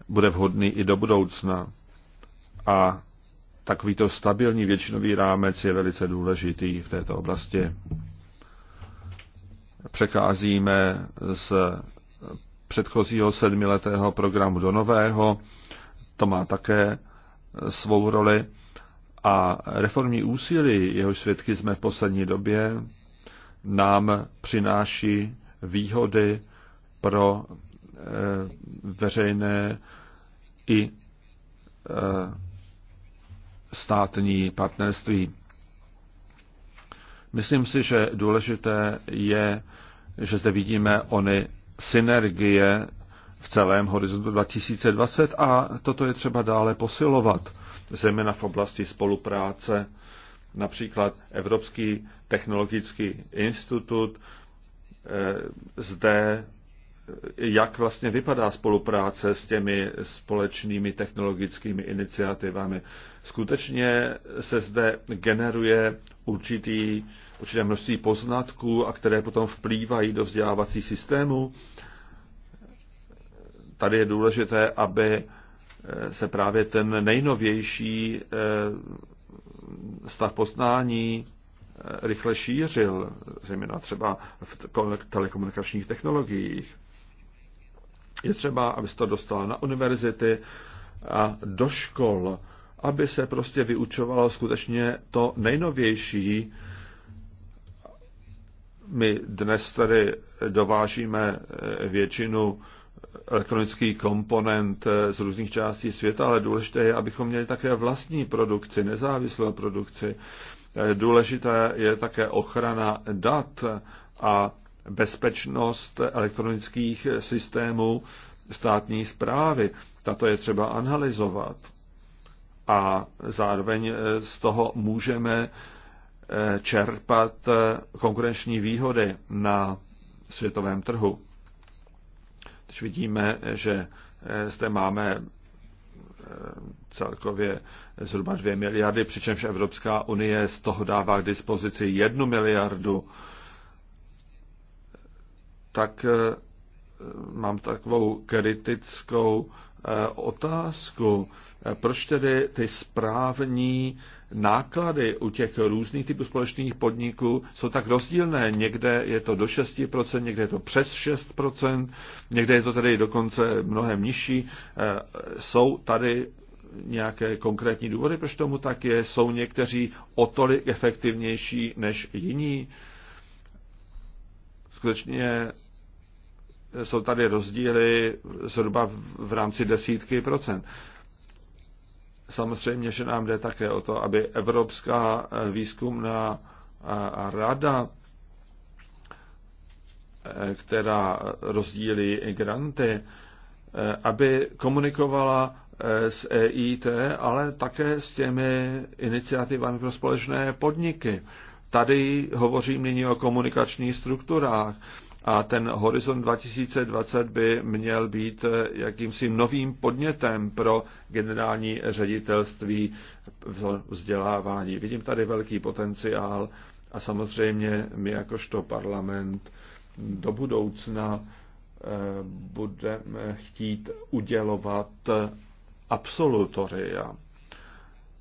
bude vhodný i do budoucna. A takovýto stabilní většinový rámec je velice důležitý v této oblasti. Přecházíme z předchozího sedmiletého programu do nového to má také e, svou roli. A reformní úsilí, jehož svědky jsme v poslední době, nám přináší výhody pro e, veřejné i e, státní partnerství. Myslím si, že důležité je, že zde vidíme ony synergie v celém horizontu 2020 a toto je třeba dále posilovat, zejména v oblasti spolupráce, například Evropský technologický institut, eh, zde eh, jak vlastně vypadá spolupráce s těmi společnými technologickými iniciativami. Skutečně se zde generuje určitý, určité množství poznatků, a které potom vplývají do vzdělávací systému tady je důležité, aby eh, se právě ten nejnovější eh, stav poznání eh, rychle šířil, zejména třeba v telekomunikačních technologiích. Je třeba, aby se to dostalo na univerzity a do škol, aby se prostě vyučovalo skutečně to nejnovější. My dnes tady dovážíme většinu elektronický komponent eh, z různých částí světa, ale důležité je, abychom měli také vlastní produkci, nezávislou produkci. Eh, důležité je také ochrana dat a bezpečnost elektronických systémů státní zprávy. Tato je třeba analyzovat. A zároveň eh, z toho můžeme čerpat konkurenční výhody na světovém trhu. Když vidíme, že eh, zde máme eh, celkově zhruba 2 miliardy, přičemž Evropská unie z toho dává k dispozici 1 miliardu, tak eh, mám takovou kritickou Eh, otázku, eh, proč tedy ty správní náklady u těch různých typů společných podniků jsou tak rozdílné. Někde je to do 6%, někde je to přes 6%, někde je to tedy dokonce mnohem nižší. Eh, jsou tady nějaké konkrétní důvody, proč tomu tak je? Jsou někteří o tolik efektivnější než jiní? Skutečně jsou tady rozdíly zhruba v rámci desítky procent. Samozřejmě, že nám jde také o to, aby Evropská eh, výzkumná eh, rada, eh, která rozdílí granty, aby komunikovala s EIT, ale také s těmi iniciativami pro společné podniky. Tady hovořím nyní o komunikačních strukturách a ten Horizon 2020 by měl být eh, jakýmsi novým podnětem pro generální ředitelství vzdělávání. Vidím tady velký potenciál a samozřejmě my jakožto parlament do budoucna eh, budeme chtít udělovat eh, absolutoria.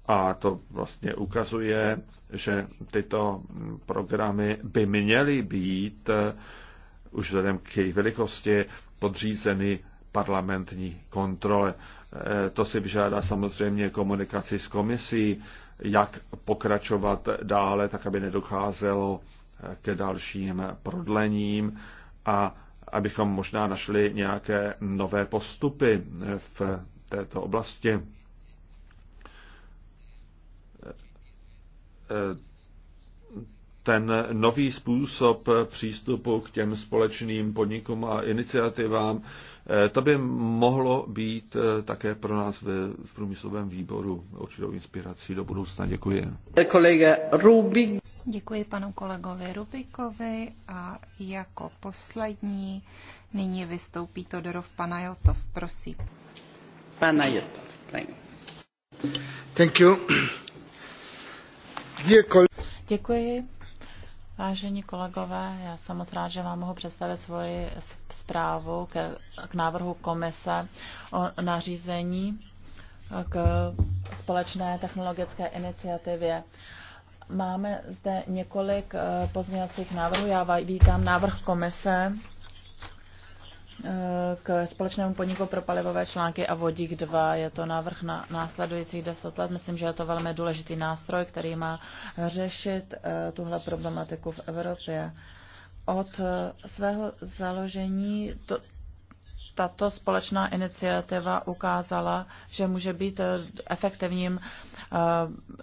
A to vlastně ukazuje, že tyto programy by měly být už vzhledem k její velikosti podřízeny parlamentní kontrole. E, to si vyžádá samozřejmě komunikaci s komisí, jak pokračovat dále, tak aby nedocházelo e, ke dalším prodlením a abychom možná našli nějaké nové postupy e, v této oblasti ten nový způsob přístupu k těm společným podnikům a iniciativám, eh, to by mohlo být eh, také pro nás v průmyslovém výboru určitou inspirací do budoucna. Děkuji. Rubik. Děkuji panu kolegovi Rubikovi a jako poslední nyní vystoupí Todorov Panajotov. Prosím. Panajotov. Thank you. Děkuji. Děkuji. Vážení kolegové, já jsem moc rád, že vám mohu představit svoji zprávu k, k návrhu komise o nařízení k společné technologické iniciativě. Máme zde několik eh, pozměňovacích návrhů. Já vítám návrh komise k společnému podniku pro palivové články a vodík 2. Je to návrh na následujících 10 let. Myslím, že je to velmi důležitý nástroj, který má řešit eh, tuhle problematiku v Evropě. Od eh, svého založení to, tato společná iniciativa ukázala, že může být eh, efektivním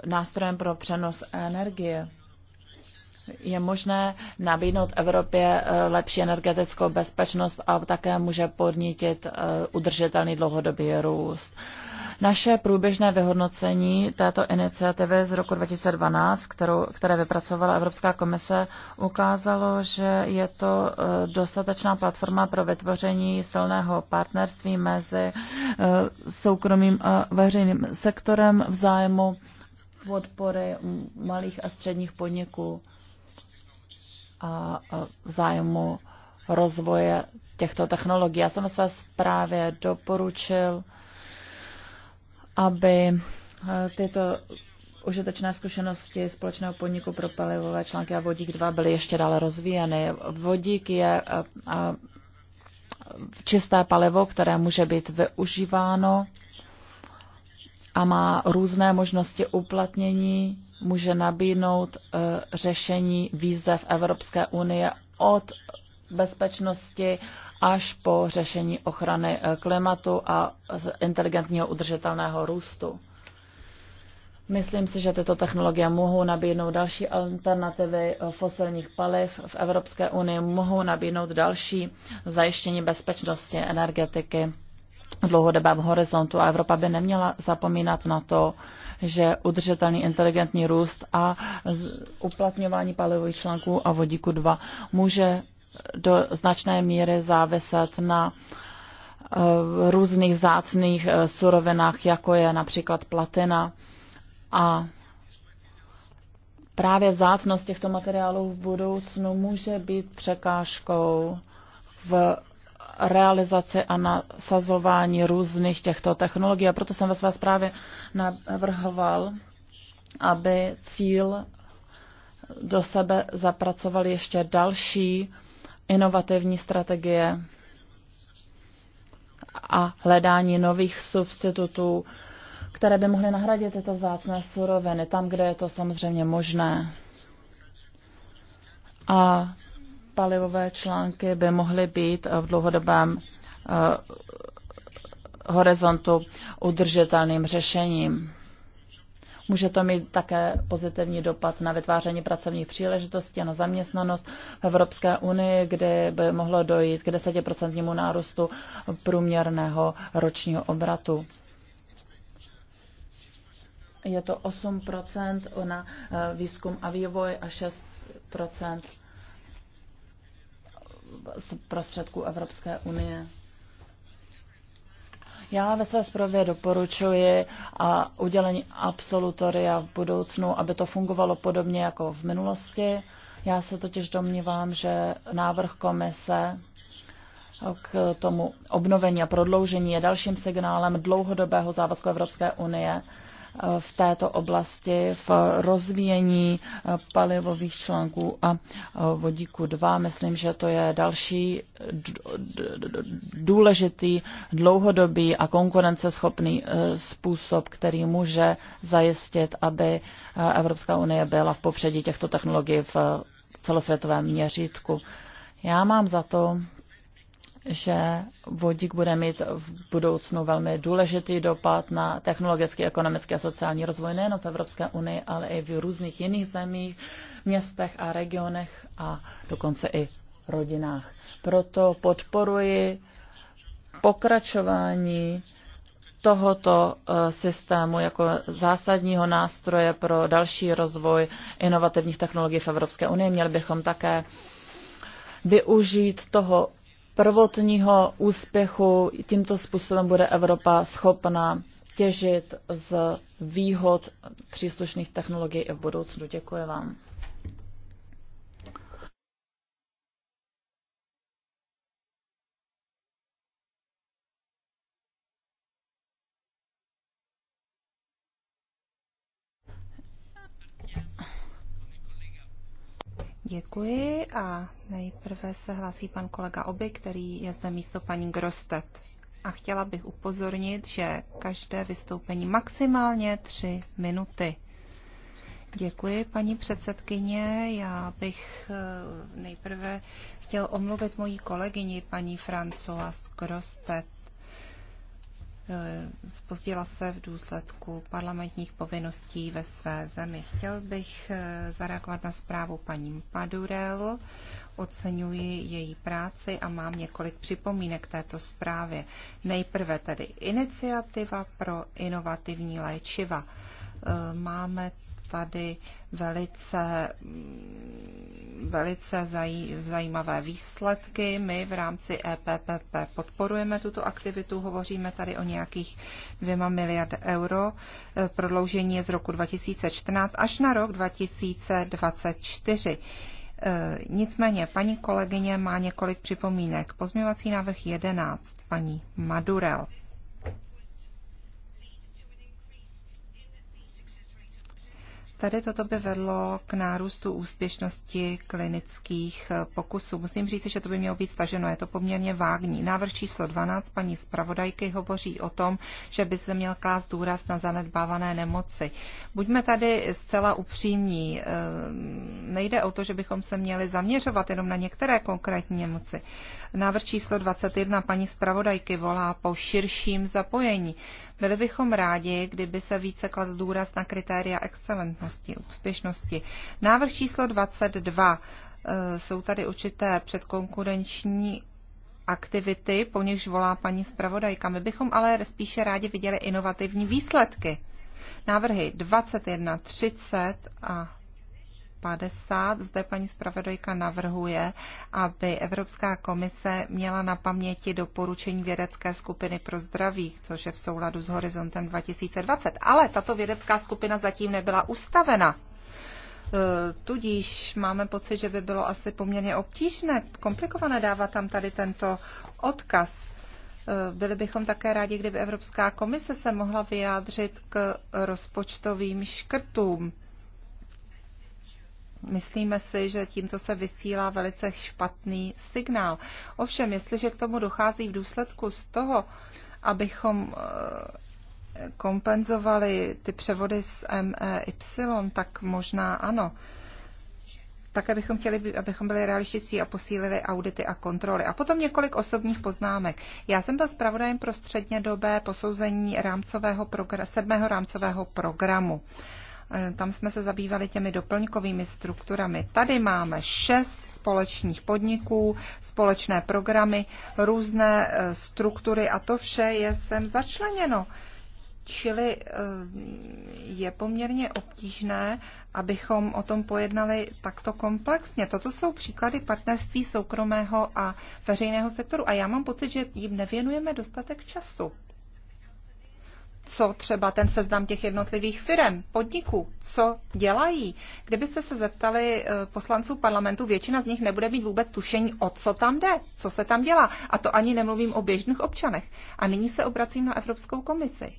nástrojem pro přenos energie je možné nabídnout Evropě eh, lepší energetickou bezpečnost a také může podnítit eh, udržitelný dlouhodobý růst. Naše průběžné vyhodnocení této iniciativy z roku 2012, kterou, které vypracovala Evropská komise, ukázalo, že je to eh, dostatečná platforma pro vytvoření silného partnerství mezi soukromým a veřejným sektorem v zájmu podpory malých a středních podniků a zájmu rozvoje těchto technologií. Já jsem své zprávě doporučil, aby e, tyto užitečné zkušenosti společného podniku pro palivové články a vodík 2 byly ještě dále rozvíjeny. Vodík je e, e, čisté palivo, které může být využíváno a má různé možnosti uplatnění, může nabídnout eh, řešení výzev Evropské unie od bezpečnosti až po řešení ochrany eh, klimatu a inteligentního udržitelného růstu. Myslím si, že tyto technologie mohou nabídnout další alternativy eh, fosilních paliv v Evropské unii, mohou nabídnout další zajištění bezpečnosti energetiky dlouhodobém horizontu a Evropa by neměla zapomínat na to, že udržitelný inteligentní růst a uplatňování palivových článků a vodíku 2 může do značné míry záviset na eh, různých zácných eh, surovinách, jako je například platina. A právě zácnost těchto materiálů v budoucnu může být překážkou v realizaci a nasazování různých těchto technologií. A proto jsem ve své zprávě navrhoval, aby cíl do sebe zapracoval ještě další inovativní strategie a hledání nových substitutů, které by mohly nahradit tyto vzácné suroviny tam, kde je to samozřejmě možné. A palivové články by mohly být v dlouhodobém eh, horizontu udržitelným řešením. Může to mít také pozitivní dopad na vytváření pracovních příležitostí a na zaměstnanost v Evropské unii, kde by mohlo dojít k 10% nárůstu průměrného ročního obratu. Je to 8% na eh, výzkum a vývoj a 6% z prostředků Evropské unie. Já ve své zprávě doporučuji a udělení absolutoria v budoucnu, aby to fungovalo podobně jako v minulosti. Já se totiž domnívám, že návrh komise k tomu obnovení a prodloužení je dalším signálem dlouhodobého závazku Evropské unie v této oblasti, v rozvíjení eh, palivových článků a eh, vodíku 2. Myslím, že to je další důležitý, dlouhodobý a konkurenceschopný eh, způsob, který může zajistit, aby Evropská unie byla v popředí těchto technologií v celosvětovém měřítku. Já mám za to, že vodík bude mít v budoucnu velmi důležitý dopad na technologický, ekonomický a sociální rozvoj nejen v Evropské unii, ale i v různých jiných zemích, městech a regionech a dokonce i rodinách. Proto podporuji pokračování tohoto eh, systému jako zásadního nástroje pro další rozvoj inovativních technologií v Evropské unii. Měli bychom také využít toho prvotního úspěchu tímto způsobem bude Evropa schopna těžit z výhod příslušných technologií i v budoucnu. Děkuji vám. Děkuji a nejprve se hlásí pan kolega Oby, který je zde místo paní Grostet. A chtěla bych upozornit, že každé vystoupení maximálně tři minuty. Děkuji, paní předsedkyně. Já bych eh, nejprve chtěl omluvit mojí kolegyni, paní Francoise Grostet spozdila eh, se v důsledku parlamentních povinností ve své zemi. Chtěl bych eh, zareagovat na zprávu paní Padurel. Oceňuji její práci a mám několik připomínek k této zprávě. Nejprve tedy iniciativa pro inovativní léčiva. Eh, máme tady velice, velice zaj, zajímavé výsledky. My v rámci EPPP podporujeme tuto aktivitu, hovoříme tady o nějakých dvěma miliard euro. Prodloužení je z roku 2014 až na rok 2024. Nicméně paní kolegyně má několik připomínek. Pozměvací návrh 11, paní Madurel. Tady toto by vedlo k nárůstu úspěšnosti klinických eh, pokusů. Musím říct, že to by mělo být staženo, je to poměrně vágní. Návrh číslo 12 paní zpravodajky hovoří o tom, že by se měl klást důraz na zanedbávané nemoci. Buďme tady zcela upřímní. Eh, nejde o to, že bychom se měli zaměřovat jenom na některé konkrétní nemoci. Návrh číslo 21 paní zpravodajky volá po širším zapojení. Byli bychom rádi, kdyby se více kladl důraz na kritéria excelentnosti účinnosti, úspěšnosti. Návrh číslo 22. E, jsou tady určité předkonkurenční aktivity, po nichž volá paní zpravodajka. My bychom ale spíše rádi viděli inovativní výsledky. Návrhy 21, 30 a 50. Zde paní zpravodajka navrhuje, aby Evropská komise měla na paměti doporučení vědecké skupiny pro zdraví, což je v souladu s horizontem 2020. Ale tato vědecká skupina zatím nebyla ustavena. E, tudíž máme pocit, že by bylo asi poměrně obtížné, komplikované dávat tam tady tento odkaz. E, byli bychom také rádi, kdyby Evropská komise se mohla vyjádřit k rozpočtovým škrtům Myslíme si, že tímto se vysílá velice špatný signál. Ovšem, jestliže k tomu dochází v důsledku z toho, abychom eh, kompenzovali ty převody z MEY, tak možná ano. Také bychom chtěli, abychom byli realističtí a posílili audity a kontroly. A potom několik osobních poznámek. Já jsem byl zpravodajem pro střednědobé posouzení rámcového progr- sedmého rámcového programu. Eh, tam jsme se zabývali těmi doplňkovými strukturami. Tady máme šest společných podniků, společné programy, různé eh, struktury a to vše je sem začleněno. Čili eh, je poměrně obtížné, abychom o tom pojednali takto komplexně. Toto jsou příklady partnerství soukromého a veřejného sektoru a já mám pocit, že jim nevěnujeme dostatek času co třeba ten seznam těch jednotlivých firm, podniků, co dělají. Kdybyste se zeptali eh, poslanců parlamentu, většina z nich nebude mít vůbec tušení, o co tam jde, co se tam dělá. A to ani nemluvím o běžných občanech. A nyní se obracím na Evropskou komisi.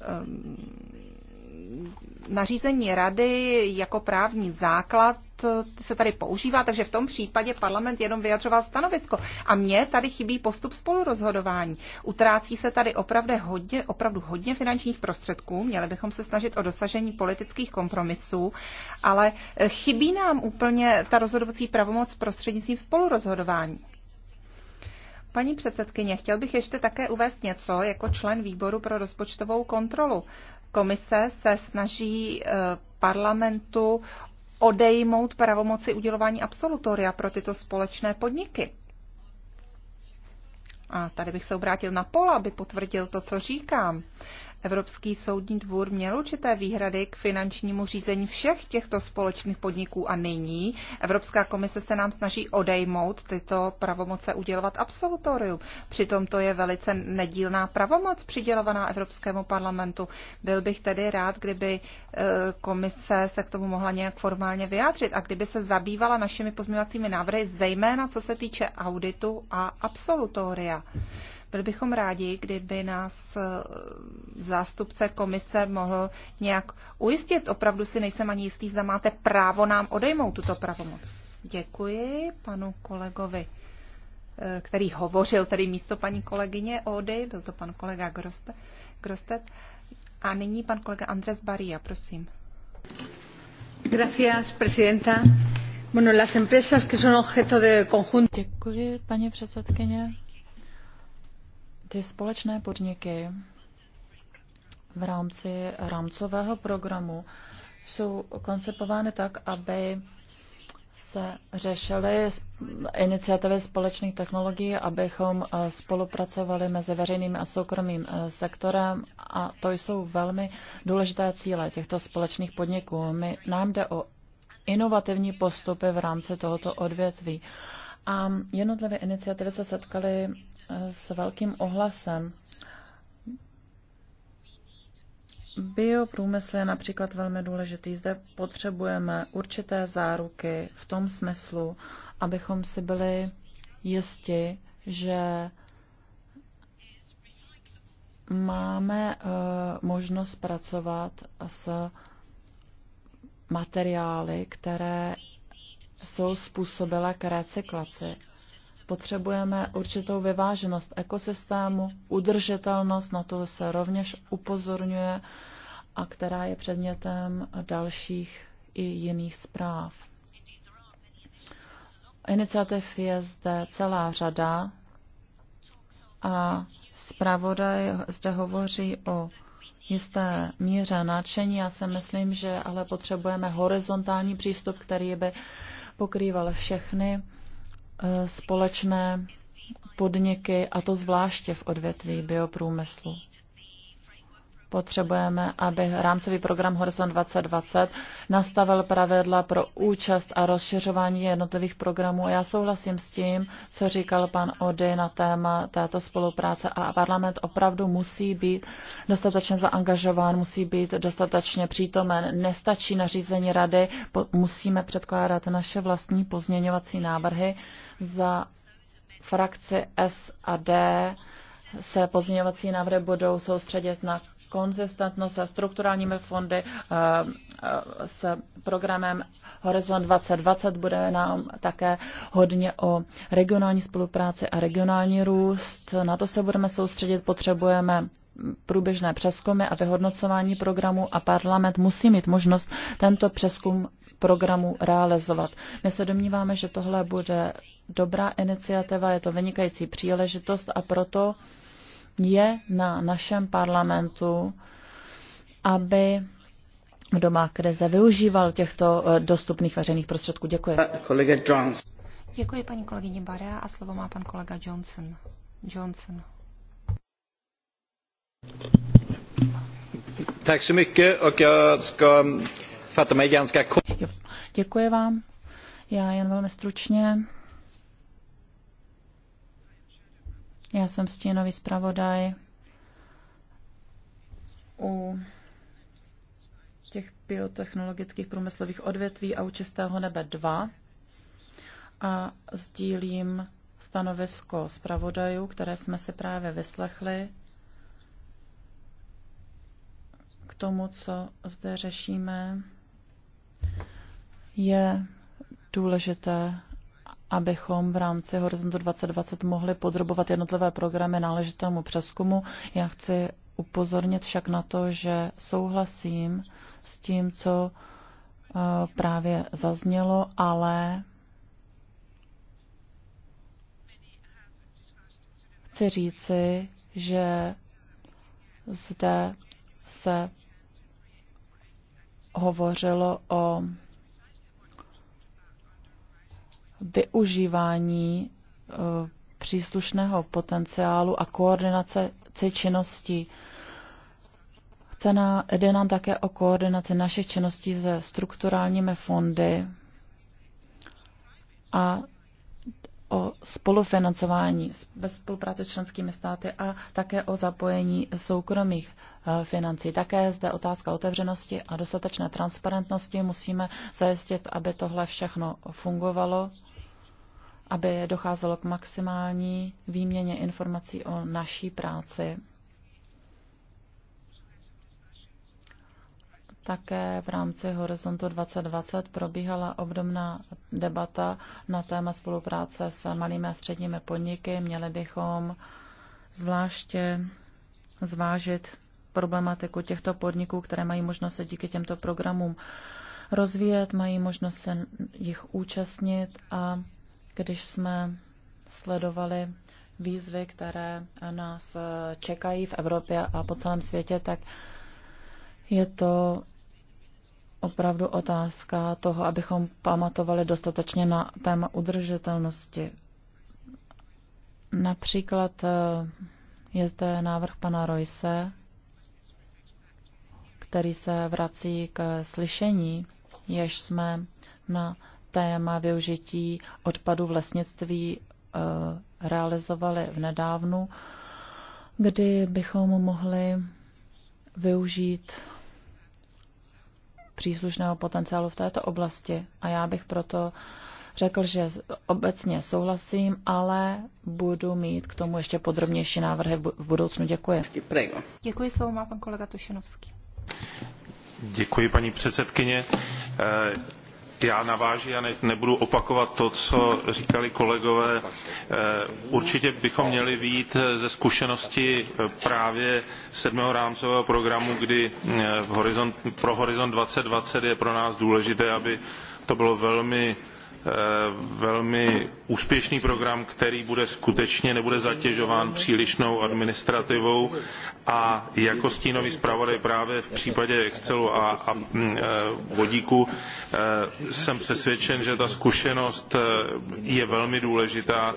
Ehm, nařízení rady jako právní základ Eh, se tady používá, takže v tom případě parlament jenom vyjadřoval stanovisko. A mně tady chybí postup spolurozhodování. Utrácí se tady opravdu hodně, opravdu hodně finančních prostředků, měli bychom se snažit o dosažení politických kompromisů, ale eh, chybí nám úplně ta rozhodovací pravomoc prostřednictvím spolurozhodování. Paní předsedkyně, chtěl bych ještě také uvést něco jako člen výboru pro rozpočtovou kontrolu. Komise se snaží eh, parlamentu odejmout pravomoci udělování absolutoria pro tyto společné podniky. A tady bych se obrátil na Pola, aby potvrdil to, co říkám. Evropský soudní dvůr měl určité výhrady k finančnímu řízení všech těchto společných podniků a nyní Evropská komise se nám snaží odejmout tyto pravomoce udělovat absolutorium. Přitom to je velice nedílná pravomoc přidělovaná Evropskému parlamentu. Byl bych tedy rád, kdyby e, komise se k tomu mohla nějak formálně vyjádřit a kdyby se zabývala našimi pozměňovacími návrhy, zejména co se týče auditu a absolutoria. Byli bychom rádi, kdyby nás eh, zástupce komise mohl nějak ujistit. Opravdu si nejsem ani jistý, zda máte právo nám odejmout tuto pravomoc. Děkuji panu kolegovi, eh, který hovořil tedy místo paní kolegyně Ody, byl to pan kolega Grostet. A nyní pan kolega Andres Baria, prosím. Gracias, presidenta. Bueno, las empresas que son objeto de conjunto. Děkuji, paní předsedkyně. Ty společné podniky v rámci rámcového programu jsou koncipovány tak, aby se řešily iniciativy společných technologií, abychom eh, spolupracovali mezi veřejným a soukromým eh, sektorem a to jsou velmi důležité cíle těchto společných podniků. My, nám jde o inovativní postupy v rámci tohoto odvětví. A jednotlivé iniciativy se setkaly s velkým ohlasem. Bioprůmysl je například velmi důležitý. Zde potřebujeme určité záruky v tom smyslu, abychom si byli jisti, že máme eh, možnost pracovat s materiály, které jsou způsobila k recyklaci potřebujeme určitou vyváženost ekosystému, udržitelnost, na to se rovněž upozorňuje a která je předmětem dalších i jiných zpráv. Iniciativ je zde celá řada a zpravodaj zde hovoří o jisté míře nadšení. Já si myslím, že ale potřebujeme horizontální přístup, který by pokrýval všechny společné podniky, a to zvláště v odvětví bioprůmyslu. Potřebujeme, aby rámcový program Horizon 2020 nastavil pravidla pro účast a rozšiřování jednotlivých programů. Já souhlasím s tím, co říkal pan Ody na téma této spolupráce a parlament opravdu musí být dostatečně zaangažován, musí být dostatečně přítomen. Nestačí nařízení rady, musíme předkládat naše vlastní pozměňovací návrhy za frakci S a D se pozměňovací návrhy budou soustředit na konzistentnost se strukturálními fondy, eh, eh, s programem Horizon 2020 bude nám také hodně o regionální spolupráci a regionální růst. Na to se budeme soustředit, potřebujeme průběžné přeskumy a vyhodnocování programu a parlament musí mít možnost tento přeskum programu realizovat. My se domníváme, že tohle bude dobrá iniciativa, je to vynikající příležitost a proto uh, je na našem parlamentu, aby v doma krize využíval těchto eh, dostupných veřejných prostředků. Děkuji. Kolega Jones. Děkuji paní kolegyně Barea a slovo má pan kolega Johnson. Johnson. Tak si mycket ok, jag ska fatta mig ganska Děkuji vám. Já jen velmi stručně. Já jsem stínový zpravodaj u těch biotechnologických průmyslových odvětví a u Čistého nebe 2 a sdílím stanovisko zpravodajů, které jsme si právě vyslechli k tomu, co zde řešíme, je důležité abychom v rámci Horizontu 2020 mohli podrobovat jednotlivé programy náležitému přeskumu. Já chci upozornit však na to, že souhlasím s tím, co eh, právě zaznělo, ale chci říci, že zde se hovořilo o využívání eh, příslušného potenciálu a koordinace činností. Chce na, jde nám také o koordinaci našich činností se strukturálními fondy a o spolufinancování ve spolupráci s členskými státy a také o zapojení soukromých eh, financí. Také je zde otázka otevřenosti a dostatečné transparentnosti. Musíme zajistit, aby tohle všechno fungovalo aby docházelo k maximální výměně informací o naší práci. Také v rámci Horizontu 2020 probíhala obdobná debata na téma spolupráce s malými a středními podniky. Měli bychom zvláště zvážit problematiku těchto podniků, které mají možnost se díky těmto programům rozvíjet, mají možnost se jich účastnit a když jsme sledovali výzvy, které nás čekají v Evropě a po celém světě, tak je to opravdu otázka toho, abychom pamatovali dostatečně na téma udržitelnosti. Například eh, je zde návrh pana Royse, který se vrací k slyšení, jež jsme na téma využití odpadu v lesnictví eh, realizovali v nedávnu, kdy bychom mohli využít příslušného potenciálu v této oblasti. A já bych proto řekl, že obecně souhlasím, ale budu mít k tomu ještě podrobnější návrhy v budoucnu. Děkuji. Děkuji, slovo má pan kolega Tušenovský. Děkuji, paní předsedkyně. Eh, já navážu, já ne, nebudu opakovat to, co říkali kolegové. Eh, určitě bychom měli výjít eh, ze zkušenosti eh, právě sedmého rámcového programu, kdy v horizont, pro Horizont 2020 je pro nás důležité, aby to bylo velmi Eh, velmi úspěšný program, který bude skutečně nebude zatěžován přílišnou administrativou a jako stínový zpravodaj právě v případě Excelu a, a mm, eh, vodíku eh, jsem přesvědčen, že ta zkušenost je velmi důležitá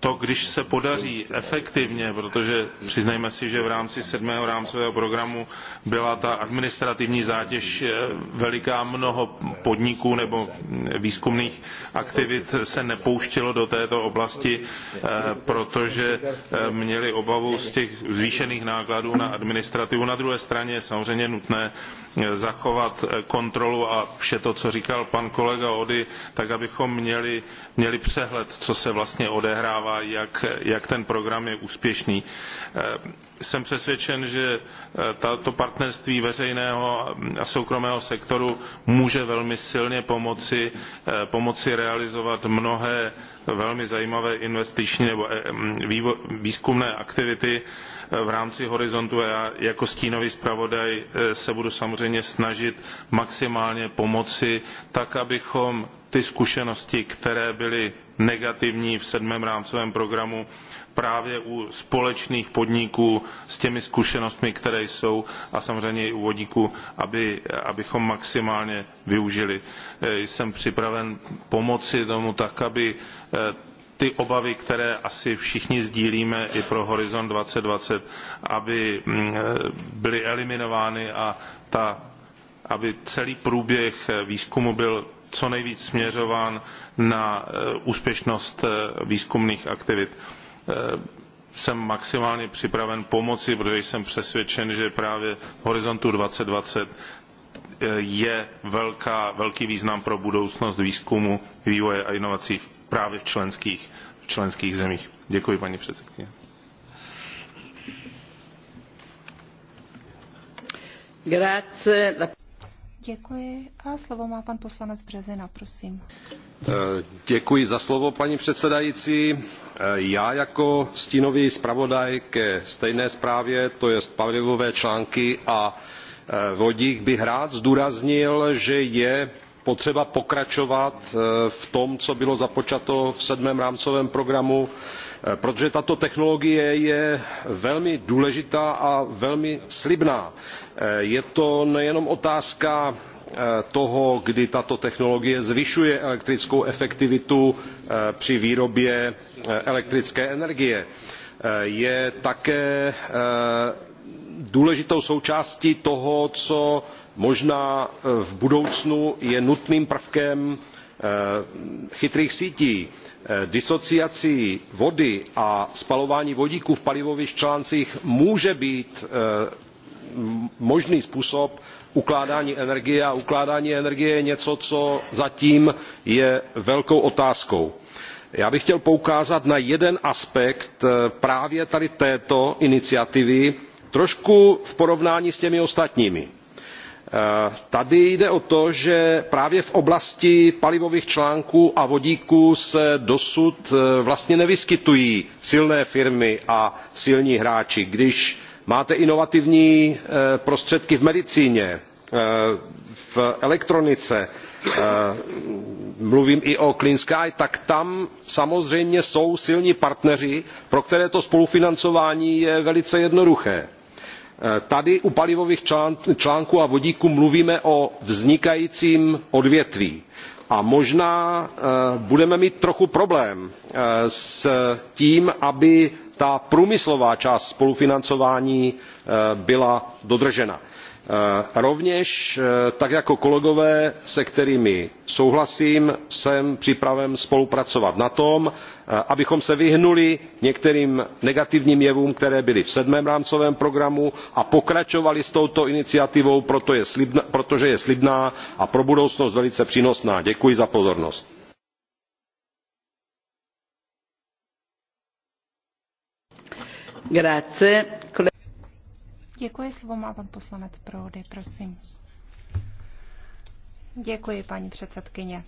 to když se podaří efektivně protože přiznejme si že v rámci sedmého rámcového programu byla ta administrativní zátěž eh, veliká mnoho podniků nebo výzkumných aktivit se nepouštělo do této oblasti eh, protože eh, měli obavu z těch zvýšených nákladů na administrativu. na druhé straně je samozřejmě nutné zachovat kontrolu a vše to co říkal pan kolega audy tak abychom měli, měli přehled co se vlastně odehrává zpráva jak, jak ten program je úspěšný. Eh, jsem přesvědčen, že eh, to partnerství veřejného a soukromého sektoru může velmi silně pomoci, eh, pomoci realizovat mnohé velmi zajímavé investiční nebo výzkumné aktivity, v rámci horizontu a já jako stínový zpravodaj eh, se budu samozřejmě snažit maximálně pomoci tak abychom ty zkušenosti které byly negativní v sedmém rámcovém programu právě u společných podniků s těmi zkušenostmi které jsou a samozřejmě i u vodíku aby, abychom maximálně využili. Eh, jsem připraven pomoci tomu tak aby eh, ty obavy, které asi všichni sdílíme i pro and 2020, aby mm, eh, byly eliminovány a ta, aby celý průběh eh, výzkumu byl co nejvíc směřován na eh, úspěšnost výzkumných aktivit jsem maximálně připraven pomoci protože jsem přesvědčen že právě v horizontu two thousand and twenty je velká, velký význam pro budoucnost výzkumu vývoje a inovací právě v členských, v členských zemích. Děkuji, paní předsedkyně. Děkuji. A slovo má pan poslanec Březina, prosím. Eh, děkuji za slovo, paní předsedající. Eh, já jako stínový zpravodaj ke stejné zprávě, to je pavlivové články a eh, vodík, bych rád zdůraznil, že je potřeba pokračovat eh, v tom co bylo započato v sedmém rámcovém programu eh, protože tato technologie je velmi důležitá a velmi slibná. Eh, je to nejenom otázka toho kdy tato technologie zvyšuje elektrickou efektivitu při výrobě elektrické energie je také důležitou součástí toho co možná eh, v budoucnu je nutným prvkem eh, chytrých sítí eh, disociací vody a spalování vodíku v palivových článcích může být možný způsob ukládání energie a ukládání energie je něco co zatím je velkou otázkou. já bych chtěl poukázat na jeden aspekt právě tady této iniciativy trošku v porovnání s těmi ostatními tady jde o to že právě v oblasti palivových článků a vodíku se dosud eh, vlastně nevyskytují silné firmy a silní hráči když máte inovativní eh, prostředky v medicíně eh, v elektronice mluvím i o clean sky tak tam samozřejmě jsou silní partneři pro které to spolufinancování je velice jednoduché tady u palivových článků a vodíku mluvíme o vznikajícím odvětví a možná eh, budeme mít trochu problém eh, s tím aby ta průmyslová část spolufinancování eh, byla dodržena. rovněž tak jako kolegové se kterými souhlasím jsem připraven spolupracovat na tom Eh, abychom se vyhnuli některým negativním jevům které byly v sedmém rámcovém programu a pokračovali s touto iniciativou protože je slibná a pro budoucnost velice přínosná. děkuji za pozornost. Děkuji, prosím. Děkuji, předsedkyně.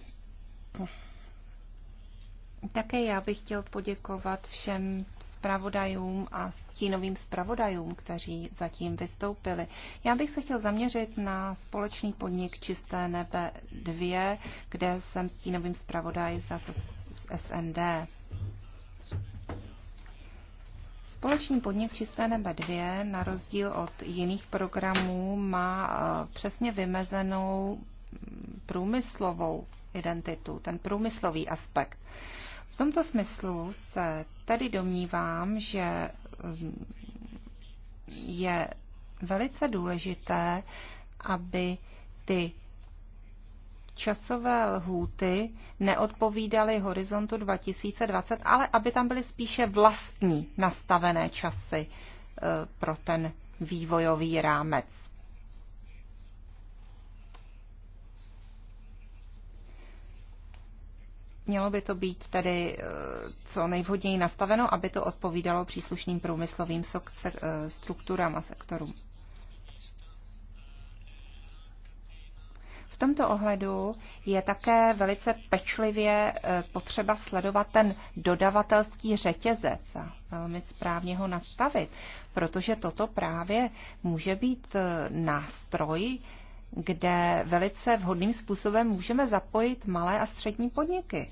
Také já bych chtěl poděkovat všem zpravodajům a stínovým zpravodajům, kteří zatím vystoupili. Já bych se chtěl zaměřit na společný podnik Čisté nebe 2, kde jsem stínovým zpravodaj za SND. Společný podnik Čisté nebe 2, na rozdíl od jiných programů, má eh, přesně vymezenou mm, průmyslovou identitu, ten průmyslový aspekt. V tomto smyslu se tady domnívám, že mm, je velice důležité, aby ty časové lhůty neodpovídaly horizontu 2020, ale aby tam byly spíše vlastní nastavené časy eh, pro ten vývojový rámec. Mělo by to být tedy eh, co nejvhodněji nastaveno, aby to odpovídalo příslušným průmyslovým eh, strukturám a sektorům. V tomto ohledu je také velice pečlivě eh, potřeba sledovat ten dodavatelský řetězec a velmi správně ho nastavit, protože toto právě může být nástroj, kde velice vhodným způsobem můžeme zapojit malé a střední podniky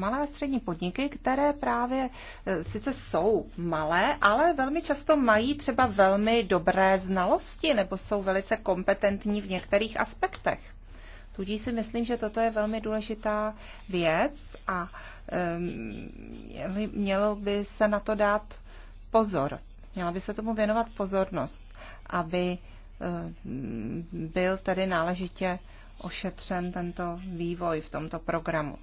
malé a střední podniky, které právě e, sice jsou malé, ale velmi často mají třeba velmi dobré znalosti nebo jsou velice kompetentní v některých aspektech. Tudíž si myslím, že toto je velmi důležitá věc a um, mělo by se na to dát pozor. Měla by se tomu věnovat pozornost, aby e, byl tedy náležitě ošetřen tento vývoj v tomto programu.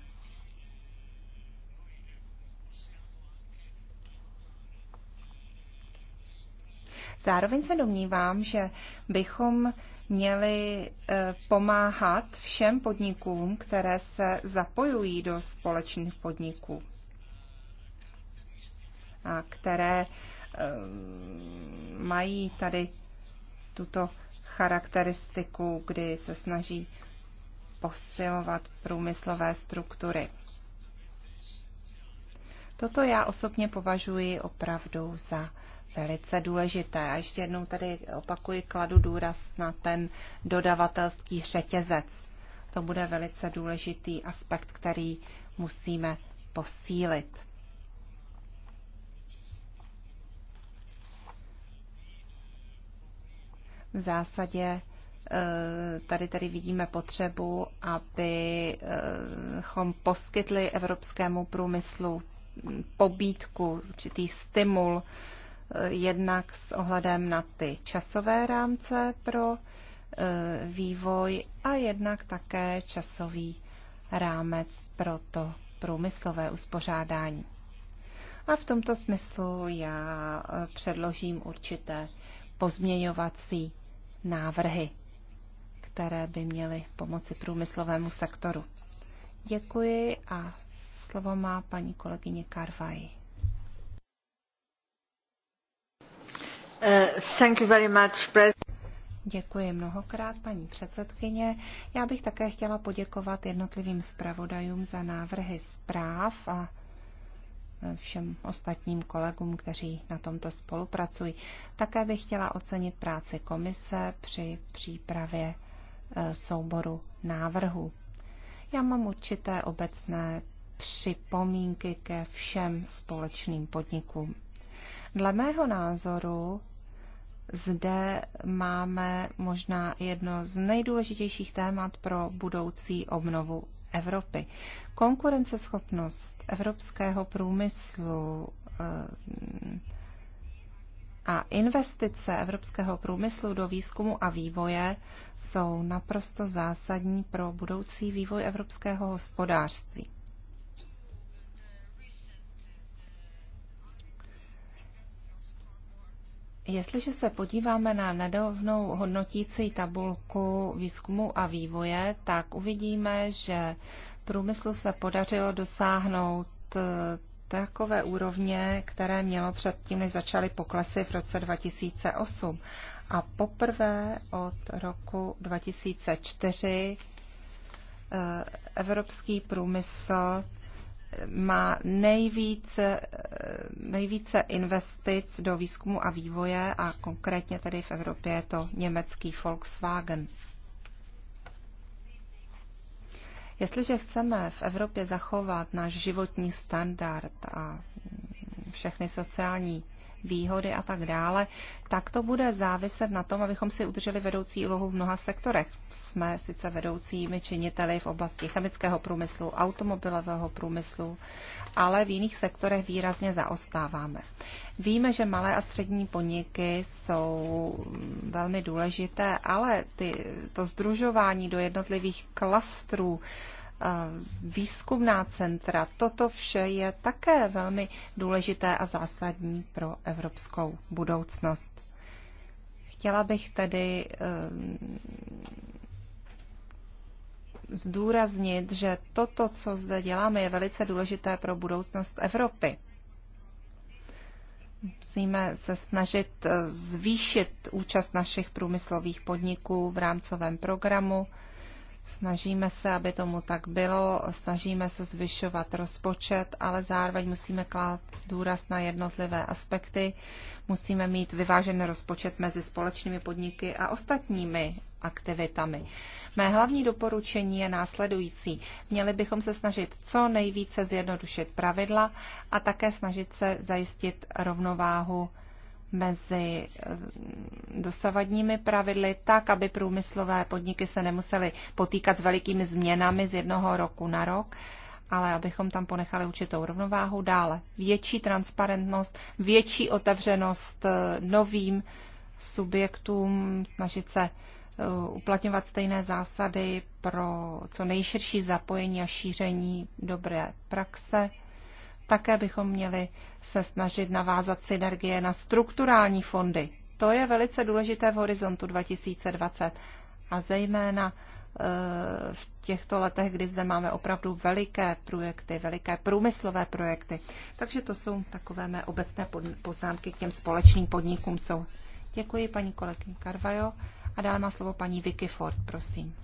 Zároveň se domnívám, že bychom měli eh, pomáhat všem podnikům, které se zapojují do společných podniků a které eh, mají tady tuto charakteristiku, kdy se snaží posilovat průmyslové struktury. Toto já osobně považuji opravdu za velice důležité. A ještě jednou tady opakuji, kladu důraz na ten dodavatelský řetězec. To bude velice důležitý aspekt, který musíme posílit. V zásadě eh, tady tady vidíme potřebu, abychom poskytli evropskému průmyslu pobídku, určitý stimul, Eh, jednak s ohledem na ty časové rámce pro eh, vývoj a jednak také časový rámec pro to průmyslové uspořádání. A v tomto smyslu já eh, předložím určité pozměňovací návrhy, které by měly pomoci průmyslovému sektoru. Děkuji a slovo má paní kolegyně Karvaj. Děkuji mnohokrát, paní předsedkyně. Já bych také chtěla poděkovat jednotlivým zpravodajům za návrhy zpráv a všem ostatním kolegům, kteří na tomto spolupracují. Také bych chtěla ocenit práci komise při přípravě e, souboru návrhů. Já mám určité obecné připomínky ke všem společným podnikům. Dle mého názoru zde máme možná jedno z nejdůležitějších témat pro budoucí obnovu Evropy. Konkurenceschopnost evropského průmyslu eh, a investice evropského průmyslu do výzkumu a vývoje jsou naprosto zásadní pro budoucí vývoj evropského hospodářství. Jestliže se podíváme na nedávnou hodnotící tabulku výzkumu a vývoje, tak uvidíme, že průmyslu se podařilo dosáhnout eh, takové úrovně, které mělo předtím, než začaly poklesy v roce 2008. A poprvé od roku 2004 eh, evropský průmysl má nejvíce, nejvíce investic do výzkumu a vývoje a konkrétně tedy v Evropě je to německý Volkswagen. Jestliže chceme v Evropě zachovat náš životní standard a všechny sociální výhody a tak dále, tak to bude záviset na tom, abychom si udrželi vedoucí úlohu v mnoha sektorech. Jsme sice vedoucími činiteli v oblasti chemického průmyslu, automobilového průmyslu, ale v jiných sektorech výrazně zaostáváme. Víme, že malé a střední podniky jsou velmi důležité, ale ty, to združování do jednotlivých klastrů, výzkumná centra. Toto vše je také velmi důležité a zásadní pro evropskou budoucnost. Chtěla bych tedy ehm, zdůraznit, že toto, co zde děláme, je velice důležité pro budoucnost Evropy. Musíme se snažit e, zvýšit účast našich průmyslových podniků v rámcovém programu Snažíme se, aby tomu tak bylo, snažíme se zvyšovat rozpočet, ale zároveň musíme klát důraz na jednotlivé aspekty. Musíme mít vyvážený rozpočet mezi společnými podniky a ostatními aktivitami. Mé hlavní doporučení je následující. Měli bychom se snažit co nejvíce zjednodušit pravidla a také snažit se zajistit rovnováhu mezi eh, dosavadními pravidly, tak, aby průmyslové podniky se nemusely potýkat s velikými změnami z jednoho roku na rok, ale abychom tam ponechali určitou rovnováhu dále. Větší transparentnost, větší otevřenost eh, novým subjektům, snažit se eh, uplatňovat stejné zásady pro co nejširší zapojení a šíření dobré praxe. Také bychom měli se snažit navázat synergie na strukturální fondy. To je velice důležité v horizontu 2020 a zejména e, v těchto letech, kdy zde máme opravdu veliké projekty, veliké průmyslové projekty. Takže to jsou takové mé obecné poznámky k těm společným podnikům. Jsou. Děkuji paní kolegyně Karvajo a dále má slovo paní Vicky Ford, prosím.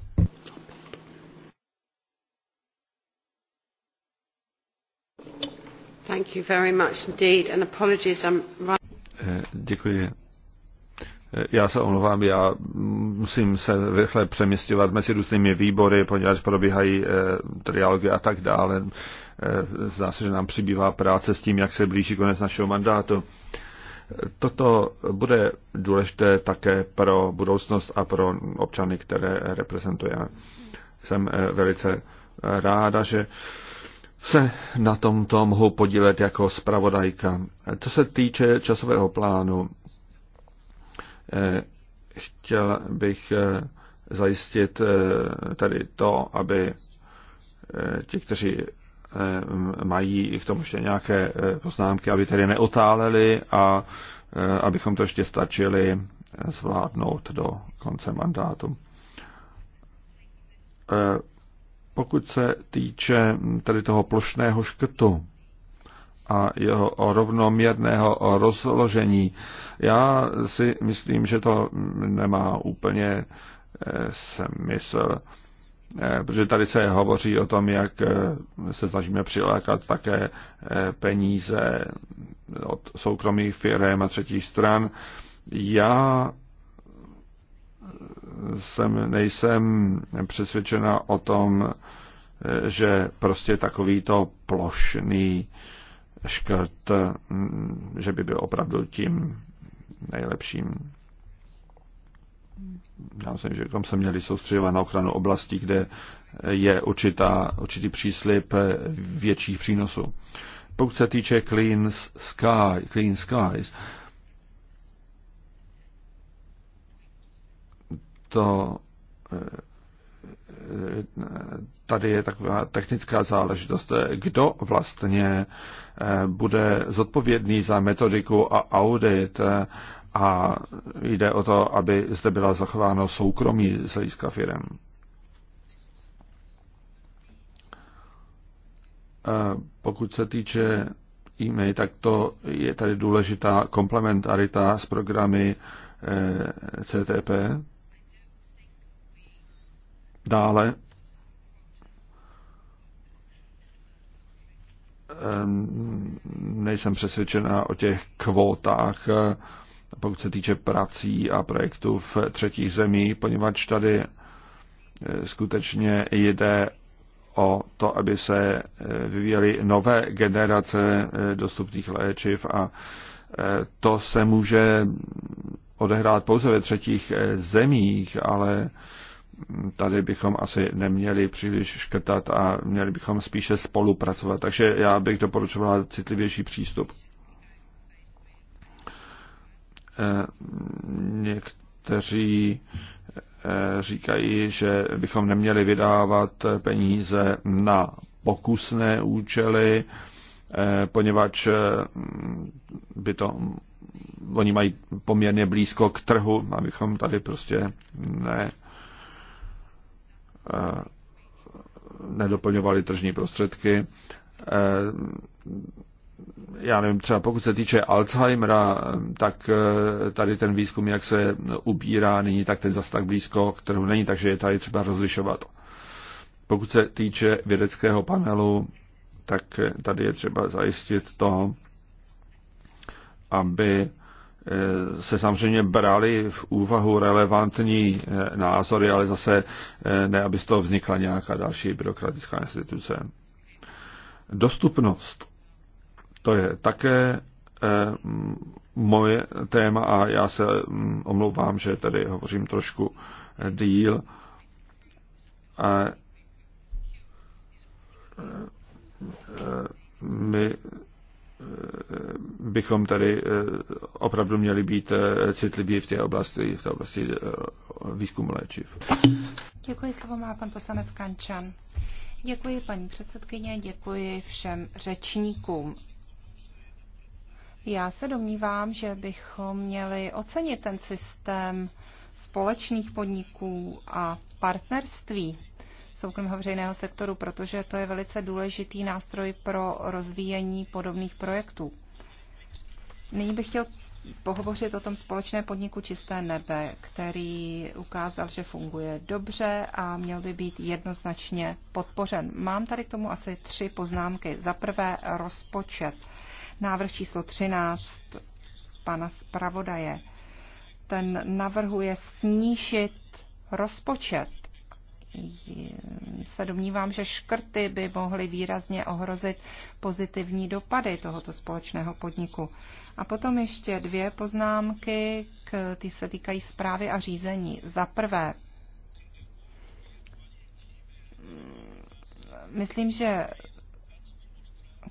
Děkuji. Já se omlouvám, já musím se rychle přeměstňovat mezi různými výbory, poněvadž probíhají e, trialogy a tak dále. E, zdá se, že nám přibývá práce s tím, jak se blíží konec našeho mandátu. Toto bude důležité také pro budoucnost a pro občany, které reprezentujeme. Jsem eh, velice ráda, že se na tomto mohu podílet jako zpravodajka. Co se týče časového plánu, eh, chtěl bych eh, zajistit eh, tady to, aby ti, kteří mají k tomu ještě nějaké poznámky, aby tedy neotáleli a abychom to ještě stačili zvládnout do konce mandátu. Pokud se týče tady toho plošného škrtu a jeho rovnoměrného rozložení, já si myslím, že to nemá úplně eh, smysl eh, protože tady se hovoří o tom, jak eh, se snažíme přilákat také peníze od soukromých firm a třetích stran. Já jsem, nejsem přesvědčena o tom, že prostě takovýto plošný škrt, že by byl opravdu tím nejlepším. Já myslím, že tam se měli soustředovat na ochranu oblastí, kde je určitá, určitý příslip větších přínosů. Pokud se týče Clean, sky, clean Skies, to eh, tady je taková technická záležitost, kdo vlastně eh, bude zodpovědný za metodiku a audit eh, a jde o to, aby zde byla zachováno soukromí z hlediska firm. Pokud se týče e-mail, tak to je tady důležitá komplementarita s programy CTP, Dále nejsem přesvědčená o těch kvótách, pokud se týče prací a projektů v třetích zemí, poněvadž tady eh, skutečně jde o to, aby se eh, vyvíjely nové generace eh, dostupných léčiv a to se může odehrát pouze ve třetích zemích, ale tady bychom asi neměli příliš škrtat a měli bychom spíše spolupracovat. Takže já bych doporučoval citlivější přístup. Eh, někteří eh, říkají, že bychom neměli vydávat peníze na pokusné účely, eh, poněvadž by to, oni mají poměrně blízko k trhu, abychom tady prostě ne Eh, nedoplňovali tržní prostředky. Eh, já nevím, třeba pokud se týče Alzheimera, eh, tak tady ten výzkum, jak se ubírá, není tak ten zas tak blízko kterou není, takže je tady třeba rozlišovat. Pokud se týče vědeckého panelu, tak tady je třeba zajistit to, aby Eh, se samozřejmě brali v úvahu relevantní eh, názory, ale zase eh, ne, aby z toho vznikla nějaká další byrokratická instituce. Dostupnost. To je také moje téma a já se mm, omlouvám, že tady hovořím trošku díl. A my bychom tady eh, opravdu měli být eh, citliví v té oblasti, v té oblasti eh, výzkumu léčiv. Děkuji, slovo má pan poslanec Kančan. Děkuji paní předsedkyně, děkuji všem řečníkům. Já se domnívám, že bychom měli ocenit ten systém společných podniků a partnerství, soukromého veřejného sektoru, protože to je velice důležitý nástroj pro rozvíjení podobných projektů. Nyní bych chtěl pohovořit o tom společné podniku Čisté nebe, který ukázal, že funguje dobře a měl by být jednoznačně podpořen. Mám tady k tomu asi tři poznámky. Za prvé rozpočet. Návrh číslo 13 pana zpravodaje. Ten navrhuje snížit rozpočet se domnívám, že škrty by mohly výrazně ohrozit pozitivní dopady tohoto společného podniku. A potom ještě dvě poznámky, ty se týkají zprávy a řízení. Za prvé, myslím, že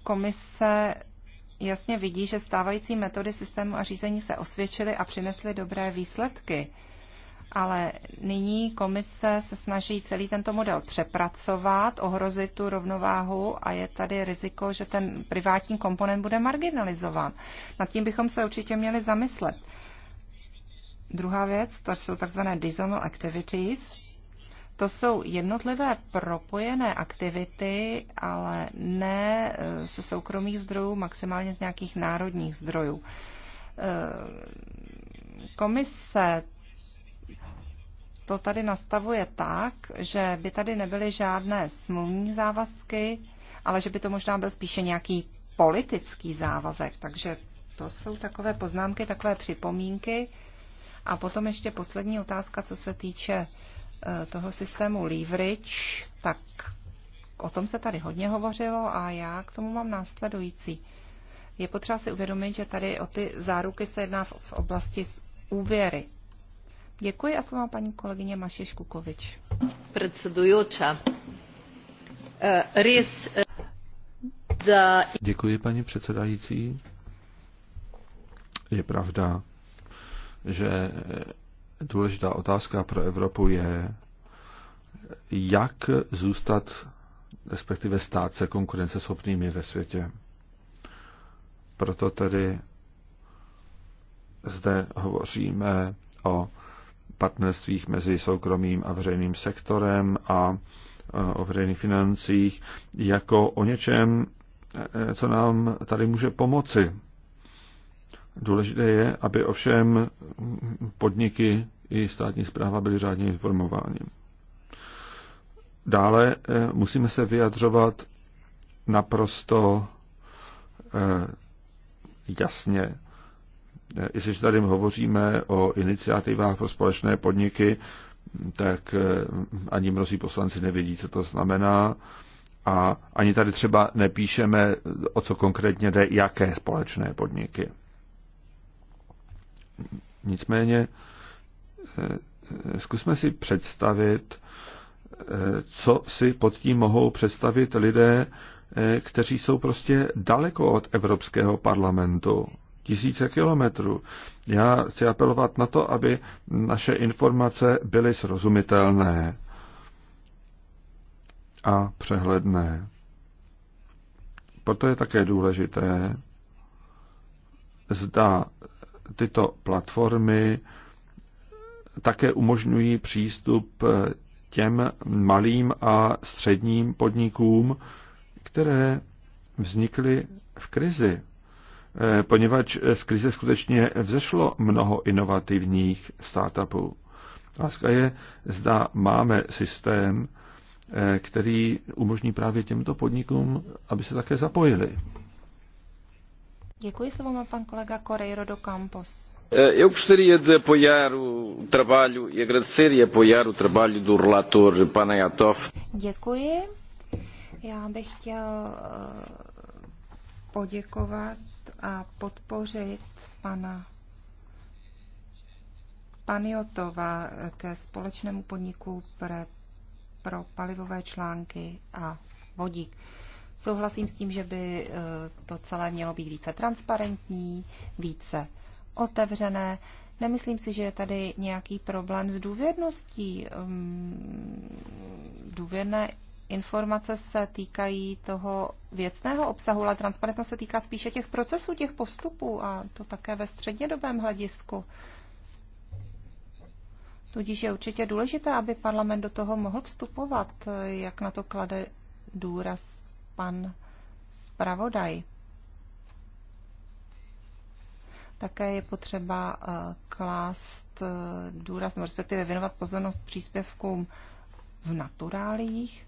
komise jasně vidí, že stávající metody systému a řízení se osvědčily a přinesly dobré výsledky ale nyní komise se snaží celý tento model přepracovat, ohrozit tu rovnováhu a je tady riziko, že ten privátní komponent bude marginalizován. Nad tím bychom se určitě měli zamyslet. Druhá věc, to jsou takzvané disonal activities. To jsou jednotlivé propojené aktivity, ale ne se eh, soukromých zdrojů, maximálně z nějakých národních zdrojů eh, komise to tady nastavuje tak, že by tady nebyly žádné smluvní závazky, ale že by to možná byl spíše nějaký politický závazek. Takže to jsou takové poznámky, takové připomínky. A potom ještě poslední otázka, co se týče eh, toho systému leverage, tak o tom se tady hodně hovořilo a já k tomu mám následující. Je potřeba si uvědomit, že tady o ty záruky se jedná v oblasti úvěry. Děkuji a slovo paní kolegyně Maše Škukovič. Predsedujoča. Eh, res, da... Eh, Děkuji, paní předsedající. Je pravda, že eh, důležitá otázka pro Evropu je, jak zůstat, respektive stát se konkurenceschopnými ve světě. Proto tedy zde hovoříme o partnerstvích mezi soukromým a veřejným sektorem a o veřejných financích jako o něčem, e, co nám tady může pomoci. Důležité je, aby ovšem podniky i státní zpráva byly řádně informovány. Dále e, musíme se vyjadřovat naprosto e, jasně jestliže tady hovoříme o iniciativách pro společné podniky, tak eh, ani mnozí poslanci nevědí, co to znamená. A ani tady třeba nepíšeme, o co konkrétně jde, jaké společné podniky. Nicméně eh, eh, zkusme si představit, co si pod tím mohou představit lidé, kteří jsou prostě daleko od Evropského parlamentu tisíce kilometrů. Já chci apelovat na to, aby naše informace byly srozumitelné a přehledné. Proto je také důležité, zda tyto platformy také umožňují přístup těm malým a středním podnikům, které vznikly v krizi Eh, poněvadž eh, z krize skutečně vzešlo mnoho inovativních startupů. Láska je, zda máme systém, eh, který umožní právě těmto podnikům, aby se také zapojili. Děkuji, se vám, pan kolega Correiro do Campos. Eu gostaria de apoiar o trabalho e agradecer e apoiar o trabalho do relator Panayatov. Děkuji. Já bych chtěl poděkovat a podpořit pana Paniotova ke společnému podniku pre, pro palivové články a vodík. Souhlasím s tím, že by eh, to celé mělo být více transparentní, více otevřené. Nemyslím si, že je tady nějaký problém s důvěrností. Ehm, důvěrné informace se týkají toho věcného obsahu, ale transparentnost se týká spíše těch procesů, těch postupů a to také ve střednědobém hledisku. Tudíž je určitě důležité, aby parlament do toho mohl vstupovat, jak na to klade důraz pan zpravodaj. Také je potřeba eh, klást eh, důraz, nebo respektive věnovat pozornost příspěvkům v naturálích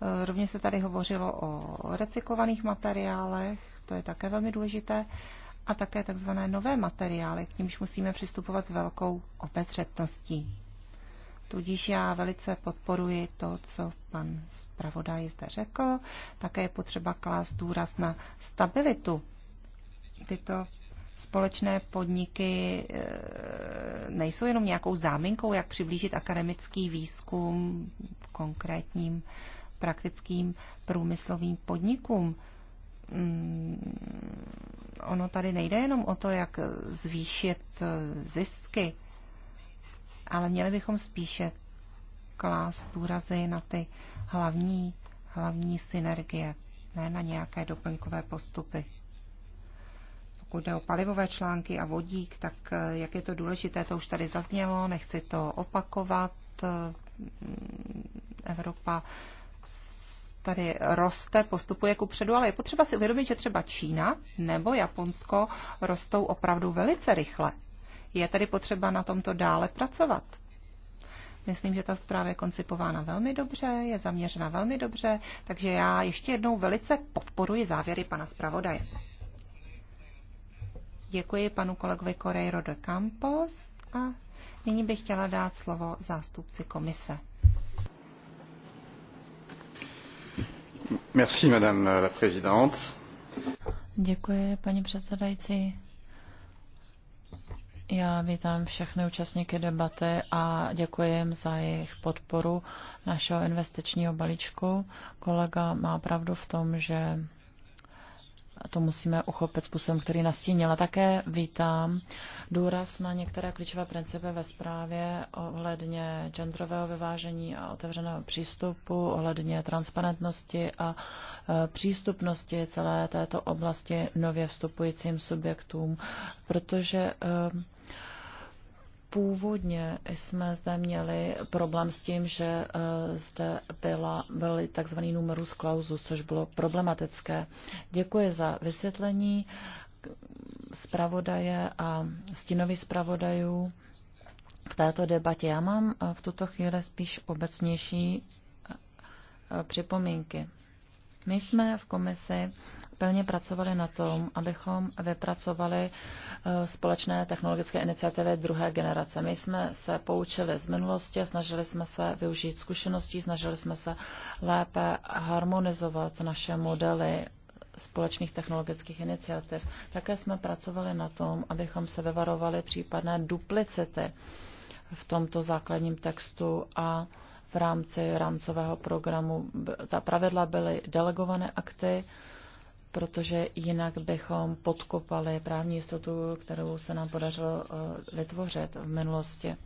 Eh, rovně se tady hovořilo o recyklovaných materiálech, to je také velmi důležité, a také takzvané nové materiály, k nímž musíme přistupovat s velkou obezřetností. Tudíž já velice podporuji to, co pan zpravodaj zde řekl. Také je potřeba klást důraz na stabilitu. Tyto společné podniky eh, nejsou jenom nějakou záminkou, jak přiblížit akademický výzkum konkrétním praktickým průmyslovým podnikům. Mm, ono tady nejde jenom o to, jak zvýšit eh, zisky, ale měli bychom spíše klást důrazy na ty hlavní, hlavní synergie, ne na nějaké doplňkové postupy. Pokud jde o palivové články a vodík, tak eh, jak je to důležité, to už tady zaznělo, nechci to opakovat. Eh, Evropa tady roste, postupuje ku předu, ale je potřeba si uvědomit, že třeba Čína nebo Japonsko rostou opravdu velice rychle. Je tedy potřeba na tomto dále pracovat. Myslím, že ta zpráva je koncipována velmi dobře, je zaměřena velmi dobře, takže já ještě jednou velice podporuji závěry pana zpravodaje. Děkuji panu kolegovi Correiro de Campos a nyní bych chtěla dát slovo zástupci komise. Děkuji, paní předsedající. Já vítám všechny účastníky debaty a děkuji jim za jejich podporu našeho investičního balíčku. Kolega má pravdu v tom, že to musíme uchopit způsobem, který nastínila. Také vítám důraz na některé klíčové principy ve zprávě ohledně genderového vyvážení a otevřeného přístupu, ohledně transparentnosti a e, přístupnosti celé této oblasti nově vstupujícím subjektům, protože e, Původně jsme zde měli problém s tím, že eh, zde byla, byl tzv. numerus clausus, což bylo problematické. Děkuji za vysvětlení zpravodaje a stínových zpravodajů k této debatě. Já mám eh, v tuto chvíli spíš obecnější eh, připomínky. My jsme v komisi plně pracovali na tom, abychom vypracovali eh, společné technologické iniciativy druhé generace. My jsme se poučili z minulosti, snažili jsme se využít zkušeností, snažili jsme se lépe harmonizovat naše modely společných technologických iniciativ. Také jsme pracovali na tom, abychom se vyvarovali případné duplicity v tomto základním textu a v rámci rámcového programu. Ta pravidla byly delegované akty, protože jinak bychom podkopali právní jistotu, kterou se nám podařilo eh, vytvořit v minulosti.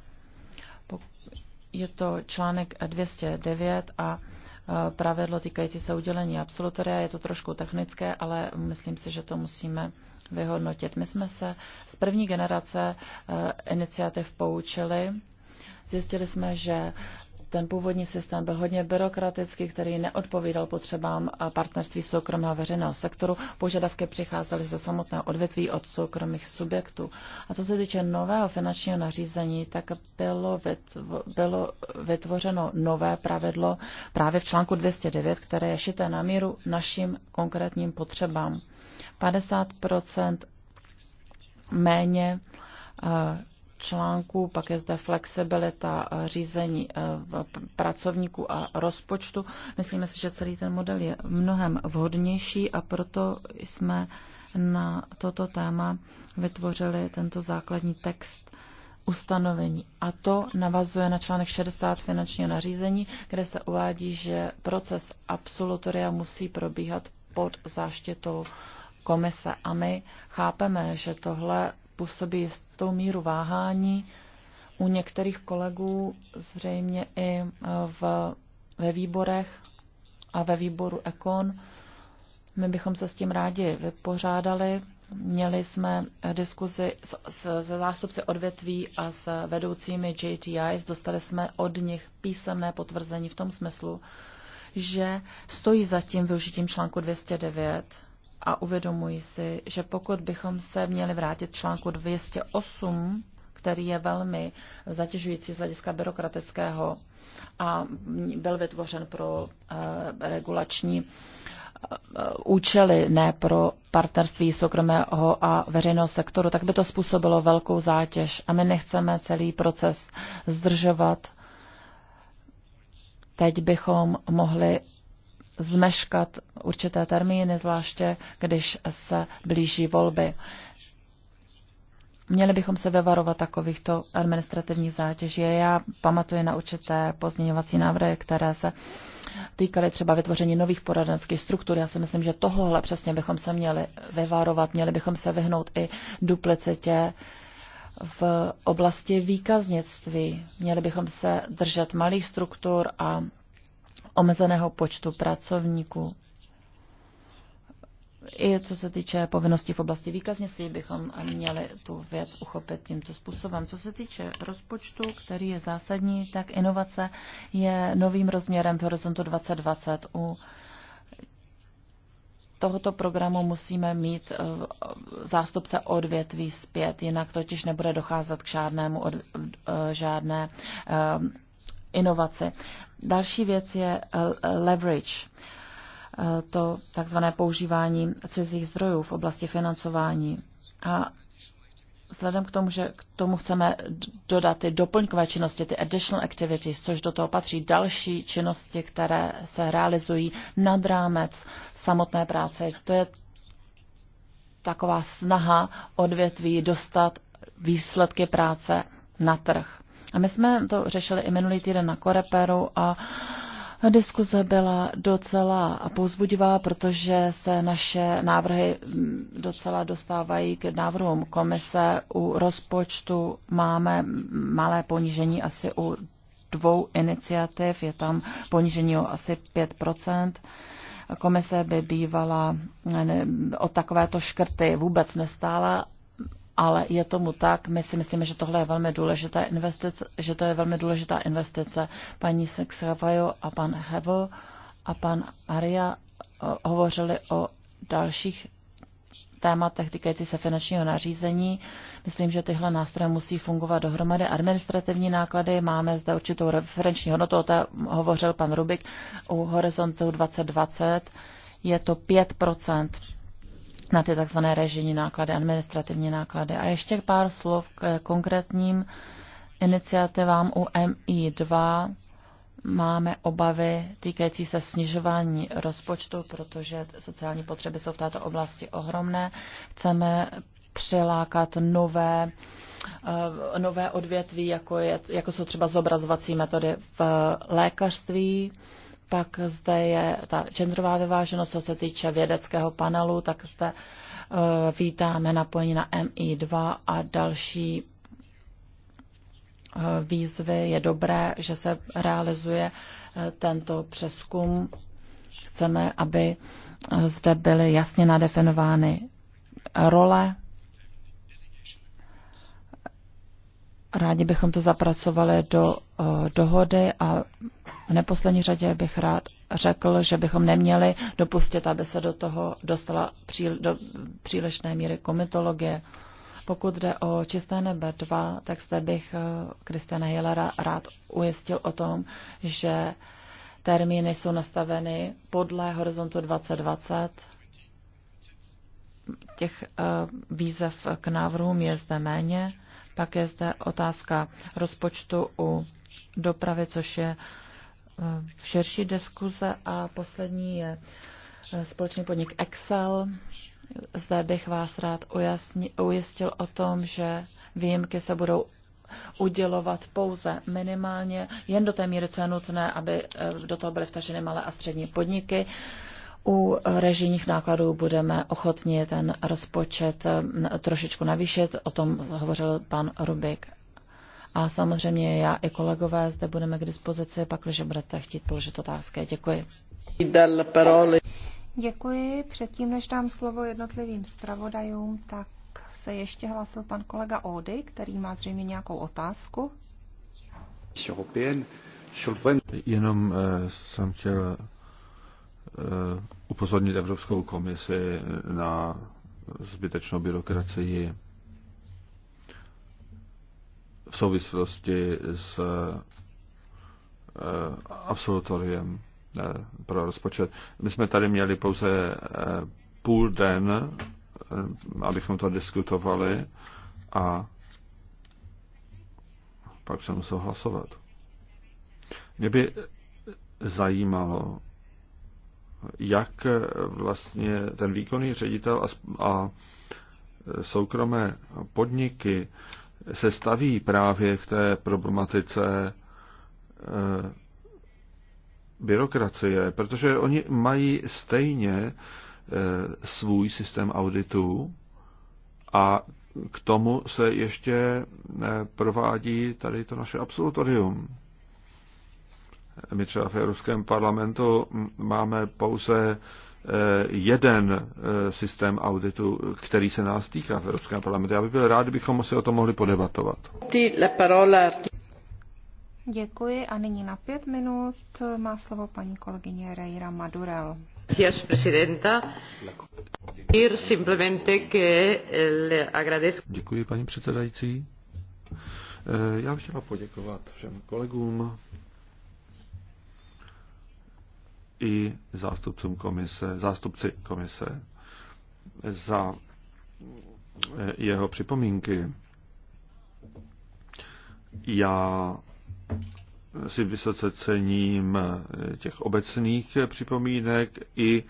Je to článek 209 a eh, pravidlo týkající se udělení absolutoria. Je to trošku technické, ale myslím si, že to musíme vyhodnotit. My jsme se z první generace eh, iniciativ poučili. Zjistili jsme, že ten původní systém byl hodně byrokratický, který neodpovídal potřebám partnerství soukromého veřejného sektoru. Požadavky přicházely ze samotného odvětví od soukromých subjektů. A co se týče nového finančního nařízení, tak bylo, vytvo- bylo vytvořeno nové pravidlo právě v článku 209, které je šité na míru našim konkrétním potřebám. 50 méně eh, článků, pak je zde flexibilita eh, řízení eh, pracovníků a rozpočtu. Myslíme si, že celý ten model je mnohem vhodnější a proto jsme na toto téma vytvořili tento základní text ustanovení. A to navazuje na článek 60 finančního nařízení, kde se uvádí, že proces absolutoria musí probíhat pod záštitou komise. A my chápeme, že tohle způsobí jistou míru váhání. U některých kolegů zřejmě i e, v, ve výborech a ve výboru Ekon. My bychom se s tím rádi vypořádali. Měli jsme diskuzi s, zástupci odvětví a s vedoucími JTIs. Dostali jsme od nich písemné potvrzení v tom smyslu, že stojí za tím využitím článku 209 a uvědomuji si, že pokud bychom se měli vrátit článku 208, který je velmi zatěžující z hlediska byrokratického a byl vytvořen pro eh, regulační eh, účely, ne pro partnerství soukromého a veřejného sektoru, tak by to způsobilo velkou zátěž a my nechceme celý proces zdržovat. Teď bychom mohli zmeškat určité termíny, zvláště když se blíží volby. Měli bychom se vyvarovat takovýchto administrativních zátěží. Já pamatuji na určité pozměňovací návrhy, které se týkaly třeba vytvoření nových poradenských struktur. Já si myslím, že tohle přesně bychom se měli vyvarovat. Měli bychom se vyhnout i duplicitě v oblasti výkaznictví. Měli bychom se držet malých struktur a omezeného počtu pracovníků. I co se týče povinností v oblasti výkaznictví, bychom měli tu věc uchopit tímto způsobem. Co se týče rozpočtu, který je zásadní, tak inovace je novým rozměrem v horizontu 2020 u tohoto programu musíme mít eh, zástupce odvětví zpět, jinak totiž nebude docházet k žádnému, eh, žádné eh, inovaci. Další věc je eh, leverage, eh, to takzvané používání cizích zdrojů v oblasti financování. A vzhledem k tomu, že k tomu chceme dodat ty doplňkové činnosti, ty additional activities, což do toho patří další činnosti, které se realizují nad rámec samotné práce. To je taková snaha odvětví dostat výsledky práce na trh. A my jsme to řešili i minulý týden na Koreperu a Diskuze byla docela pouzbudivá, protože se naše návrhy mm, docela dostávají k návrhům komise. U rozpočtu máme mm, malé ponížení asi u dvou iniciativ, je tam ponížení o asi 5 Komise by bývala o takovéto škrty vůbec nestála ale je tomu tak. My si myslíme, že tohle je velmi důležitá investice, že to je velmi důležitá investice. Paní Sexavajo a pan Hevo a pan Aria eh, hovořili o dalších tématech týkající se finančního nařízení. Myslím, že tyhle nástroje musí fungovat dohromady. Administrativní náklady máme zde určitou referenční hodnotu, o té hovořil pan Rubik u Horizontu 2020. Je to 5 na ty tzv. režijní náklady, administrativní náklady. A ještě pár slov k konkrétním iniciativám u MI2. Máme obavy týkající se snižování rozpočtu, protože sociální potřeby jsou v této oblasti ohromné. Chceme přilákat nové, eh, nové odvětví, jako, je, jako jsou třeba zobrazovací metody v eh, lékařství pak zde je ta genderová vyváženost, co se týče vědeckého panelu, tak zde e, vítáme napojení na MI2 a další e, výzvy. Je dobré, že se realizuje e, tento přeskum. Chceme, aby zde byly jasně nadefinovány role Rádi bychom to zapracovali do eh, dohody a v neposlední řadě bych rád řekl, že bychom neměli dopustit, aby se do toho dostala příl, do přílišné míry komitologie. Pokud jde o čisté nebe 2, tak zde bych eh, Kristiana Hillera rád ujistil o tom, že termíny jsou nastaveny podle horizontu 2020. Těch eh, výzev k návrhům je zde méně pak je zde otázka rozpočtu u dopravy, což je eh, širší diskuze. A poslední je eh, společný podnik Excel. Zde bych vás rád ujasni, ujistil o tom, že výjimky se budou udělovat pouze minimálně, jen do té míry, co je nutné, aby eh, do toho byly vtaženy malé a střední podniky. U režijních nákladů budeme ochotni ten rozpočet trošičku navýšit, o tom hovořil pan Rubik. A samozřejmě já i kolegové zde budeme k dispozici, pakliže budete chtít položit otázky. Děkuji. Děkuji. Předtím, než dám slovo jednotlivým zpravodajům, tak se ještě hlásil pan kolega Ody, který má zřejmě nějakou otázku. Jenom eh, jsem chtěl Eh, upozornit Evropskou komisi na zbytečnou byrokracii v souvislosti s eh, absolutoriem eh, pro rozpočet. My jsme tady měli pouze půl den, abychom to diskutovali a pak jsem musel hlasovat. Mě by zajímalo, jak eh, vlastně ten výkonný ředitel a, a eh, soukromé podniky se staví právě k té problematice eh, byrokracie, protože oni mají stejně svůj systém auditů a k tomu se ještě provádí tady to naše absolutorium. My třeba v Evropském parlamentu máme pouze eh, jeden eh, systém auditu, který se nás týká v Evropském parlamentu. Já bych byl rád, kdybychom si o tom mohli podebatovat. Děkuji a nyní na pět minut má slovo paní kolegyně Reira Madurel. Eh, Děkuji, paní předsedající. Já bych chtěla poděkovat všem kolegům, i zástupcům komise, zástupci komise za eh, jeho připomínky. Já si vysoce cením eh, těch obecných připomínek i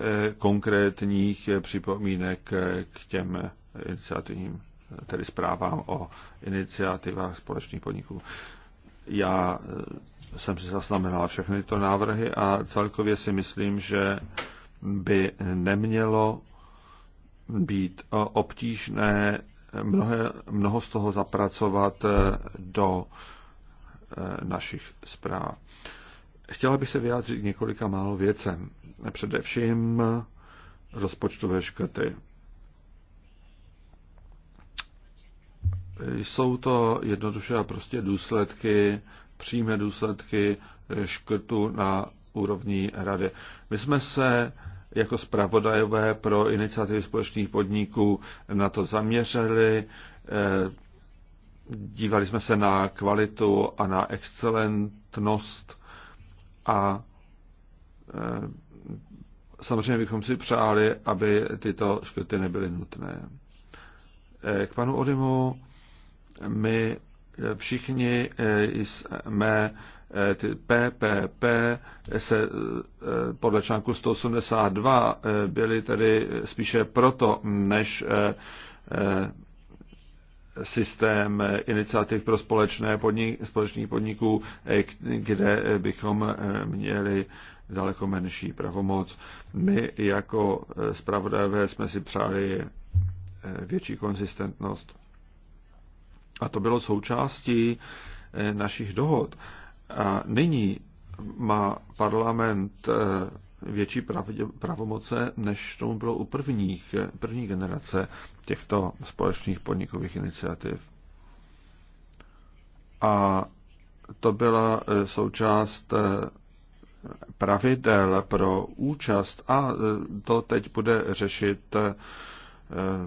eh, konkrétních připomínek k těm iniciativním, tedy zprávám o iniciativách společných podniků. Já jsem si zaznamenal všechny to návrhy a celkově si myslím, že by nemělo být obtížné mnohé, mnoho z toho zapracovat do eh, našich zpráv. Chtěla bych se vyjádřit několika málo věcem. Především rozpočtové škrty. Jsou to jednoduše a prostě důsledky přímé důsledky škrtu na úrovni rady. My jsme se jako zpravodajové pro iniciativy společných podniků na to zaměřili. Eh, dívali jsme se na kvalitu a na excelentnost a eh, samozřejmě bychom si přáli, aby tyto škrty nebyly nutné. Eh, k panu Odimu my všichni jsme eh, eh, ty PPP se eh, podle článku 182 byly tedy spíše proto, než systém iniciativ pro společné podnik, společných podniků, kde bychom měli daleko menší pravomoc. My jako zpravodajové jsme si přáli větší konzistentnost. A to bylo součástí eh, našich dohod. A nyní má parlament eh, větší pravomoce, než tomu bylo u prvních, eh, první generace těchto společných podnikových iniciativ. A to byla součást pravidel pro účast a to teď bude řešit,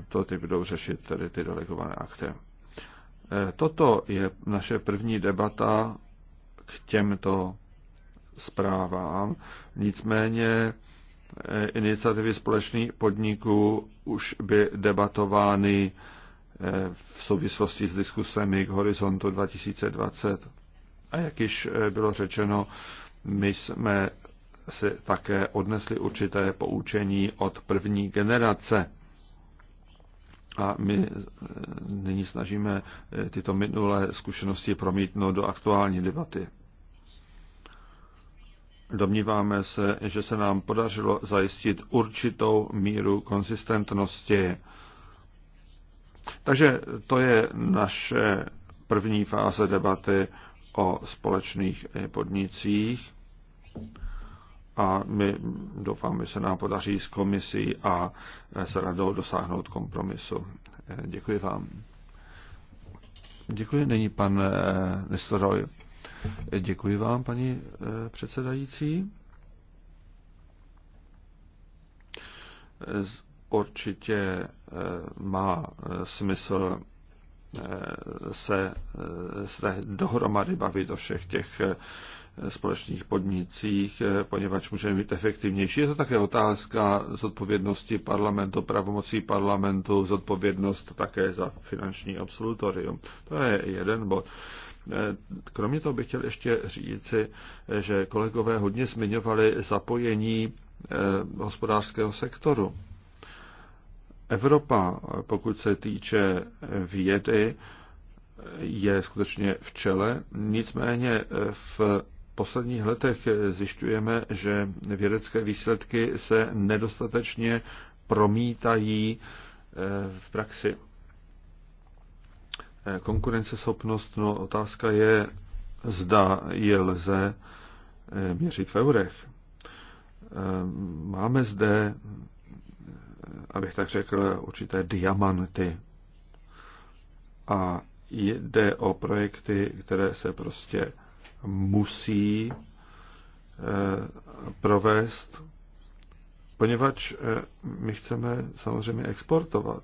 to teď budou řešit tedy ty delegované akty. Toto je naše první debata k těmto zprávám. Nicméně eh, iniciativy společných podniků už by debatovány eh, v souvislosti s diskusemi k horizontu 2020. A jak již eh, bylo řečeno, my jsme si také odnesli určité poučení od první generace a my eh, nyní snažíme eh, tyto minulé zkušenosti promítnout do aktuální debaty. Domníváme se, že se nám podařilo zajistit určitou míru konsistentnosti. Takže to je naše první fáze debaty o společných podnicích a my doufáme, že se nám podaří s komisí a s radou dosáhnout kompromisu. Děkuji vám. Děkuji, není pan eh, Nestoroj. Děkuji vám, paní eh, předsedající. Určitě eh, má smysl se, se dohromady bavit o všech těch společných podnicích, eh, poněvadž můžeme být efektivnější. Je to také otázka zodpovědnosti parlamentu, pravomocí parlamentu, zodpovědnost také za finanční absolutorium. To je jeden bod. Eh, kromě toho bych chtěl ještě říci, eh, že kolegové hodně zmiňovali zapojení hospodářského sektoru. Evropa, pokud se týče vědy, je skutečně v čele, nicméně v posledních letech zjišťujeme, že vědecké výsledky se nedostatečně promítají eh, v praxi. Eh, konkurenceschopnost, no otázka je, zda je lze eh, měřit v eurech. Máme zde, abych tak řekl, určité diamanty. A jde o projekty, které se prostě musí eh, provést, poněvadž eh, my chceme samozřejmě exportovat.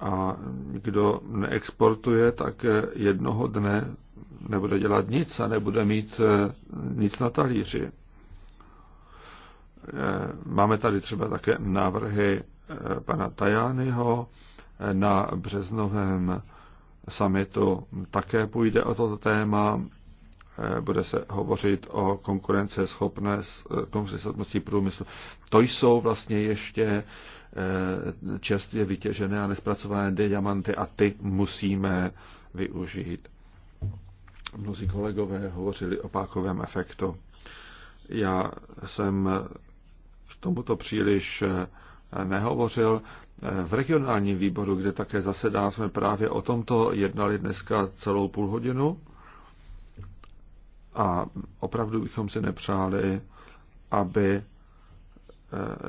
A kdo neexportuje, tak eh, jednoho dne nebude dělat nic a nebude mít nic na talíři. Máme tady třeba také návrhy pana Tajányho na březnovém samitu také půjde o toto téma. Eh, bude se hovořit o konkurence eh, konkurenceschopnosti průmyslu. To jsou vlastně ještě eh, čerstvě vytěžené a nespracované diamanty a ty musíme využít. Mnozí kolegové hovořili o pákovém efektu. Já jsem k tomuto příliš nehovořil. V regionálním výboru, kde také zasedá, jsme právě o tomto jednali dneska celou půl hodinu a opravdu bychom si nepřáli, aby eh,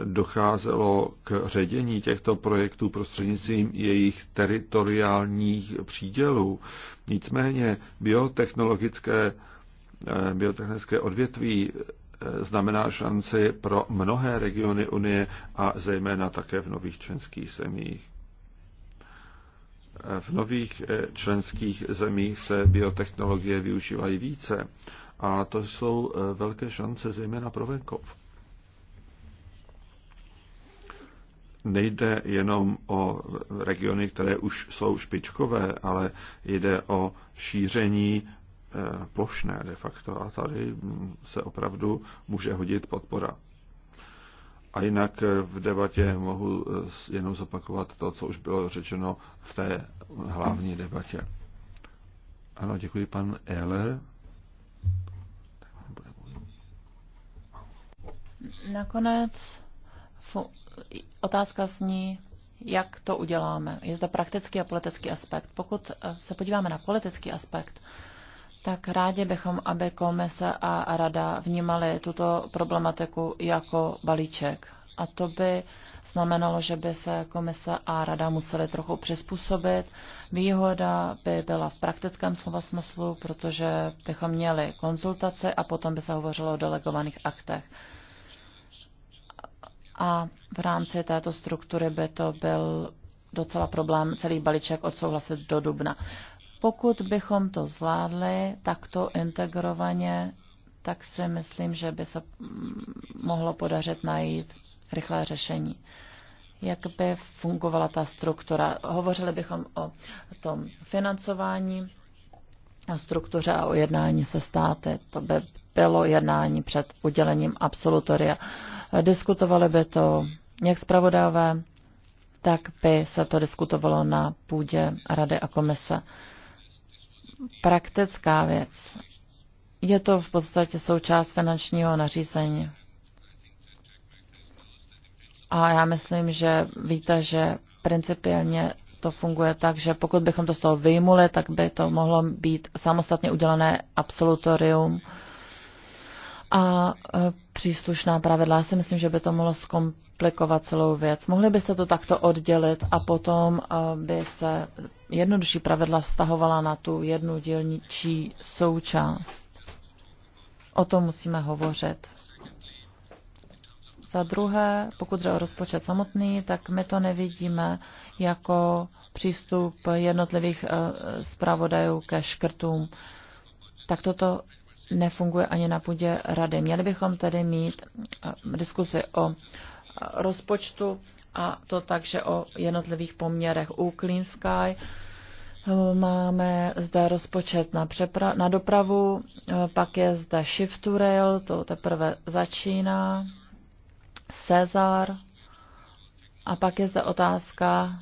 docházelo k ředění těchto projektů prostřednictvím jejich teritoriálních přídělů. Nicméně biotechnologické eh, biotechnické odvětví Eh, znamená šanci pro mnohé regiony Unie a zejména také v nových členských zemích. Eh, v nových eh, členských zemích se biotechnologie využívají více a to jsou velké šance zejména pro venkov. Nejde jenom o regiony, které už jsou špičkové, ale jde o šíření Eh, plošné de facto a tady mm, se opravdu může hodit podpora. A jinak eh, v debatě mohu eh, jenom zopakovat to, co už bylo řečeno v té hlavní debatě. Ano, děkuji pan Ehler. Nakonec otázka zní, jak to uděláme. Je zde praktický a politický aspekt. Pokud se podíváme na politický aspekt, tak rádi bychom, aby komise a rada vnímali tuto problematiku jako balíček. A to by znamenalo, že by se komise a rada museli trochu přizpůsobit. Výhoda by byla v praktickém slova smyslu, protože bychom měli konzultaci a potom by se hovořilo o delegovaných aktech. A v rámci této struktury by to byl docela problém celý balíček odsouhlasit do dubna. Pokud bychom to zvládli takto integrovaně, tak si myslím, že by se mm, mohlo podařit najít rychlé řešení. Jak by fungovala ta struktura? Hovořili bychom o tom financování, o struktuře a o jednání se státy. To by bylo jednání před udělením absolutoria. Diskutovali by to jak zpravodávé, tak by se to diskutovalo na půdě Rady a komise praktická věc. Je to v podstatě součást finančního nařízení. A já myslím, že víte, že principiálně to funguje tak, že pokud bychom to z toho vyjmuli, tak by to mohlo být samostatně udělané absolutorium a e, příslušná pravidla. Já si myslím, že by to mohlo zkomplikovat aplikovat celou věc. Mohli byste to takto oddělit a potom by se jednodušší pravidla vztahovala na tu jednu dělničí součást. O tom musíme hovořit. Za druhé, pokud jde o rozpočet samotný, tak my to nevidíme jako přístup jednotlivých eh, zpravodajů ke škrtům. Tak toto nefunguje ani na půdě rady. Měli bychom tedy mít eh, diskuzi o rozpočtu a to takže o jednotlivých poměrech. U Clean Sky eh, máme zde rozpočet na, přepra- na dopravu, eh, pak je zde Shift to Rail, to teprve začíná, Cezar a pak je zde otázka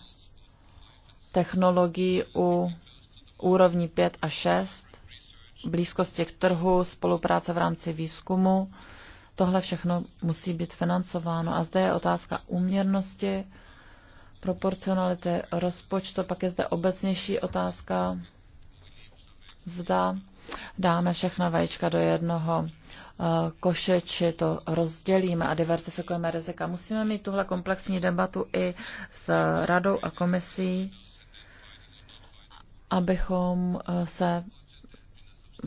technologií u úrovní 5 a 6, blízkosti k trhu, spolupráce v rámci výzkumu Tohle všechno musí být financováno. A zde je otázka úměrnosti, proporcionality rozpočtu, pak je zde obecnější otázka, zda dáme všechna vajíčka do jednoho eh, koše, či to rozdělíme a diversifikujeme rizika. Musíme mít tuhle komplexní debatu i s radou a komisí, abychom eh, se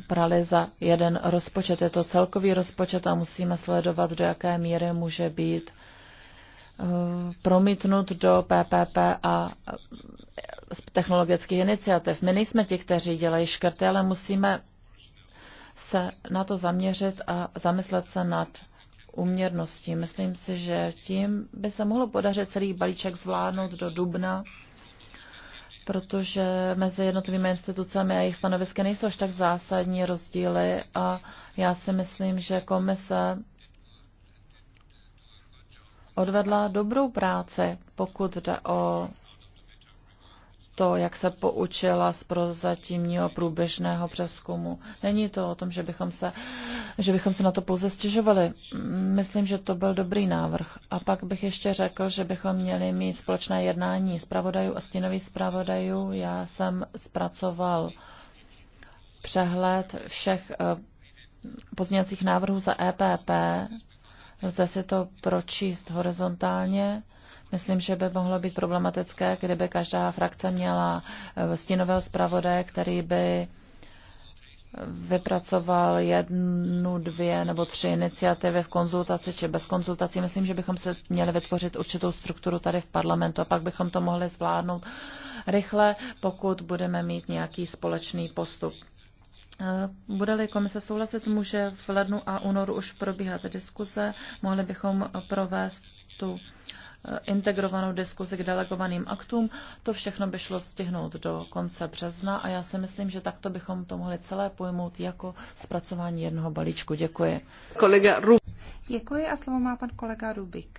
brali za jeden rozpočet. Je to celkový rozpočet a musíme sledovat, do jaké míry může být eh, promítnut do PPP a eh, technologických iniciativ. My nejsme ti, kteří dělají škrty, ale musíme se na to zaměřit a zamyslet se nad uměrností. Myslím si, že tím by se mohlo podařit celý balíček zvládnout do dubna protože mezi jednotlivými institucemi a jejich stanovisky nejsou až tak zásadní rozdíly a já si myslím, že komise odvedla dobrou práci, pokud jde o to, jak se poučila z prozatímního průběžného přeskumu. Není to o tom, že bychom, se, že bychom se na to pouze stěžovali. Myslím, že to byl dobrý návrh. A pak bych ještě řekl, že bychom měli mít společné jednání zpravodajů a stínových zpravodajů. Já jsem zpracoval přehled všech eh, pozměňovacích návrhů za EPP. Lze si to pročíst horizontálně. Myslím, že by mohlo být problematické, kdyby každá frakce měla eh, stínového zpravodaje, který by vypracoval jednu, dvě nebo tři iniciativy v konzultaci či bez konzultací. Myslím, že bychom se měli vytvořit určitou strukturu tady v parlamentu a pak bychom to mohli zvládnout rychle, pokud budeme mít nějaký společný postup. Eh, Bude-li komise souhlasit, může v lednu a únoru už probíhat diskuze. Mohli bychom provést tu Eh, integrovanou diskuzi k delegovaným aktům. To všechno by šlo stihnout do konce března a já si myslím, že takto bychom to mohli celé pojmout jako zpracování jednoho balíčku. Děkuji. Kolega Rubik. Děkuji a slovo má pan kolega Rubik.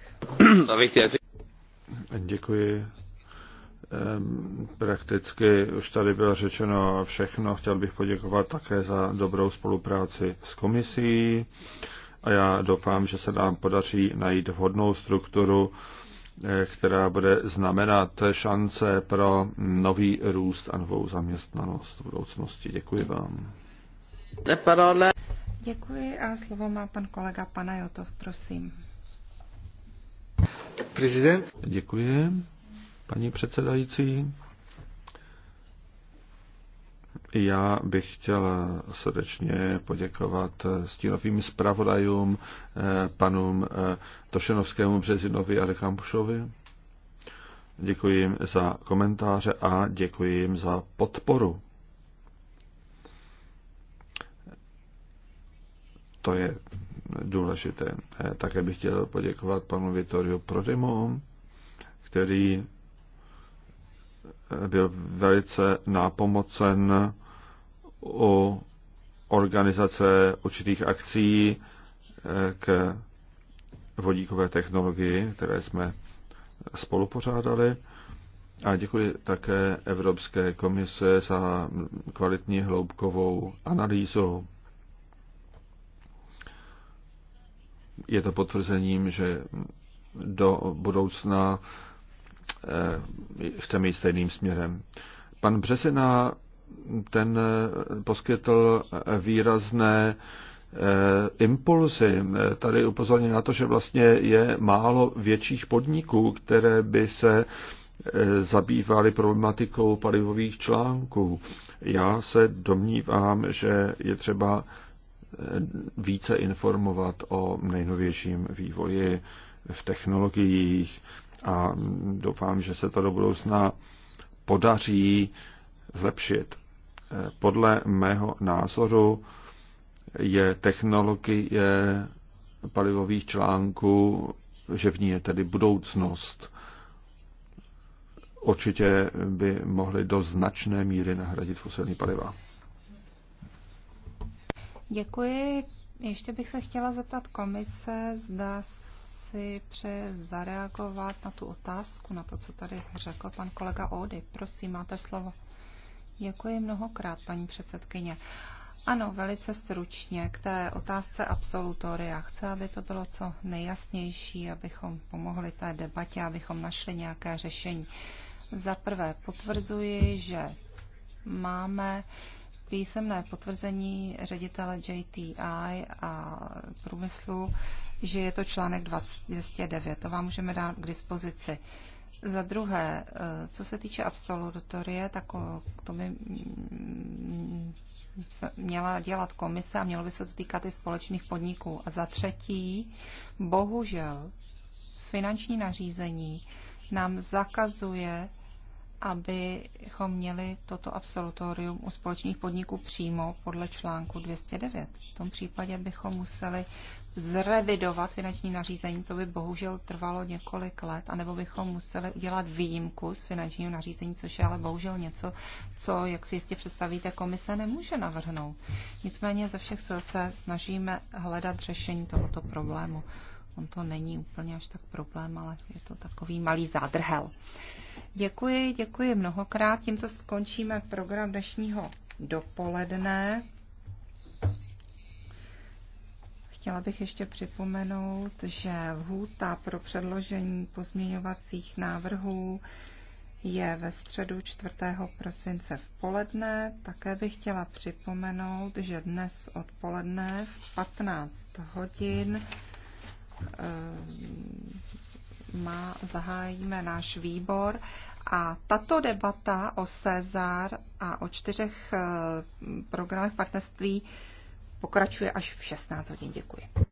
Děkuji. Prakticky už tady bylo řečeno všechno. Chtěl bych poděkovat také za dobrou spolupráci s komisí a já doufám, že se nám podaří najít vhodnou strukturu Eh, která bude znamenat šance pro nový růst a novou zaměstnanost v budoucnosti. Děkuji vám. Děkuji a slovo má pan kolega Panajotov, prosím. Prezident. Děkuji, paní předsedající. Já bych chtěl srdečně poděkovat stínovým zpravodajům, eh, panům eh, Tošenovskému Březinovi a Rechampušovi. Děkuji jim za komentáře a děkuji jim za podporu. To je důležité. Eh, také bych chtěl poděkovat panu Vitoriu Prodimu, který byl velice nápomocen u organizace určitých akcí eh, k vodíkové technologii, které jsme spolu pořádali. A děkuji také Evropské komise za kvalitní hloubkovou analýzu. Je to potvrzením, že do budoucna Eh, chceme jít stejným směrem. Pan Březina ten eh, poskytl výrazné eh, impulzy. Tady upozorně na to, že vlastně je málo větších podniků, které by se zabývali problematikou palivových článků. Já se domnívám, že je třeba více informovat o nejnovějším vývoji v technologiích a doufám, že se to do budoucna podaří zlepšit. Podle mého názoru je technologie palivových článků, že v ní je tedy budoucnost. Určitě by mohly do značné míry nahradit fosilní paliva. Děkuji. Ještě bych se chtěla zeptat komise, zda si zareagovat na tu otázku, na to, co tady řekl pan kolega Ody. Prosím, máte slovo. Děkuji mnohokrát, paní předsedkyně. Ano, velice stručně k té otázce absolutoria. Chci, aby to bylo co nejjasnější, abychom pomohli té debatě, abychom našli nějaké řešení. Za prvé potvrzuji, že máme písemné potvrzení ředitele JTI a průmyslu, že je to článek 209. To vám můžeme dát k dispozici. Za druhé, eh, co se týče absolutorie, tak eh, to by mm, měla dělat komise a mělo by se to týkat i společných podniků. A za třetí, bohužel, finanční nařízení nám zakazuje, abychom měli toto absolutorium u společných podniků přímo podle článku 209. V tom případě bychom museli zrevidovat finanční nařízení, to by bohužel trvalo několik let, anebo bychom museli udělat výjimku z finančního nařízení, což je ale bohužel něco, co, jak si jistě představíte, komise nemůže navrhnout. Nicméně ze všech sil se snažíme hledat řešení tohoto problému. On to není úplně až tak problém, ale je to takový malý zádrhel. Děkuji, děkuji mnohokrát. Tímto skončíme program dnešního dopoledne. Chtěla bych ještě připomenout, že lhůta pro předložení pozměňovacích návrhů je ve středu 4. prosince v poledne. Také bych chtěla připomenout, že dnes odpoledne v 15 hodin ehm, má, zahájíme náš výbor a tato debata o Cezar a o čtyřech ehm, programech partnerství pokračuje až v 16 hodin. Děkuji.